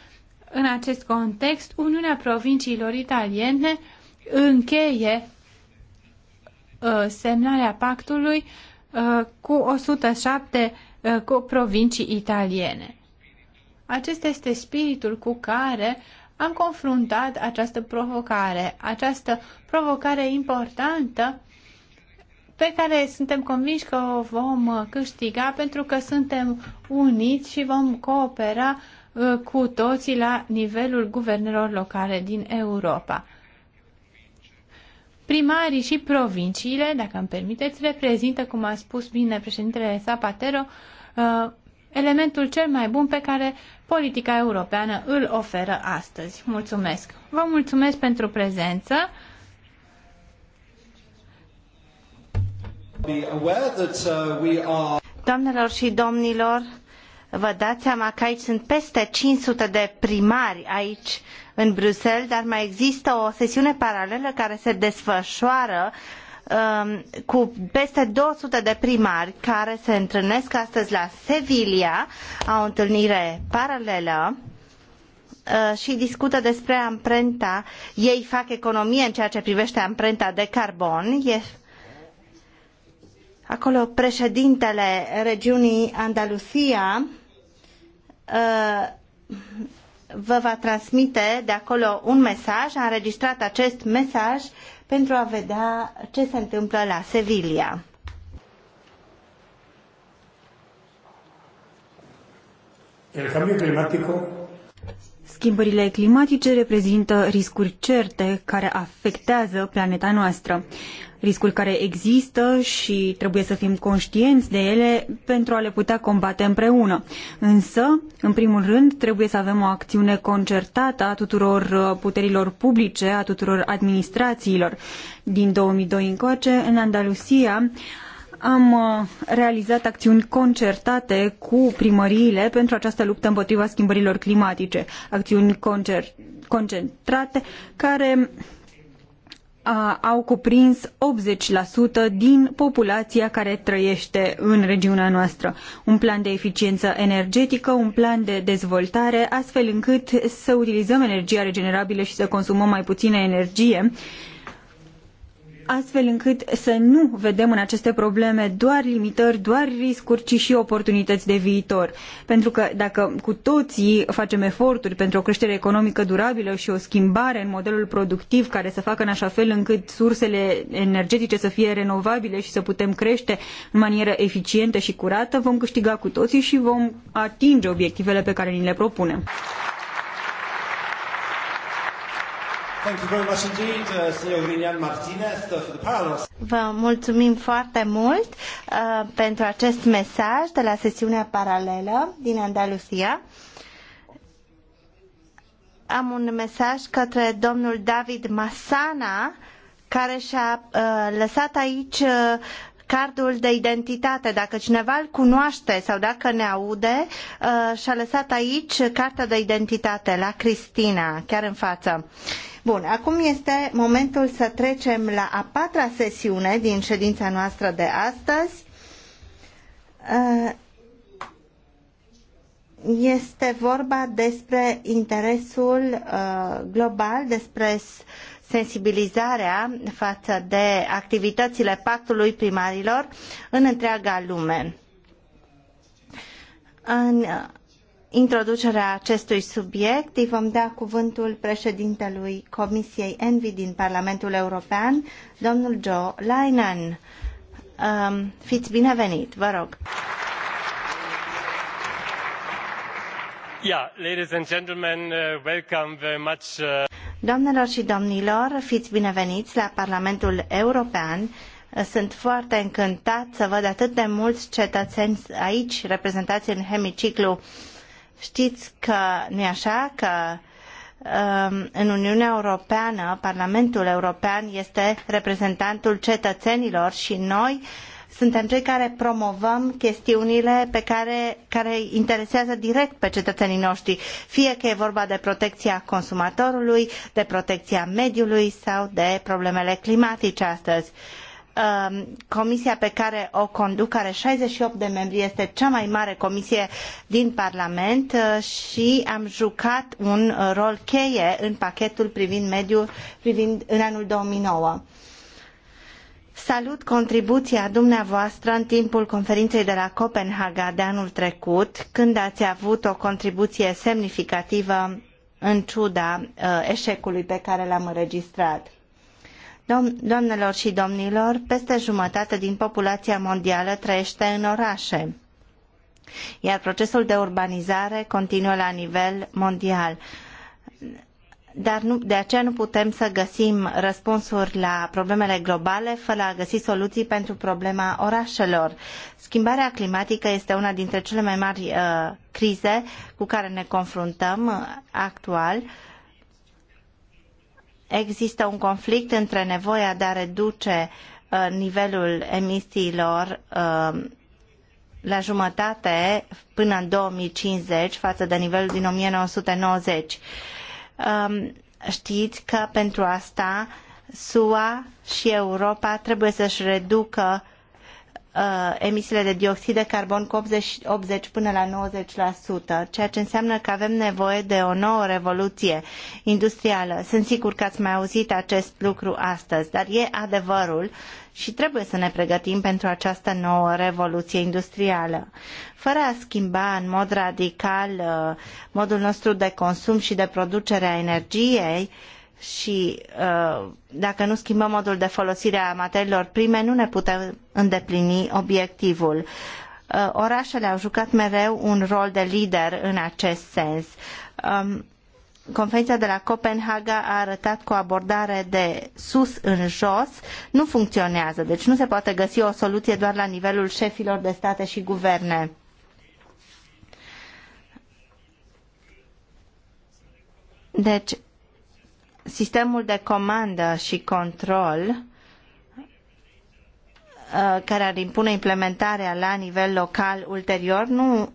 în acest context, Uniunea Provinciilor Italiene încheie uh, semnarea pactului uh, cu 107 uh, cu provincii italiene. Acesta este spiritul cu care am confruntat această provocare, această provocare importantă pe care suntem convinși că o vom câștiga pentru că suntem uniți și vom coopera uh, Uh, cu toții la nivelul guvernelor locale din Europa. Primarii și provinciile, dacă îmi permiteți, reprezintă, cum a spus bine președintele Zapatero, uh, elementul cel mai bun pe care politica europeană îl oferă astăzi. Mulțumesc! Vă mulțumesc pentru prezență! Uh, Doamnelor și domnilor, Vă dați seama că aici sunt peste 500 de primari aici în Bruxelles, dar mai există o sesiune paralelă care se desfășoară um, cu peste 200 de primari care se întâlnesc astăzi la Sevilla, au o întâlnire paralelă uh, și discută despre amprenta. Ei fac economie în ceea ce privește amprenta de carbon. E... Acolo președintele regiunii Andalusia Uh, vă va transmite de acolo un mesaj, a înregistrat acest mesaj pentru a vedea ce se întâmplă la Sevilla. El cambio climático Schimbările climatice reprezintă riscuri certe care afectează planeta noastră riscul care există și trebuie să fim conștienți de ele pentru a le putea combate împreună. Însă, în primul rând, trebuie să avem o acțiune concertată a tuturor uh, puterilor publice, a tuturor administrațiilor. Din 2002 încoace, în Andalusia, am uh, realizat acțiuni concertate cu primăriile pentru această luptă împotriva schimbărilor climatice. Acțiuni concer- concentrate care au cuprins 80% din populația care trăiește în regiunea noastră. Un plan de eficiență energetică, un plan de dezvoltare, astfel încât să utilizăm energia regenerabilă și să consumăm mai puțină energie astfel încât să nu vedem în aceste probleme doar limitări, doar riscuri, ci și oportunități de viitor. Pentru că dacă cu toții facem eforturi pentru o creștere economică durabilă și o schimbare în modelul productiv care să facă în așa fel încât sursele energetice să fie renovabile și să putem crește în manieră eficientă și curată, vom câștiga cu toții și vom atinge obiectivele pe care ni le propunem. Vă mulțumim foarte mult uh, pentru acest mesaj de la sesiunea paralelă din Andalusia. Am un mesaj către domnul David Masana, care și-a uh, lăsat aici uh, cardul de identitate. Dacă cineva îl cunoaște sau dacă ne aude, uh, și-a lăsat aici cartea de identitate la Cristina, chiar în față. Uh, Bun, acum este momentul să trecem la a patra sesiune din ședința noastră de astăzi. Uh, este vorba despre interesul uh, global, despre sensibilizarea față de activitățile pactului primarilor în întreaga lume. În introducerea acestui subiect. Îi vom da cuvântul președintelui Comisiei Envi din Parlamentul European, domnul Joe Lainan. Um, fiți binevenit, vă rog. Yeah, ladies and gentlemen, uh, welcome very much. Uh, Doamnelor și domnilor, fiți bineveniți la Parlamentul European. Sunt foarte încântat să văd atât de mulți cetățeni aici, reprezentați în hemiciclu uh, Știți că nu așa că um, în Uniunea Europeană, Parlamentul European este reprezentantul cetățenilor și noi suntem cei care promovăm chestiunile pe care, care interesează direct pe cetățenii noștri, fie că e vorba de protecția consumatorului, de protecția mediului sau de problemele climatice astăzi. Uh, Um, comisia pe care o conduc are 68 de membri, este cea mai mare comisie din Parlament uh, și am jucat un uh, rol cheie în pachetul privind mediul privind în anul 2009. Salut contribuția dumneavoastră în timpul conferinței de la Copenhaga de anul trecut, când ați avut o contribuție semnificativă în ciuda uh, eșecului pe care l-am înregistrat doamnelor și domnilor, peste jumătate din populația mondială trăiește în orașe, iar procesul de urbanizare continuă la nivel mondial dar nu, de aceea nu putem să găsim răspunsuri la problemele globale fără a găsi soluții pentru problema orașelor. Schimbarea climatică este una dintre cele mai mari uh, crize cu care ne confruntăm uh, actual. Uh, există un conflict între nevoia de a reduce uh, nivelul emisiilor uh, la jumătate până în 2050 față de nivelul din 1990. Um, știți că pentru asta SUA și Europa trebuie să-și reducă uh, emisiile de dioxid de carbon cu 80, 80 până la 90%, ceea ce înseamnă că avem nevoie de o nouă revoluție industrială. Sunt sigur că ați mai auzit acest lucru astăzi, dar e adevărul și trebuie să ne pregătim pentru această nouă revoluție industrială. Fără a schimba în mod radical uh, modul nostru de consum și de producere a energiei, uh, și uh, dacă nu schimbăm modul de folosire a materiilor prime, nu ne putem îndeplini obiectivul. Uh, orașele au jucat mereu un rol de lider în acest sens. Um, Conferința de la Copenhaga a arătat că o abordare de sus în jos nu funcționează, deci nu se poate găsi o soluție doar la nivelul șefilor de state și guverne. Deci, sistemul de comandă și control uh, care ar impune implementarea la nivel local ulterior nu uh,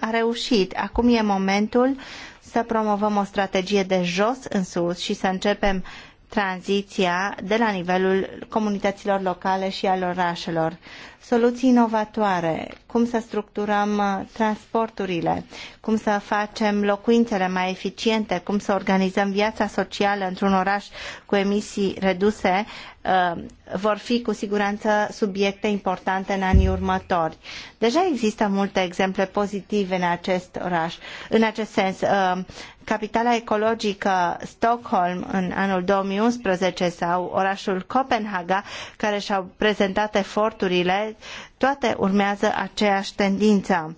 a reușit. Acum e momentul să promovăm o strategie de jos în sus și să începem tranziția de la nivelul comunităților locale și al orașelor. Soluții inovatoare, cum să structurăm uh, transporturile, cum să facem locuințele mai eficiente, cum să organizăm viața socială într-un oraș cu emisii reduse, Uh, vor fi cu siguranță subiecte importante în anii următori. Deja există multe exemple pozitive în acest oraș. În acest sens, uh, capitala ecologică Stockholm în anul 2011 sau orașul Copenhaga, care și-au prezentat eforturile, toate urmează aceeași tendință.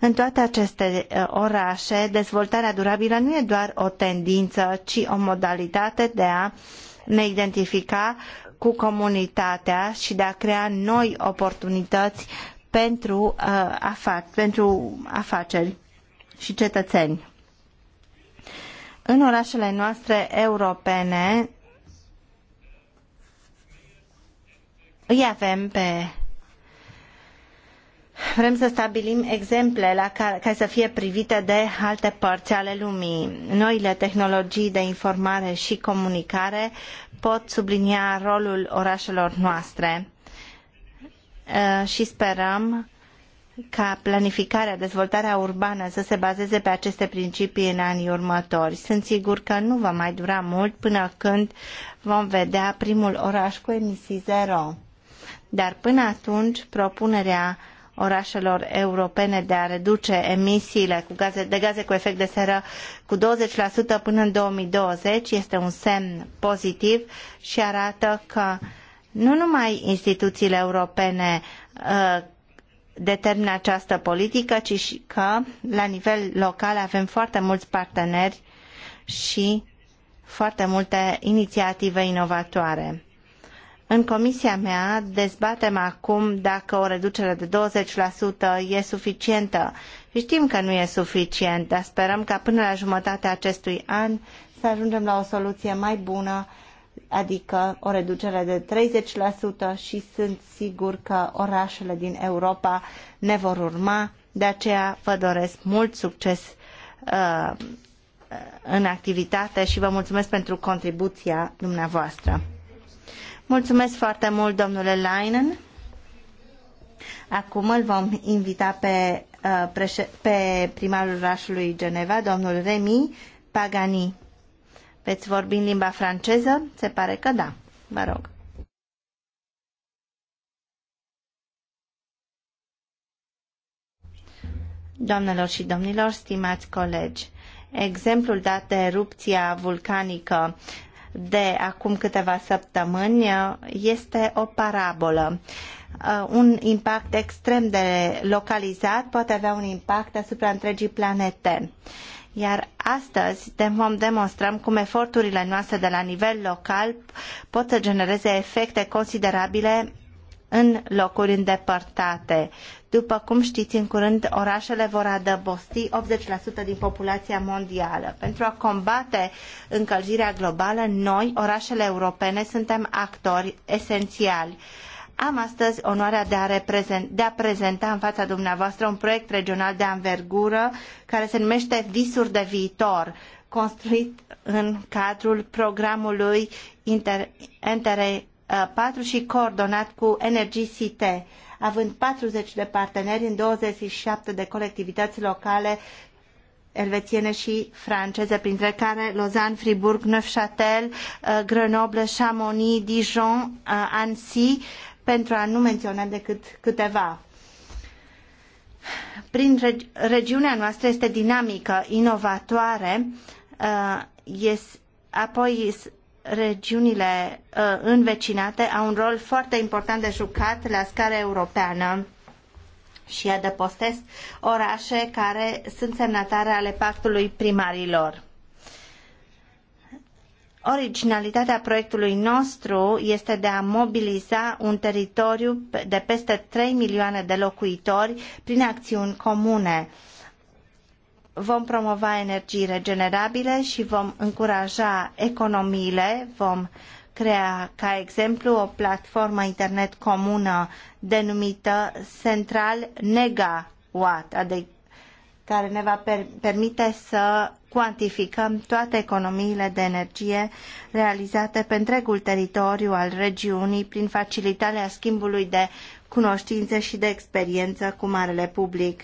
În toate aceste uh, orașe, dezvoltarea durabilă nu e doar o tendință, ci o modalitate de a ne identifica cu comunitatea și de a crea noi oportunități pentru, uh, afac- pentru afaceri și cetățeni. În orașele noastre europene îi avem pe Vrem să stabilim exemple la care, care să fie privite de alte părți ale lumii. Noile tehnologii de informare și comunicare pot sublinia rolul orașelor noastre uh, și sperăm ca planificarea, dezvoltarea urbană să se bazeze pe aceste principii în anii următori. Sunt sigur că nu va mai dura mult până când vom vedea primul oraș cu emisii zero. Dar până atunci, propunerea orașelor europene de a reduce emisiile cu gaze, de gaze cu efect de seră cu 20% până în 2020 este un semn pozitiv și arată că nu numai instituțiile europene uh, determină această politică, ci și că la nivel local avem foarte mulți parteneri și foarte multe inițiative inovatoare. În comisia mea dezbatem acum dacă o reducere de 20% e suficientă. Știm că nu e suficient, dar sperăm ca până la jumătatea acestui an să ajungem la o soluție mai bună, adică o reducere de 30% și sunt sigur că orașele din Europa ne vor urma. De aceea vă doresc mult succes uh, în activitate și vă mulțumesc pentru contribuția dumneavoastră. Mulțumesc foarte mult, domnule Leinen. Acum îl vom invita pe, uh, pe primarul orașului Geneva, domnul Remi Pagani. Veți vorbi în limba franceză? Se pare că da. Vă rog. Doamnelor și domnilor, stimați colegi, exemplul dat de erupția vulcanică de acum câteva săptămâni este o parabolă. Uh, un impact extrem de localizat poate avea un impact asupra întregii planete. Iar astăzi vom demonstrăm cum eforturile noastre de la nivel local pot să genereze efecte considerabile în locuri îndepărtate. După cum știți, în curând orașele vor adăposti 80% din populația mondială. Pentru a combate încălzirea globală, noi, orașele europene, suntem actori esențiali. Am astăzi onoarea de a, de a prezenta în fața dumneavoastră un proiect regional de anvergură care se numește Visuri de viitor, construit în cadrul programului Inter, Interreg 4 și coordonat cu Energicit, având 40 de parteneri în 27 de colectivități locale elvețiene și franceze, printre care Lausanne, Fribourg, Neufchâtel, uh, Grenoble, Chamonix, Dijon, uh, Annecy, pentru a nu menționa decât câteva. Prin regi regiunea noastră este dinamică, inovatoare, uh, apoi regiunile uh, învecinate au un rol foarte important de jucat la scară europeană și adăpostesc orașe care sunt semnatare ale pactului primarilor. Originalitatea proiectului nostru este de a mobiliza un teritoriu de peste 3 milioane de locuitori prin acțiuni comune. Uh, vom promova energii regenerabile și vom încuraja economiile, vom crea, ca exemplu, o platformă internet comună denumită Central Negawatt, adică care ne va per permite să cuantificăm toate economiile de energie realizate pe întregul teritoriu al regiunii prin facilitarea schimbului de cunoștințe și de experiență cu marele public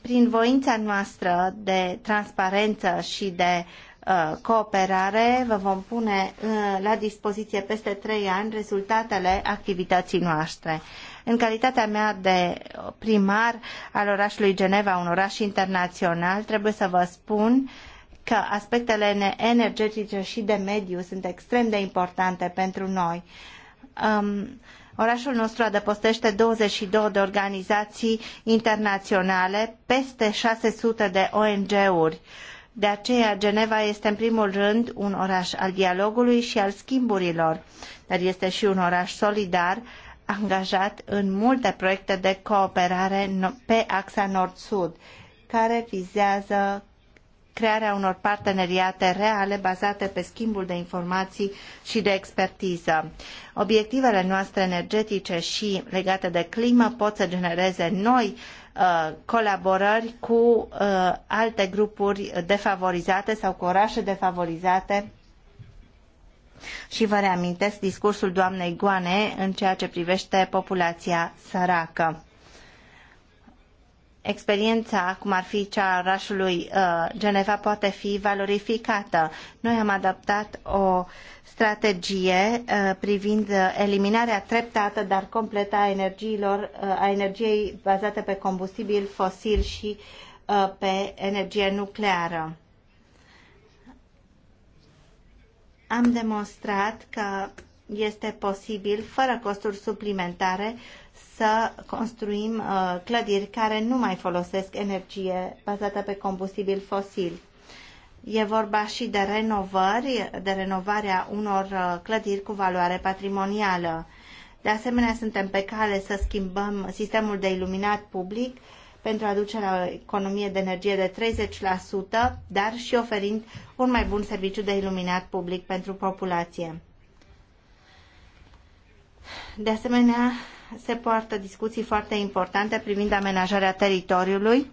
prin voința noastră de transparență și de uh, cooperare, vă vom pune uh, la dispoziție peste trei ani rezultatele activității noastre. În calitatea mea de primar al orașului Geneva, un oraș internațional, trebuie să vă spun că aspectele energetice și de mediu sunt extrem de importante pentru noi um, Orașul nostru adăpostește 22 de organizații internaționale, peste 600 de ONG-uri. De aceea, Geneva este în primul rând un oraș al dialogului și al schimburilor, dar este și un oraș solidar, angajat în multe proiecte de cooperare pe axa nord-sud, care vizează crearea unor parteneriate reale bazate pe schimbul de informații și de expertiză. Obiectivele noastre energetice și legate de climă pot să genereze noi uh, colaborări cu uh, alte grupuri defavorizate sau cu orașe defavorizate și vă reamintesc discursul doamnei Goane în ceea ce privește populația săracă experiența, cum ar fi cea a orașului uh, Geneva, poate fi valorificată. Noi am adaptat o strategie uh, privind uh, eliminarea treptată, dar completă a energiilor, a energiei bazate pe combustibil fosil și pe energie nucleară. Am demonstrat că este posibil, fără costuri suplimentare, să construim uh, clădiri care nu mai folosesc energie bazată pe combustibil fosil. E vorba și de renovări, de renovarea unor uh, clădiri cu valoare patrimonială. De asemenea, suntem pe cale să schimbăm sistemul de iluminat public pentru a duce la o economie de energie de 30%, dar și oferind un mai bun serviciu de iluminat public pentru populație. De asemenea, se poartă discuții foarte importante privind amenajarea teritoriului.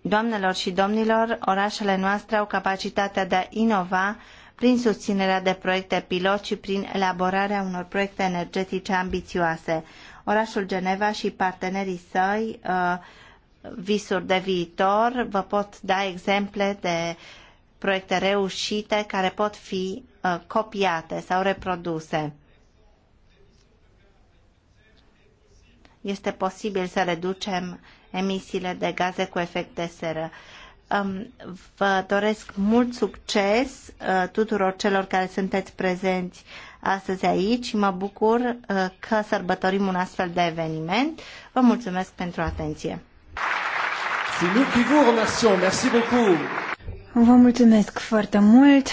Doamnelor și domnilor, orașele noastre au capacitatea de a inova prin susținerea de proiecte pilot și prin elaborarea unor proiecte energetice ambițioase. Orașul Geneva și partenerii săi, uh, visuri de viitor, vă pot da exemple de proiecte reușite care pot fi Uh, copiate sau reproduse. Este posibil să reducem emisiile de gaze cu efect de seră. Um, vă doresc mult succes uh, tuturor celor care sunteți prezenți astăzi aici. Mă bucur uh, că sărbătorim un astfel de eveniment. Vă mulțumesc pentru atenție. Vă mulțumesc foarte mult.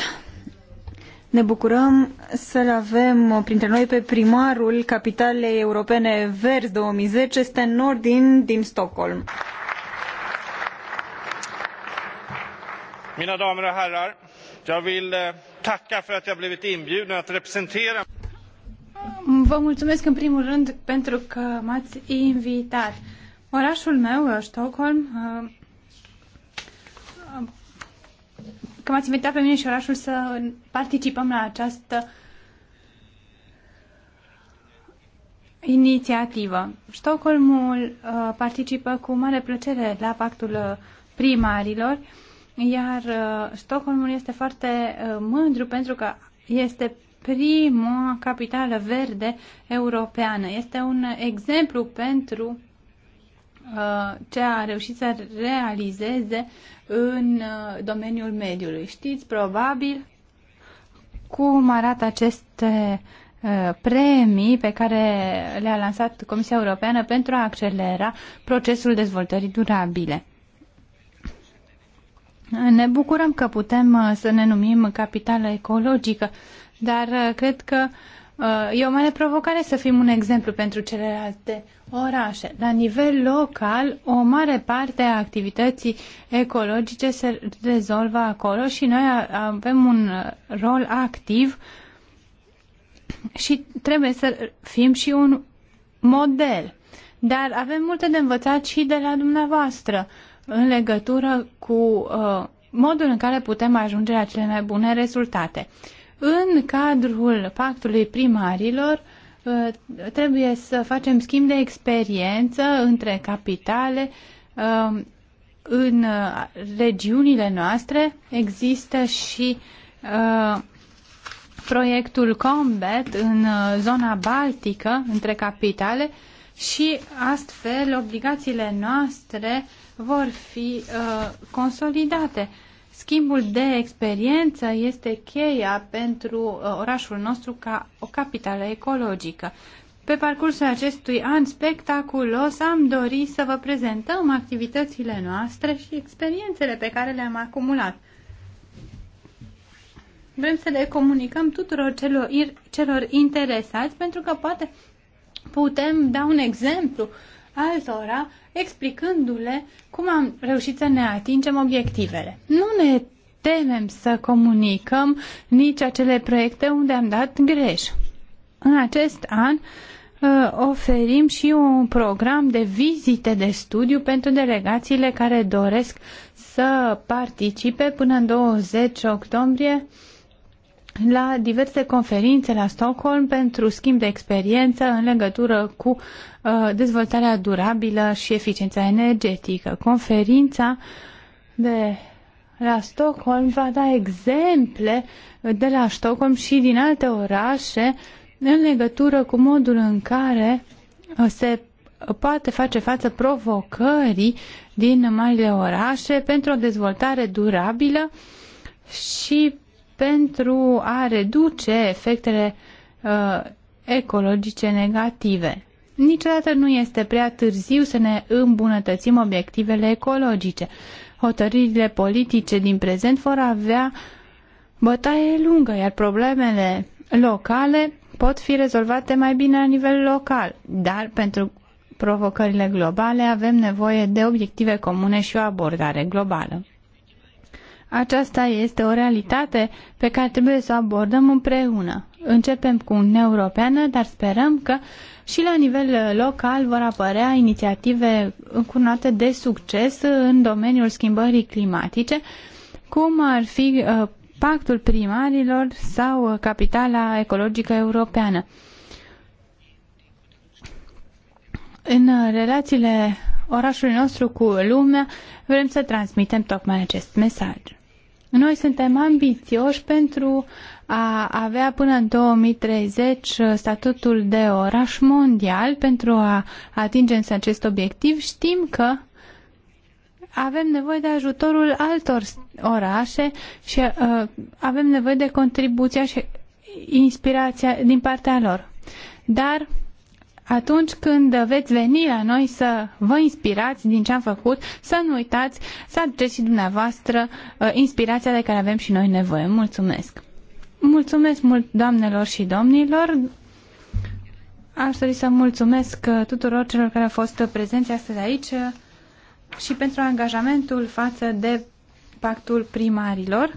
Ne bucurăm să-l avem printre noi pe primarul Capitalei Europene Verzi 2010, Sten Nordin din Stockholm. Mina damer och herrar, jag vill eh, tacka för att jag blivit inbjuden att representera Vă mulțumesc în primul rând pentru că m-ați invitat. Orașul meu, eh, Stockholm, eh, că m-ați invitat pe mine și orașul să participăm la această inițiativă. Stockholmul uh, participă cu mare plăcere la pactul uh, primarilor, iar uh, Stockholmul este foarte uh, mândru pentru că este prima capitală verde europeană. Este un exemplu pentru Uh, ce a reușit să realizeze în uh, domeniul mediului. Știți probabil cum arată aceste uh, premii pe care le-a lansat Comisia Europeană pentru a accelera procesul dezvoltării durabile. Ne bucurăm că putem să ne numim capitală ecologică, dar cred că uh, E o mare provocare să fim un exemplu pentru celelalte orașe. La nivel local, o mare parte a activității ecologice se rezolvă acolo și noi avem un rol activ și trebuie să fim și un model. Dar avem multe de învățat și de la dumneavoastră în legătură cu uh, modul în care putem ajunge la cele mai bune rezultate. Uh, în cadrul pactului primarilor, ă, trebuie să facem schimb de experiență între capitale. Ă, în ă, regiunile noastre există și proiectul Combat în zona baltică, între capitale, și astfel obligațiile noastre vor fi consolidate. Schimbul de experiență este cheia pentru uh, orașul nostru ca o capitală ecologică. Pe parcursul acestui an spectaculos am dorit să vă prezentăm activitățile noastre și experiențele pe care le-am acumulat. Vrem să le comunicăm tuturor celor, celor interesați pentru că poate putem da un exemplu uh, altora, explicându-le cum am reușit să ne atingem obiectivele. Nu ne temem să comunicăm nici acele proiecte unde am dat greș. În acest an uh, oferim și un program de vizite de studiu pentru delegațiile care doresc să participe până în 20 octombrie la diverse conferințe la Stockholm pentru schimb de experiență în legătură cu uh, dezvoltarea durabilă și eficiența energetică. Conferința de la Stockholm va da exemple de la Stockholm și din alte orașe în legătură cu modul în care uh, se poate face față provocării din marile orașe pentru o dezvoltare durabilă și pentru a reduce efectele uh, ecologice negative. Niciodată nu este prea târziu să ne îmbunătățim obiectivele ecologice. Hotărârile politice din prezent vor avea bătaie lungă, iar problemele locale pot fi rezolvate mai bine la nivel local. Dar pentru provocările globale avem nevoie de obiective comune și o abordare globală. Aceasta este o realitate pe care trebuie să o abordăm împreună. Începem cu Uniunea Europeană, dar sperăm că și la nivel local vor apărea inițiative încurnate de succes în domeniul schimbării climatice, cum ar fi uh, pactul primarilor sau uh, capitala ecologică europeană. În uh, relațiile orașul nostru, cu lumea, vrem să transmitem tocmai acest mesaj. Noi suntem ambițioși pentru a avea până în 2030 statutul de oraș mondial pentru a atinge însă acest obiectiv. Știm că avem nevoie de ajutorul altor orașe și uh, avem nevoie de contribuția și inspirația din partea lor. Dar atunci când veți veni la noi să vă inspirați din ce am făcut, să nu uitați să aduceți și dumneavoastră uh, inspirația de care avem și noi nevoie. Mulțumesc! Mulțumesc mult, doamnelor și domnilor! Aș dori să mulțumesc uh, tuturor celor care au fost prezenți astăzi aici uh, și pentru angajamentul față de pactul primarilor.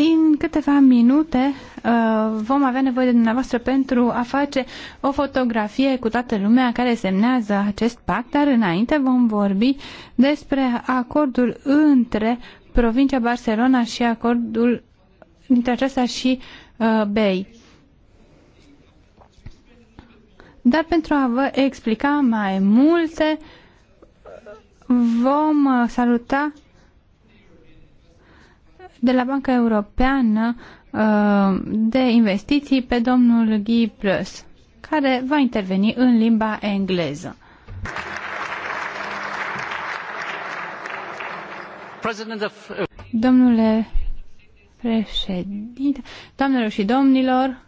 În câteva minute uh, vom avea nevoie de dumneavoastră pentru a face o fotografie cu toată lumea care semnează acest pact, dar înainte vom vorbi despre acordul între provincia Barcelona și acordul dintre aceasta și uh, BEI. Dar pentru a vă explica mai multe, vom uh, saluta de la Banca Europeană uh, de Investiții pe domnul Guy Plus, care va interveni în limba engleză. Domnule președinte, doamnelor și domnilor,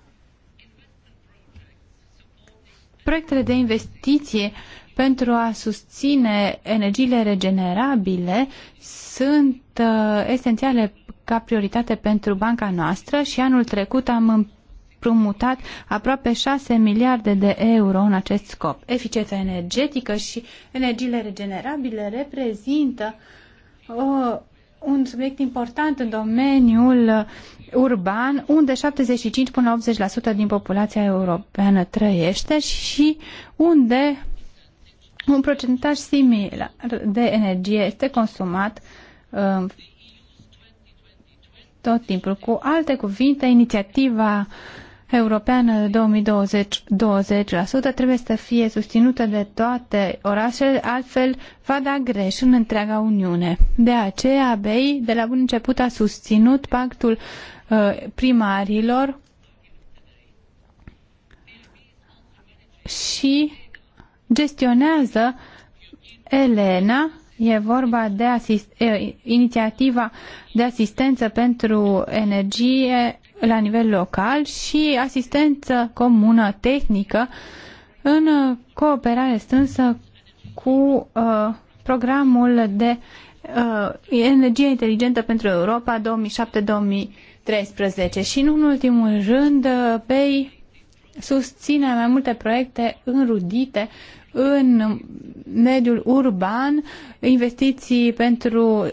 proiectele de investiție pentru a susține energiile regenerabile sunt uh, esențiale ca prioritate pentru banca noastră și anul trecut am împrumutat aproape 6 miliarde de euro în acest scop. Eficiența energetică și energiile regenerabile reprezintă o, un subiect important în domeniul urban, unde 75 până 80% din populația europeană trăiește și unde un procentaj similar de energie este consumat uh, tot timpul. Cu alte cuvinte, inițiativa europeană 2020 20% trebuie să fie susținută de toate orașele, altfel va da greș în întreaga Uniune. De aceea, BEI de la bun început a susținut pactul uh, primarilor și gestionează Elena E vorba de asist- e, inițiativa de asistență pentru energie la nivel local și asistență comună tehnică în cooperare strânsă cu uh, programul de uh, energie inteligentă pentru Europa 2007-2013 și, în ultimul rând, BEI uh, susține mai multe proiecte înrudite în mediul urban, investiții pentru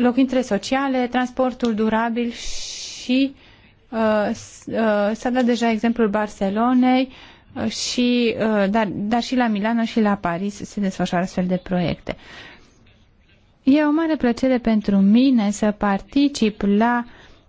locuințele sociale, transportul durabil și uh, uh s-a dat deja exemplul Barcelonei, uh, și, uh, dar, dar și la Milano și la Paris se desfășoară astfel de proiecte. E o mare plăcere pentru mine să particip la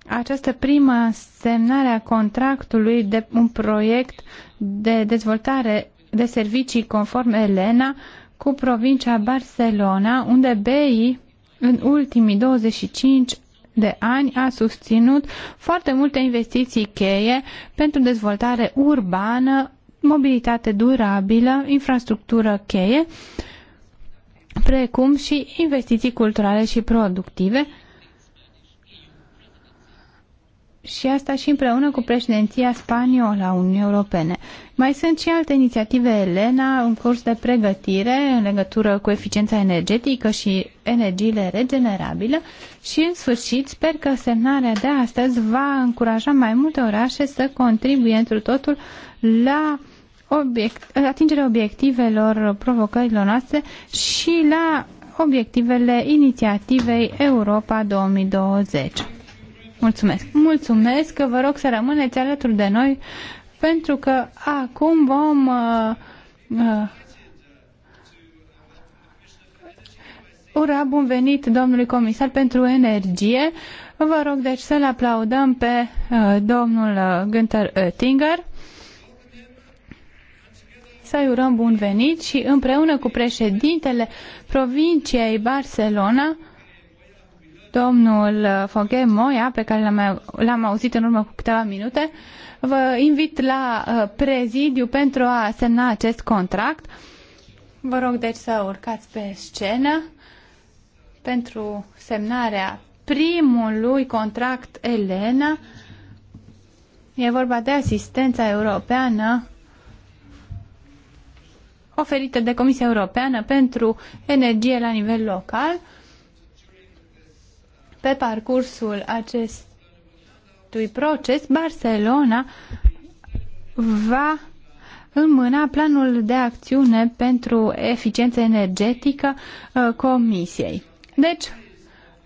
această primă semnare a contractului de un proiect de dezvoltare de servicii conform Elena cu provincia Barcelona, unde BEI în ultimii 25 de ani a susținut foarte multe investiții cheie pentru dezvoltare urbană, mobilitate durabilă, infrastructură cheie, precum și investiții culturale și productive, și asta și împreună cu președinția spaniolă a Uniunii Europene. Mai sunt și alte inițiative, Elena, în curs de pregătire în legătură cu eficiența energetică și energiile regenerabile și, în sfârșit, sper că semnarea de astăzi va încuraja mai multe orașe să contribuie întru totul la obiect, atingerea obiectivelor provocărilor noastre și la obiectivele inițiativei Europa 2020. Mulțumesc! Mulțumesc că vă rog să rămâneți alături de noi pentru că acum vom uh, uh, ura bun venit domnului comisar pentru energie. Vă rog deci să-l aplaudăm pe uh, domnul uh, Günther Oettinger să-i urăm bun venit și împreună cu președintele provinciei Barcelona domnul Foghe Moia, pe care l-am auzit în urmă cu câteva minute. Vă invit la uh, prezidiu pentru a semna acest contract. Vă rog deci să urcați pe scenă pentru semnarea primului contract Elena. E vorba de asistența europeană oferită de Comisia Europeană pentru energie la nivel local. Pe parcursul acestui proces, Barcelona va înmâna planul de acțiune pentru eficiență energetică uh, Comisiei. Deci,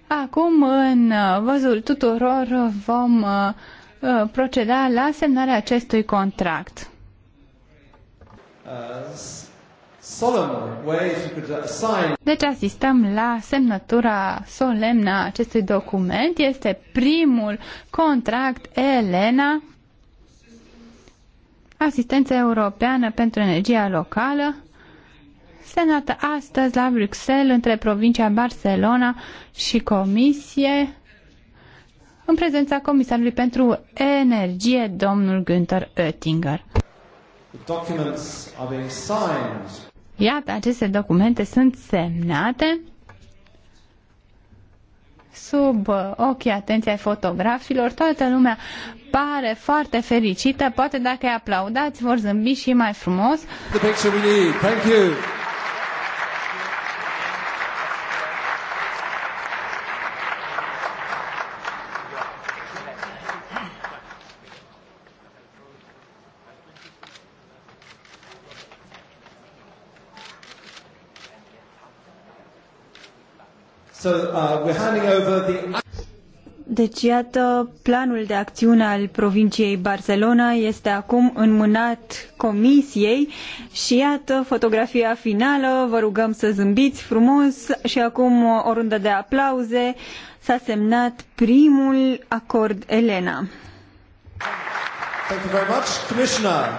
acum, în uh, văzul tuturor, vom uh, proceda la semnarea acestui contract. Uh, deci asistăm la semnătura solemnă a acestui document. Este primul contract Elena, asistență europeană pentru energia locală, semnată astăzi la Bruxelles între provincia Barcelona și Comisie, în prezența Comisarului pentru Energie, domnul Günther Oettinger. The documents are being signed Iată, aceste documente sunt semnate sub uh, ochii atenției fotografilor. Toată lumea pare foarte fericită. Poate dacă îi aplaudați, vor zâmbi și mai frumos. The picture we need. Thank you. So, uh, we're handing over the... Deci, iată, planul de acțiune al provinciei Barcelona este acum înmânat comisiei și iată fotografia finală, vă rugăm să zâmbiți frumos și acum o rundă de aplauze. S-a semnat primul acord Elena. Thank you very much, Commissioner.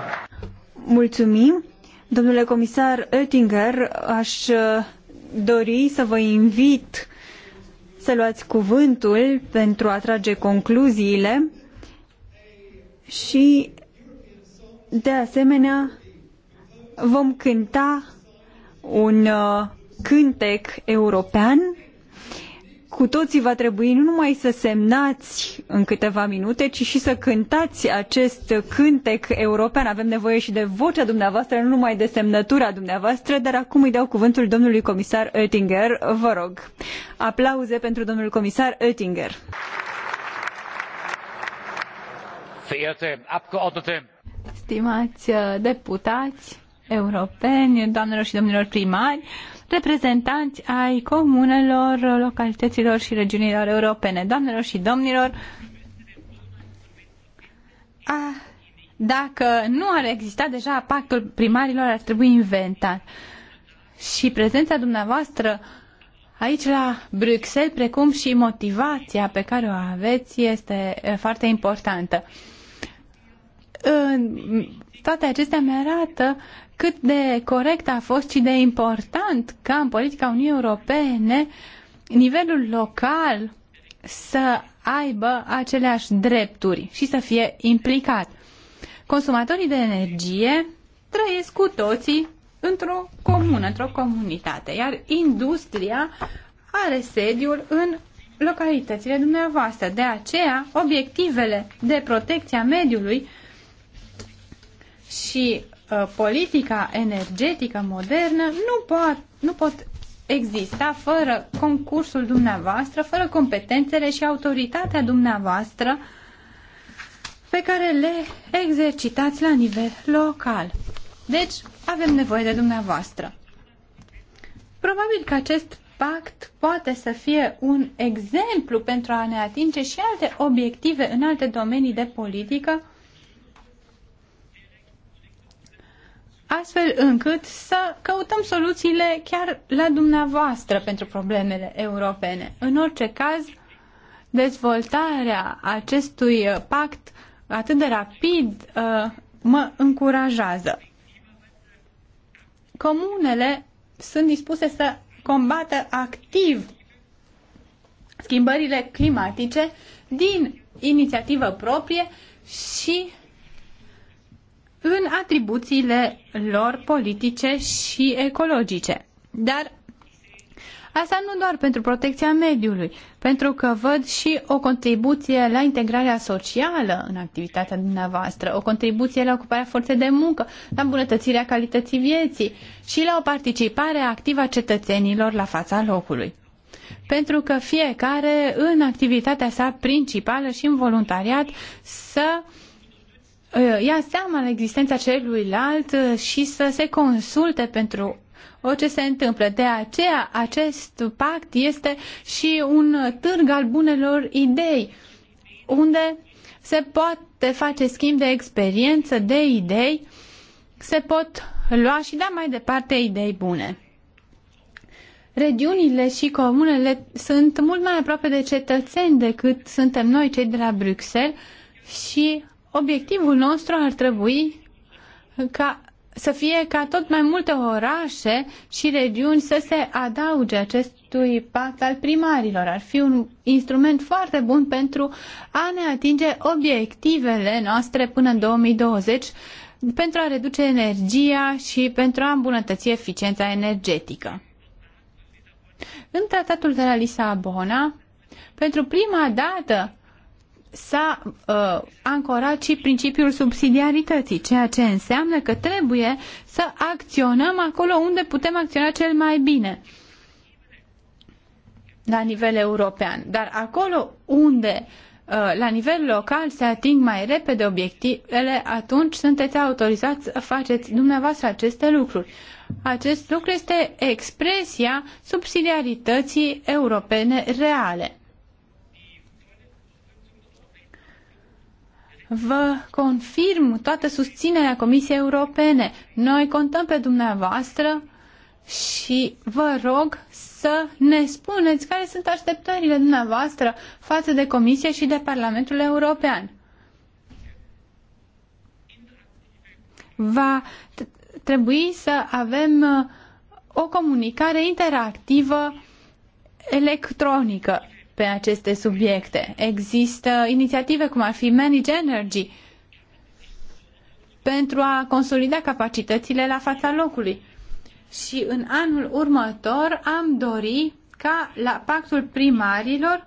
Mulțumim. Domnule comisar Oettinger, aș uh, dori să vă invit să luați cuvântul pentru a trage concluziile și, de asemenea, vom cânta un uh, cântec european cu toții va trebui nu numai să semnați în câteva minute, ci și să cântați acest cântec european. Avem nevoie și de vocea dumneavoastră, nu numai de semnătura dumneavoastră, dar acum îi dau cuvântul domnului comisar Oettinger. Vă rog, aplauze pentru domnul comisar Oettinger. Stimați uh, deputați europeni, doamnelor și domnilor primari, reprezentanți ai comunelor, localităților și regiunilor europene. Doamnelor și domnilor, a, dacă nu ar exista deja pactul primarilor, ar trebui inventat. Și prezența dumneavoastră aici la Bruxelles, precum și motivația pe care o aveți, este foarte importantă toate acestea mi-arată cât de corect a fost și de important ca în politica Uniunii Europene nivelul local să aibă aceleași drepturi și să fie implicat. Consumatorii de energie trăiesc cu toții într-o comună, într-o comunitate, iar industria are sediul în localitățile dumneavoastră. De aceea, obiectivele de protecție a mediului și uh, politica energetică modernă nu pot, nu pot exista fără concursul dumneavoastră, fără competențele și autoritatea dumneavoastră pe care le exercitați la nivel local. Deci, avem nevoie de dumneavoastră. Probabil că acest pact poate să fie un exemplu pentru a ne atinge și alte obiective în alte domenii de politică, astfel încât să căutăm soluțiile chiar la dumneavoastră pentru problemele europene. În orice caz, dezvoltarea acestui pact atât de rapid uh, mă încurajează. Comunele sunt dispuse să combată activ schimbările climatice din inițiativă proprie și în atribuțiile lor politice și ecologice. Dar asta nu doar pentru protecția mediului, pentru că văd și o contribuție la integrarea socială în activitatea dumneavoastră, o contribuție la ocuparea forței de muncă, la îmbunătățirea calității vieții și la o participare activă a cetățenilor la fața locului pentru că fiecare în activitatea sa principală și în voluntariat să uh, Uh, ia seama la existența celuilalt uh, și să se consulte pentru orice se întâmplă. De aceea, acest pact este și un târg al bunelor idei, unde se poate face schimb de experiență, de idei, se pot lua și da mai departe idei bune. Regiunile și comunele sunt mult mai aproape de cetățeni decât suntem noi, cei de la Bruxelles, și obiectivul nostru ar trebui ca să fie ca tot mai multe orașe și regiuni să se adauge acestui pact al primarilor. Ar fi un instrument foarte bun pentru a ne atinge obiectivele noastre până în 2020 pentru a reduce energia și pentru a îmbunătăți eficiența energetică. În tratatul de la Lisabona, pentru prima dată s-a uh, ancorat și principiul subsidiarității, ceea ce înseamnă că trebuie să acționăm acolo unde putem acționa cel mai bine la nivel european. Dar acolo unde uh, la nivel local se ating mai repede obiectivele, atunci sunteți autorizați să faceți dumneavoastră aceste lucruri. Acest lucru este expresia subsidiarității europene reale. Vă confirm toată susținerea Comisiei Europene. Noi contăm pe dumneavoastră și vă rog să ne spuneți care sunt așteptările dumneavoastră față de Comisie și de Parlamentul European. Va trebui să avem uh, o comunicare interactivă electronică pe aceste subiecte. Există inițiative cum ar fi Manage Energy pentru a consolida capacitățile la fața locului. Și în anul următor am dori ca la pactul primarilor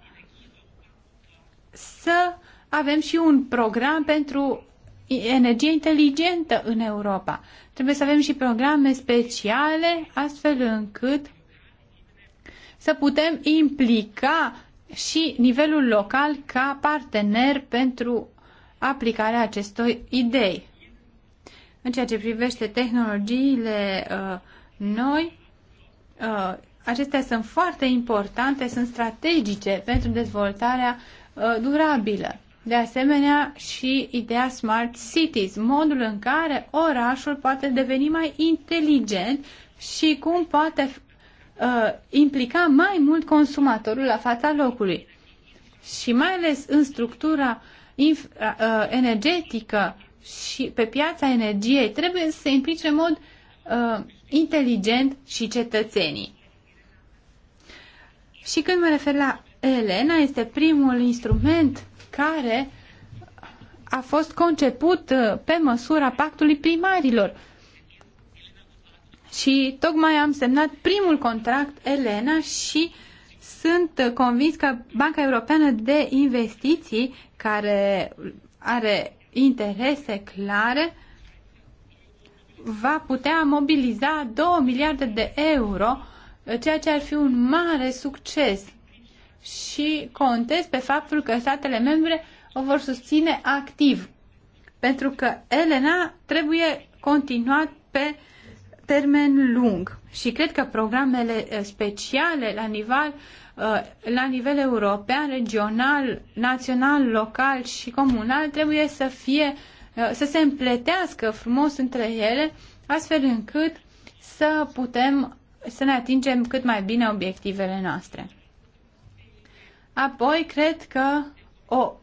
să avem și un program pentru energie inteligentă în Europa. Trebuie să avem și programe speciale astfel încât să putem implica și nivelul local ca partener pentru aplicarea acestor idei. În ceea ce privește tehnologiile uh, noi, uh, acestea sunt foarte importante, sunt strategice pentru dezvoltarea uh, durabilă. De asemenea, și ideea Smart Cities, modul în care orașul poate deveni mai inteligent și cum poate uh, implica mai mult consumatorul la fața locului. Și mai ales în structura inf- uh, uh, energetică și pe piața energiei trebuie să se implice în mod uh, inteligent și cetățenii. Și când mă refer la Elena, este primul instrument care a fost conceput uh, pe măsura pactului primarilor și tocmai am semnat primul contract, Elena, și sunt convins că Banca Europeană de Investiții, care are interese clare, va putea mobiliza 2 miliarde de euro, ceea ce ar fi un mare succes. Și contez pe faptul că statele membre o vor susține activ, pentru că Elena trebuie continuat pe uh, termen lung și cred că programele eh, speciale la nivel, eh, la nivel european, regional, național, local și comunal trebuie să fie eh, să se împletească frumos între ele, astfel încât să putem să ne atingem cât mai bine obiectivele noastre. Apoi, cred că o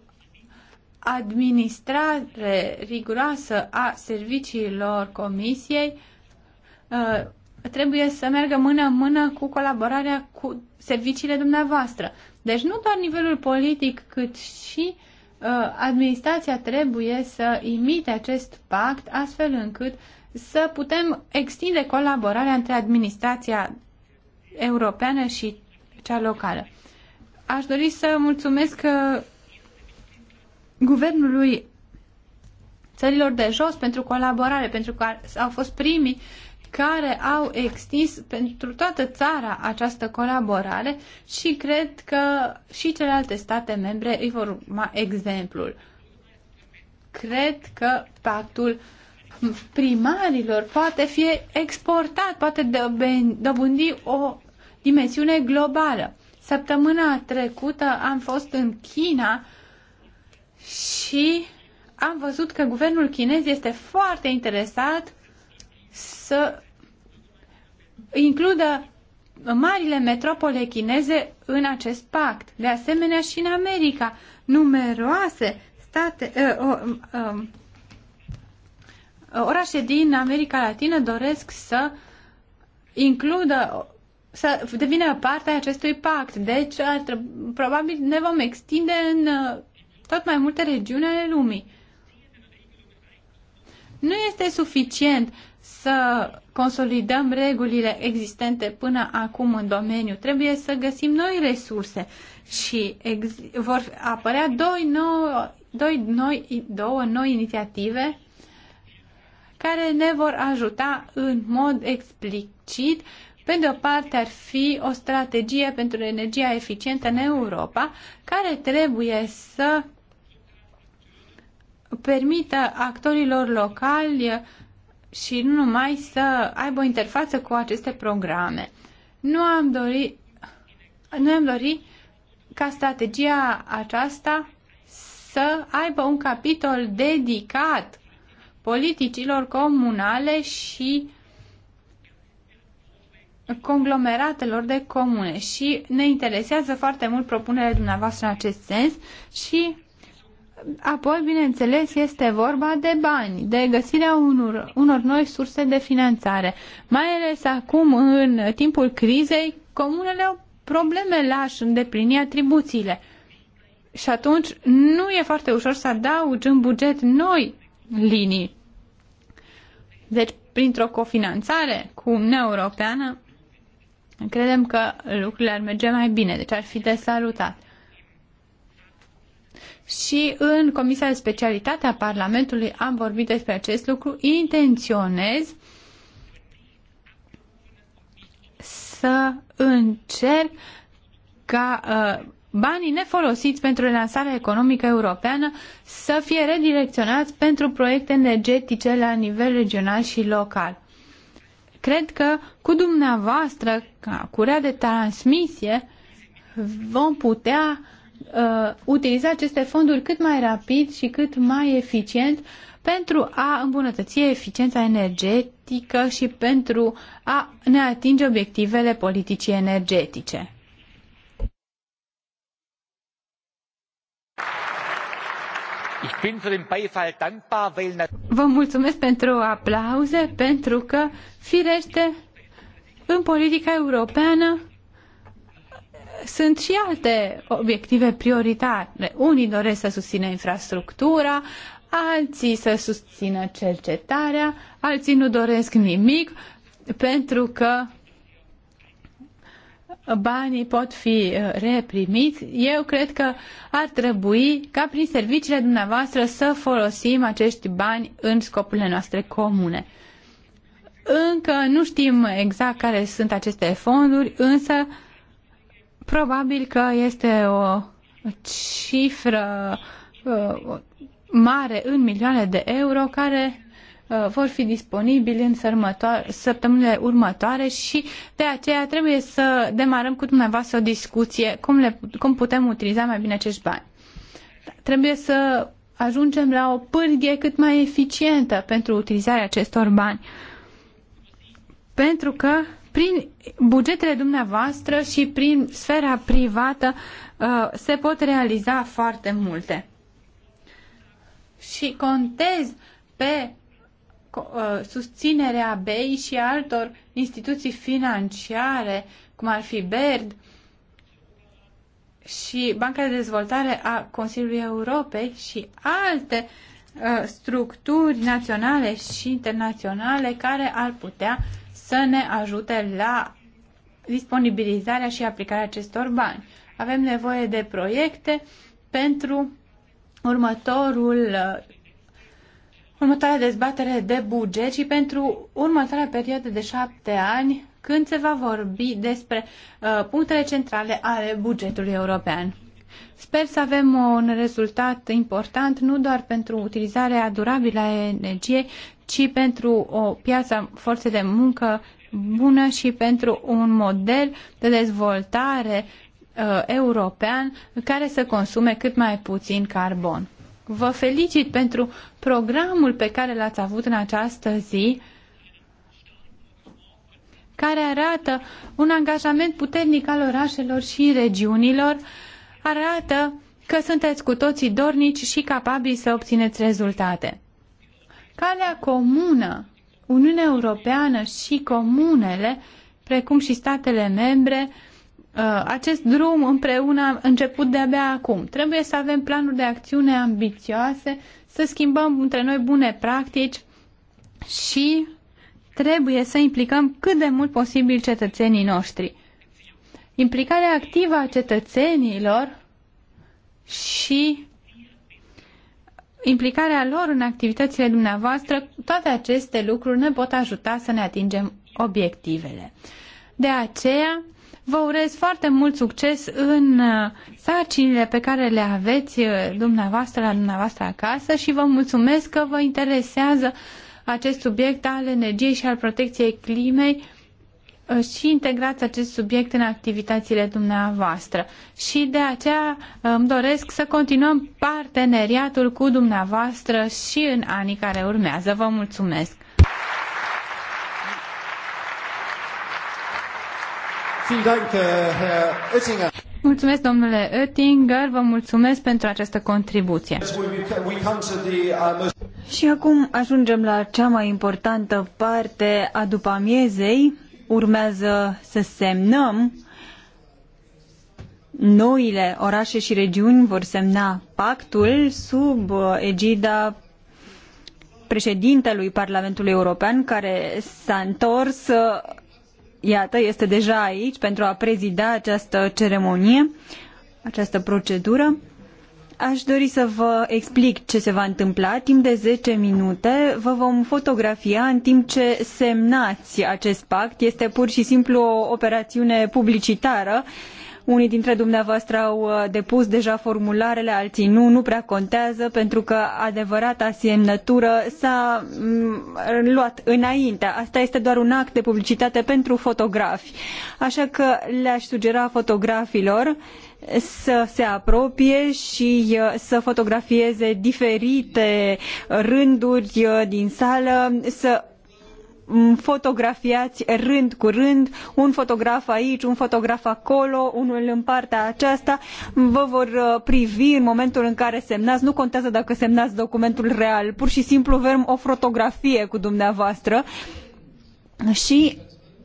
administrare riguroasă a serviciilor comisiei Uh, trebuie să meargă mână în mână cu colaborarea cu serviciile dumneavoastră. Deci nu doar nivelul politic, cât și uh, administrația trebuie să imite acest pact astfel încât să putem extinde colaborarea între administrația europeană și cea locală. Aș dori să mulțumesc că uh, guvernului țărilor de jos pentru colaborare, pentru că au fost primii uh, care au extins pentru toată țara această colaborare și cred că și celelalte state membre îi vor urma exemplul. Cred că pactul primarilor poate fi exportat, poate dobândi o dimensiune globală. Săptămâna trecută am fost în China și am văzut că guvernul chinez este foarte interesat să includă marile metropole chineze în acest pact. De asemenea și în America, numeroase state, uh, uh, uh, orașe din America Latină doresc să includă să devină parte a acestui pact. Deci, probabil ne vom extinde în eh, tot mai multe regiuni ale lumii. Nu este suficient să consolidăm regulile existente până acum în domeniu. Trebuie să găsim noi resurse și vor apărea doi nou, doi noi, două noi inițiative care ne vor ajuta în mod explicit. Pe de o parte ar fi o strategie pentru energia eficientă în Europa care trebuie să permită actorilor locali și nu numai să aibă o interfață cu aceste programe. Nu am dorit, nu am dorit ca strategia aceasta să aibă un capitol dedicat politicilor comunale și conglomeratelor de comune și ne interesează foarte mult propunerea dumneavoastră în acest sens și Apoi, bineînțeles, este vorba de bani, de găsirea unor, unor noi surse de finanțare. Mai ales acum, în timpul crizei, comunele au probleme la a-și îndeplini atribuțiile. Și atunci nu e foarte ușor să adaugi în buget noi linii. Deci, printr-o cofinanțare cu Uniunea Europeană, credem că lucrurile ar merge mai bine, deci ar fi de salutat și în Comisia de Specialitate a Parlamentului am vorbit despre acest lucru. Intenționez să încerc ca uh, banii nefolosiți pentru relansarea economică europeană să fie redirecționați pentru proiecte energetice la nivel regional și local. Cred că cu dumneavoastră, ca curea de transmisie, vom putea uh, uh, utiliza aceste fonduri cât mai rapid și cât mai eficient pentru a îmbunătăți eficiența energetică și pentru a ne atinge obiectivele politicii energetice. Vă mulțumesc pentru aplauze, pentru că, firește, în politica europeană sunt și alte obiective prioritare. Unii doresc să susțină infrastructura, alții să susțină cercetarea, alții nu doresc nimic pentru că banii pot fi uh, reprimiți. Eu cred că ar trebui ca prin serviciile dumneavoastră să folosim acești bani în scopurile noastre comune. Încă nu știm exact care sunt aceste fonduri, însă uh, Probabil că este o cifră uh, mare în milioane de euro care uh, vor fi disponibili în săptămânile următoare și de aceea trebuie să demarăm cu dumneavoastră o discuție cum, le, cum putem utiliza mai bine acești bani. Trebuie să ajungem la o pârghie cât mai eficientă pentru utilizarea acestor bani. Pentru că prin bugetele dumneavoastră și prin sfera privată uh, se pot realiza foarte multe. Și contez pe uh, susținerea BEI și altor instituții financiare, cum ar fi BERD și Banca de Dezvoltare a Consiliului Europei și alte uh, structuri naționale și internaționale care ar putea să ne ajute la disponibilizarea și aplicarea acestor bani. Avem nevoie de proiecte pentru următorul următoarea dezbatere de buget și pentru următoarea perioadă de șapte ani când se va vorbi despre uh, punctele centrale ale bugetului european. Sper să avem un rezultat important nu doar pentru utilizarea durabilă a energiei, ci pentru o piață forțe de muncă bună și pentru un model de dezvoltare uh, european care să consume cât mai puțin carbon. Vă felicit pentru programul pe care l-ați avut în această zi, care arată un angajament puternic al orașelor și regiunilor uh, arată că sunteți cu toții dornici și capabili să obțineți rezultate. Calea comună, Uniunea Europeană și comunele, precum și statele membre, uh, acest drum împreună a început de-abia acum. Trebuie să avem planuri de acțiune ambițioase, să schimbăm între noi bune practici și trebuie să implicăm cât de mult posibil cetățenii noștri. Implicarea activă a cetățenilor și implicarea lor în activitățile dumneavoastră, toate aceste lucruri ne pot ajuta să ne atingem obiectivele. De aceea, vă urez foarte mult succes în uh, sarcinile pe care le aveți uh, dumneavoastră la dumneavoastră acasă și vă mulțumesc că vă interesează acest subiect al energiei și al protecției climei Uh, și integrați acest subiect în activitățile dumneavoastră. Și de aceea uh, îmi doresc să continuăm parteneriatul cu dumneavoastră și în anii care urmează. Vă mulțumesc! Äh, mulțumesc, domnule Oettinger, vă mulțumesc pentru această contribuție. Uh, și acum ajungem la cea mai importantă parte a după amiezei urmează să semnăm. Noile orașe și regiuni vor semna pactul sub uh, egida președintelui Parlamentului European, care s-a întors, uh, iată, este deja aici pentru a prezida această ceremonie, această procedură. Aș dori să vă explic ce se va întâmpla. Timp de zece minute vă vom fotografia în timp ce semnați acest pact. Este pur și simplu o operațiune publicitară. Unii dintre dumneavoastră au uh, depus deja formularele, alții nu, nu prea contează pentru că adevărata semnătură s-a mm, luat înainte. Asta este doar un act de publicitate pentru fotografi. Așa că le-aș sugera fotografilor uh, să se apropie și uh, să fotografieze diferite rânduri uh, din sală, să fotografiați rând cu rând, un fotograf aici, un fotograf acolo, unul în partea aceasta, vă vor uh, privi în momentul în care semnați, nu contează dacă semnați documentul real, pur și simplu vrem o fotografie cu dumneavoastră și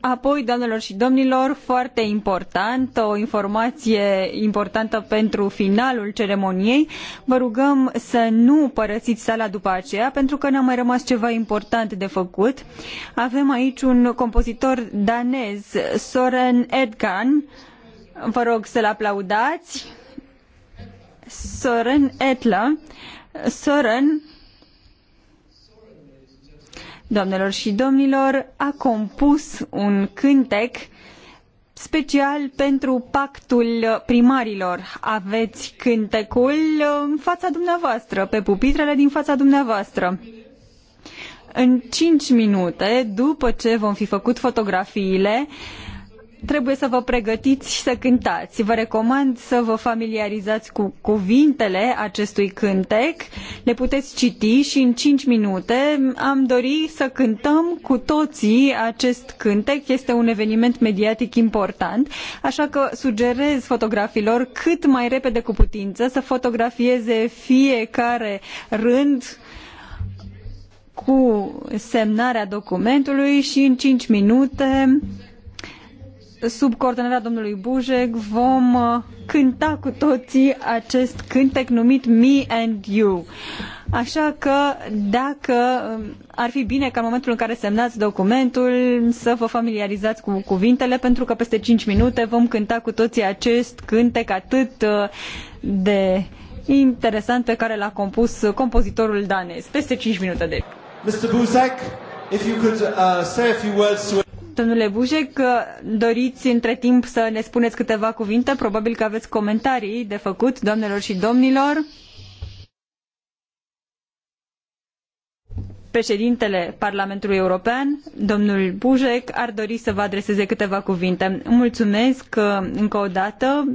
Apoi, doamnelor și domnilor, foarte important, o informație importantă pentru finalul ceremoniei. Vă rugăm să nu părăsiți sala după aceea, pentru că ne-a mai rămas ceva important de făcut. Avem aici un compozitor danez, Soren Edgan. Vă rog să-l aplaudați. Soren Etla. Soren doamnelor și domnilor, a compus un cântec special pentru pactul primarilor. Aveți cântecul în fața dumneavoastră, pe pupitrele din fața dumneavoastră. În cinci minute, după ce vom fi făcut fotografiile, trebuie să vă pregătiți și să cântați. Vă recomand să vă familiarizați cu cuvintele acestui cântec, le puteți citi și în cinci minute am dori să cântăm cu toții acest cântec. Este un eveniment mediatic important, așa că sugerez fotografilor cât mai repede cu putință să fotografieze fiecare rând cu semnarea documentului și în cinci minute sub coordonarea domnului Bujec, vom uh, cânta cu toții acest cântec numit Me and You. Așa că, dacă um, ar fi bine ca în momentul în care semnați documentul să vă familiarizați cu cuvintele, pentru că peste 5 minute vom cânta cu toții acest cântec atât uh, de interesant pe care l-a compus uh, compozitorul danez. Peste 5 minute, de. Mr. Buzek, if you could uh, say a few words to Domnule Bujec, doriți între timp să ne spuneți câteva cuvinte? Probabil că aveți comentarii de făcut, doamnelor și domnilor. Președintele Parlamentului European, domnul Bujec, ar dori să vă adreseze câteva cuvinte. Mulțumesc uh, încă o dată,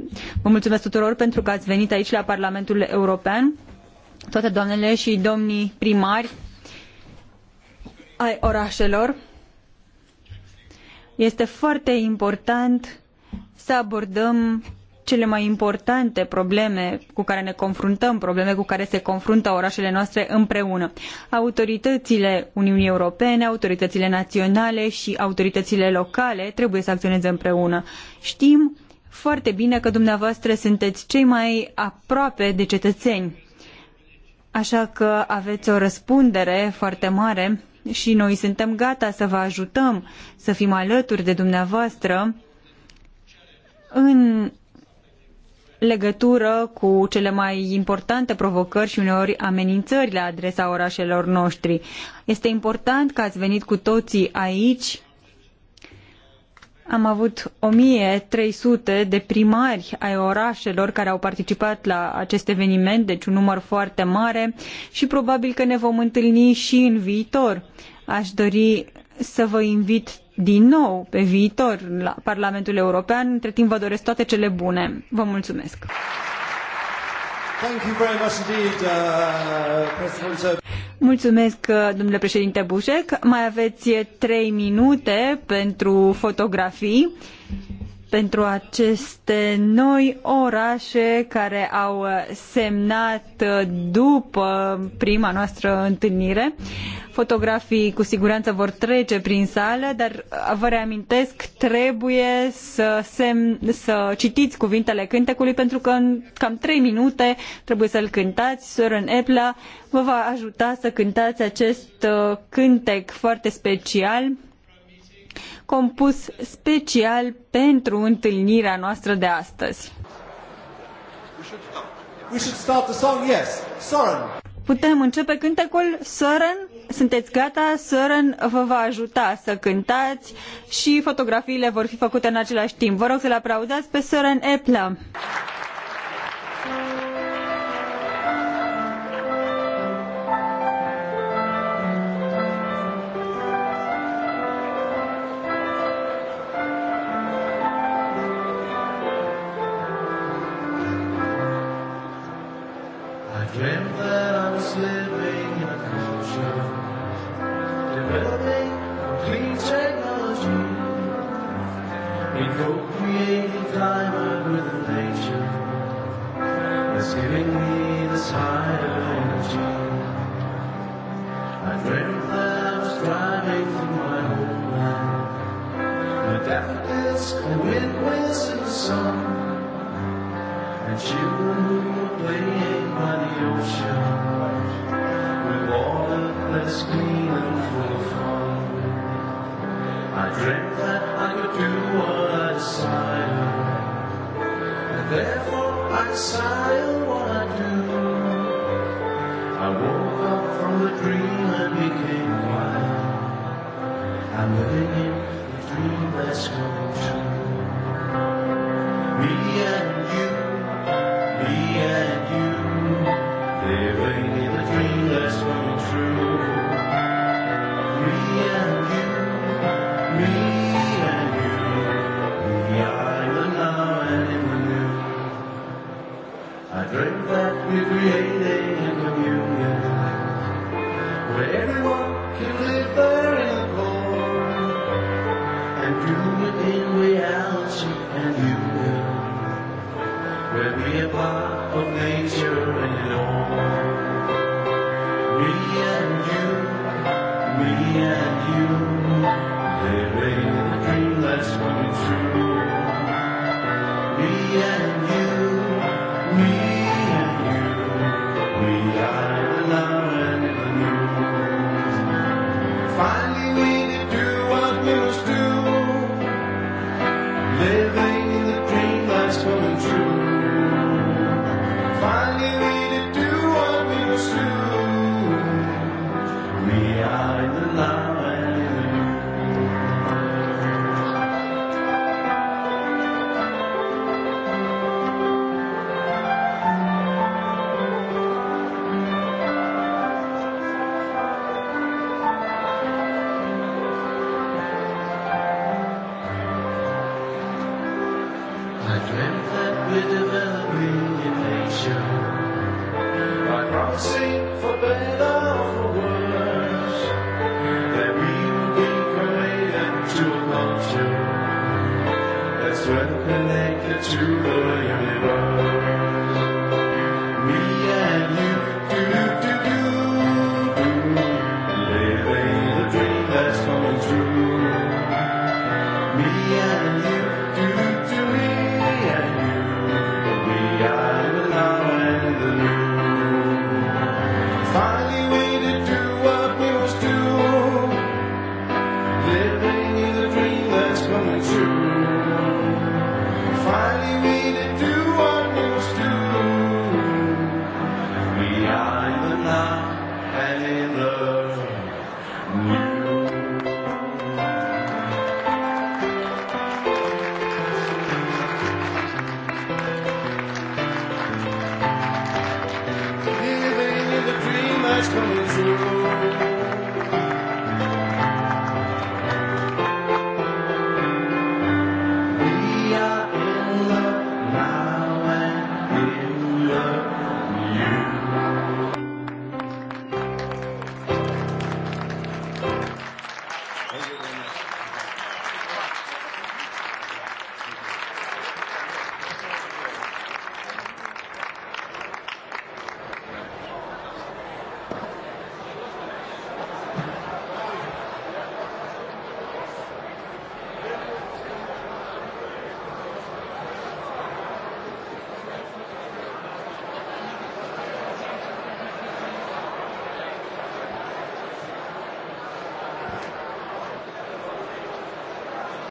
vă mulțumesc tuturor pentru că ați venit aici la Parlamentul European, toate doamnele și domnii primari ai orașelor este foarte important să abordăm cele mai importante probleme cu care ne confruntăm, probleme cu care se confruntă orașele noastre împreună. Autoritățile Uniunii Europene, autoritățile naționale și autoritățile locale trebuie să acționeze împreună. Știm foarte bine că dumneavoastră sunteți cei mai aproape de cetățeni, așa că aveți o răspundere foarte mare și noi suntem gata să vă ajutăm să fim alături de dumneavoastră în legătură cu cele mai importante provocări și uneori amenințări la adresa orașelor noștri. Este important că ați venit cu toții aici am avut 1300 de primari ai orașelor care au participat la acest eveniment, deci un număr foarte mare și probabil că ne vom întâlni și în viitor. Aș dori să vă invit din nou pe viitor la Parlamentul European. Între timp vă doresc toate cele bune. Vă mulțumesc! Uh, Mulțumesc, uh, domnule președinte Bușec. Mai aveți uh, trei minute pentru fotografii pentru aceste noi orașe care au semnat uh, după prima noastră întâlnire. Fotografii cu siguranță vor trece prin sală, dar uh, vă reamintesc, trebuie să, semn, să citiți cuvintele cântecului pentru că în cam trei minute trebuie să-l cântați. Soren Epla vă va ajuta să cântați acest uh, cântec foarte special compus special pentru întâlnirea noastră de astăzi. Putem începe cântecul Soren? Sunteți gata? Soren vă va ajuta să cântați și fotografiile vor fi făcute în același timp. Vă rog să-l aplaudați pe Soren Eplam. Thank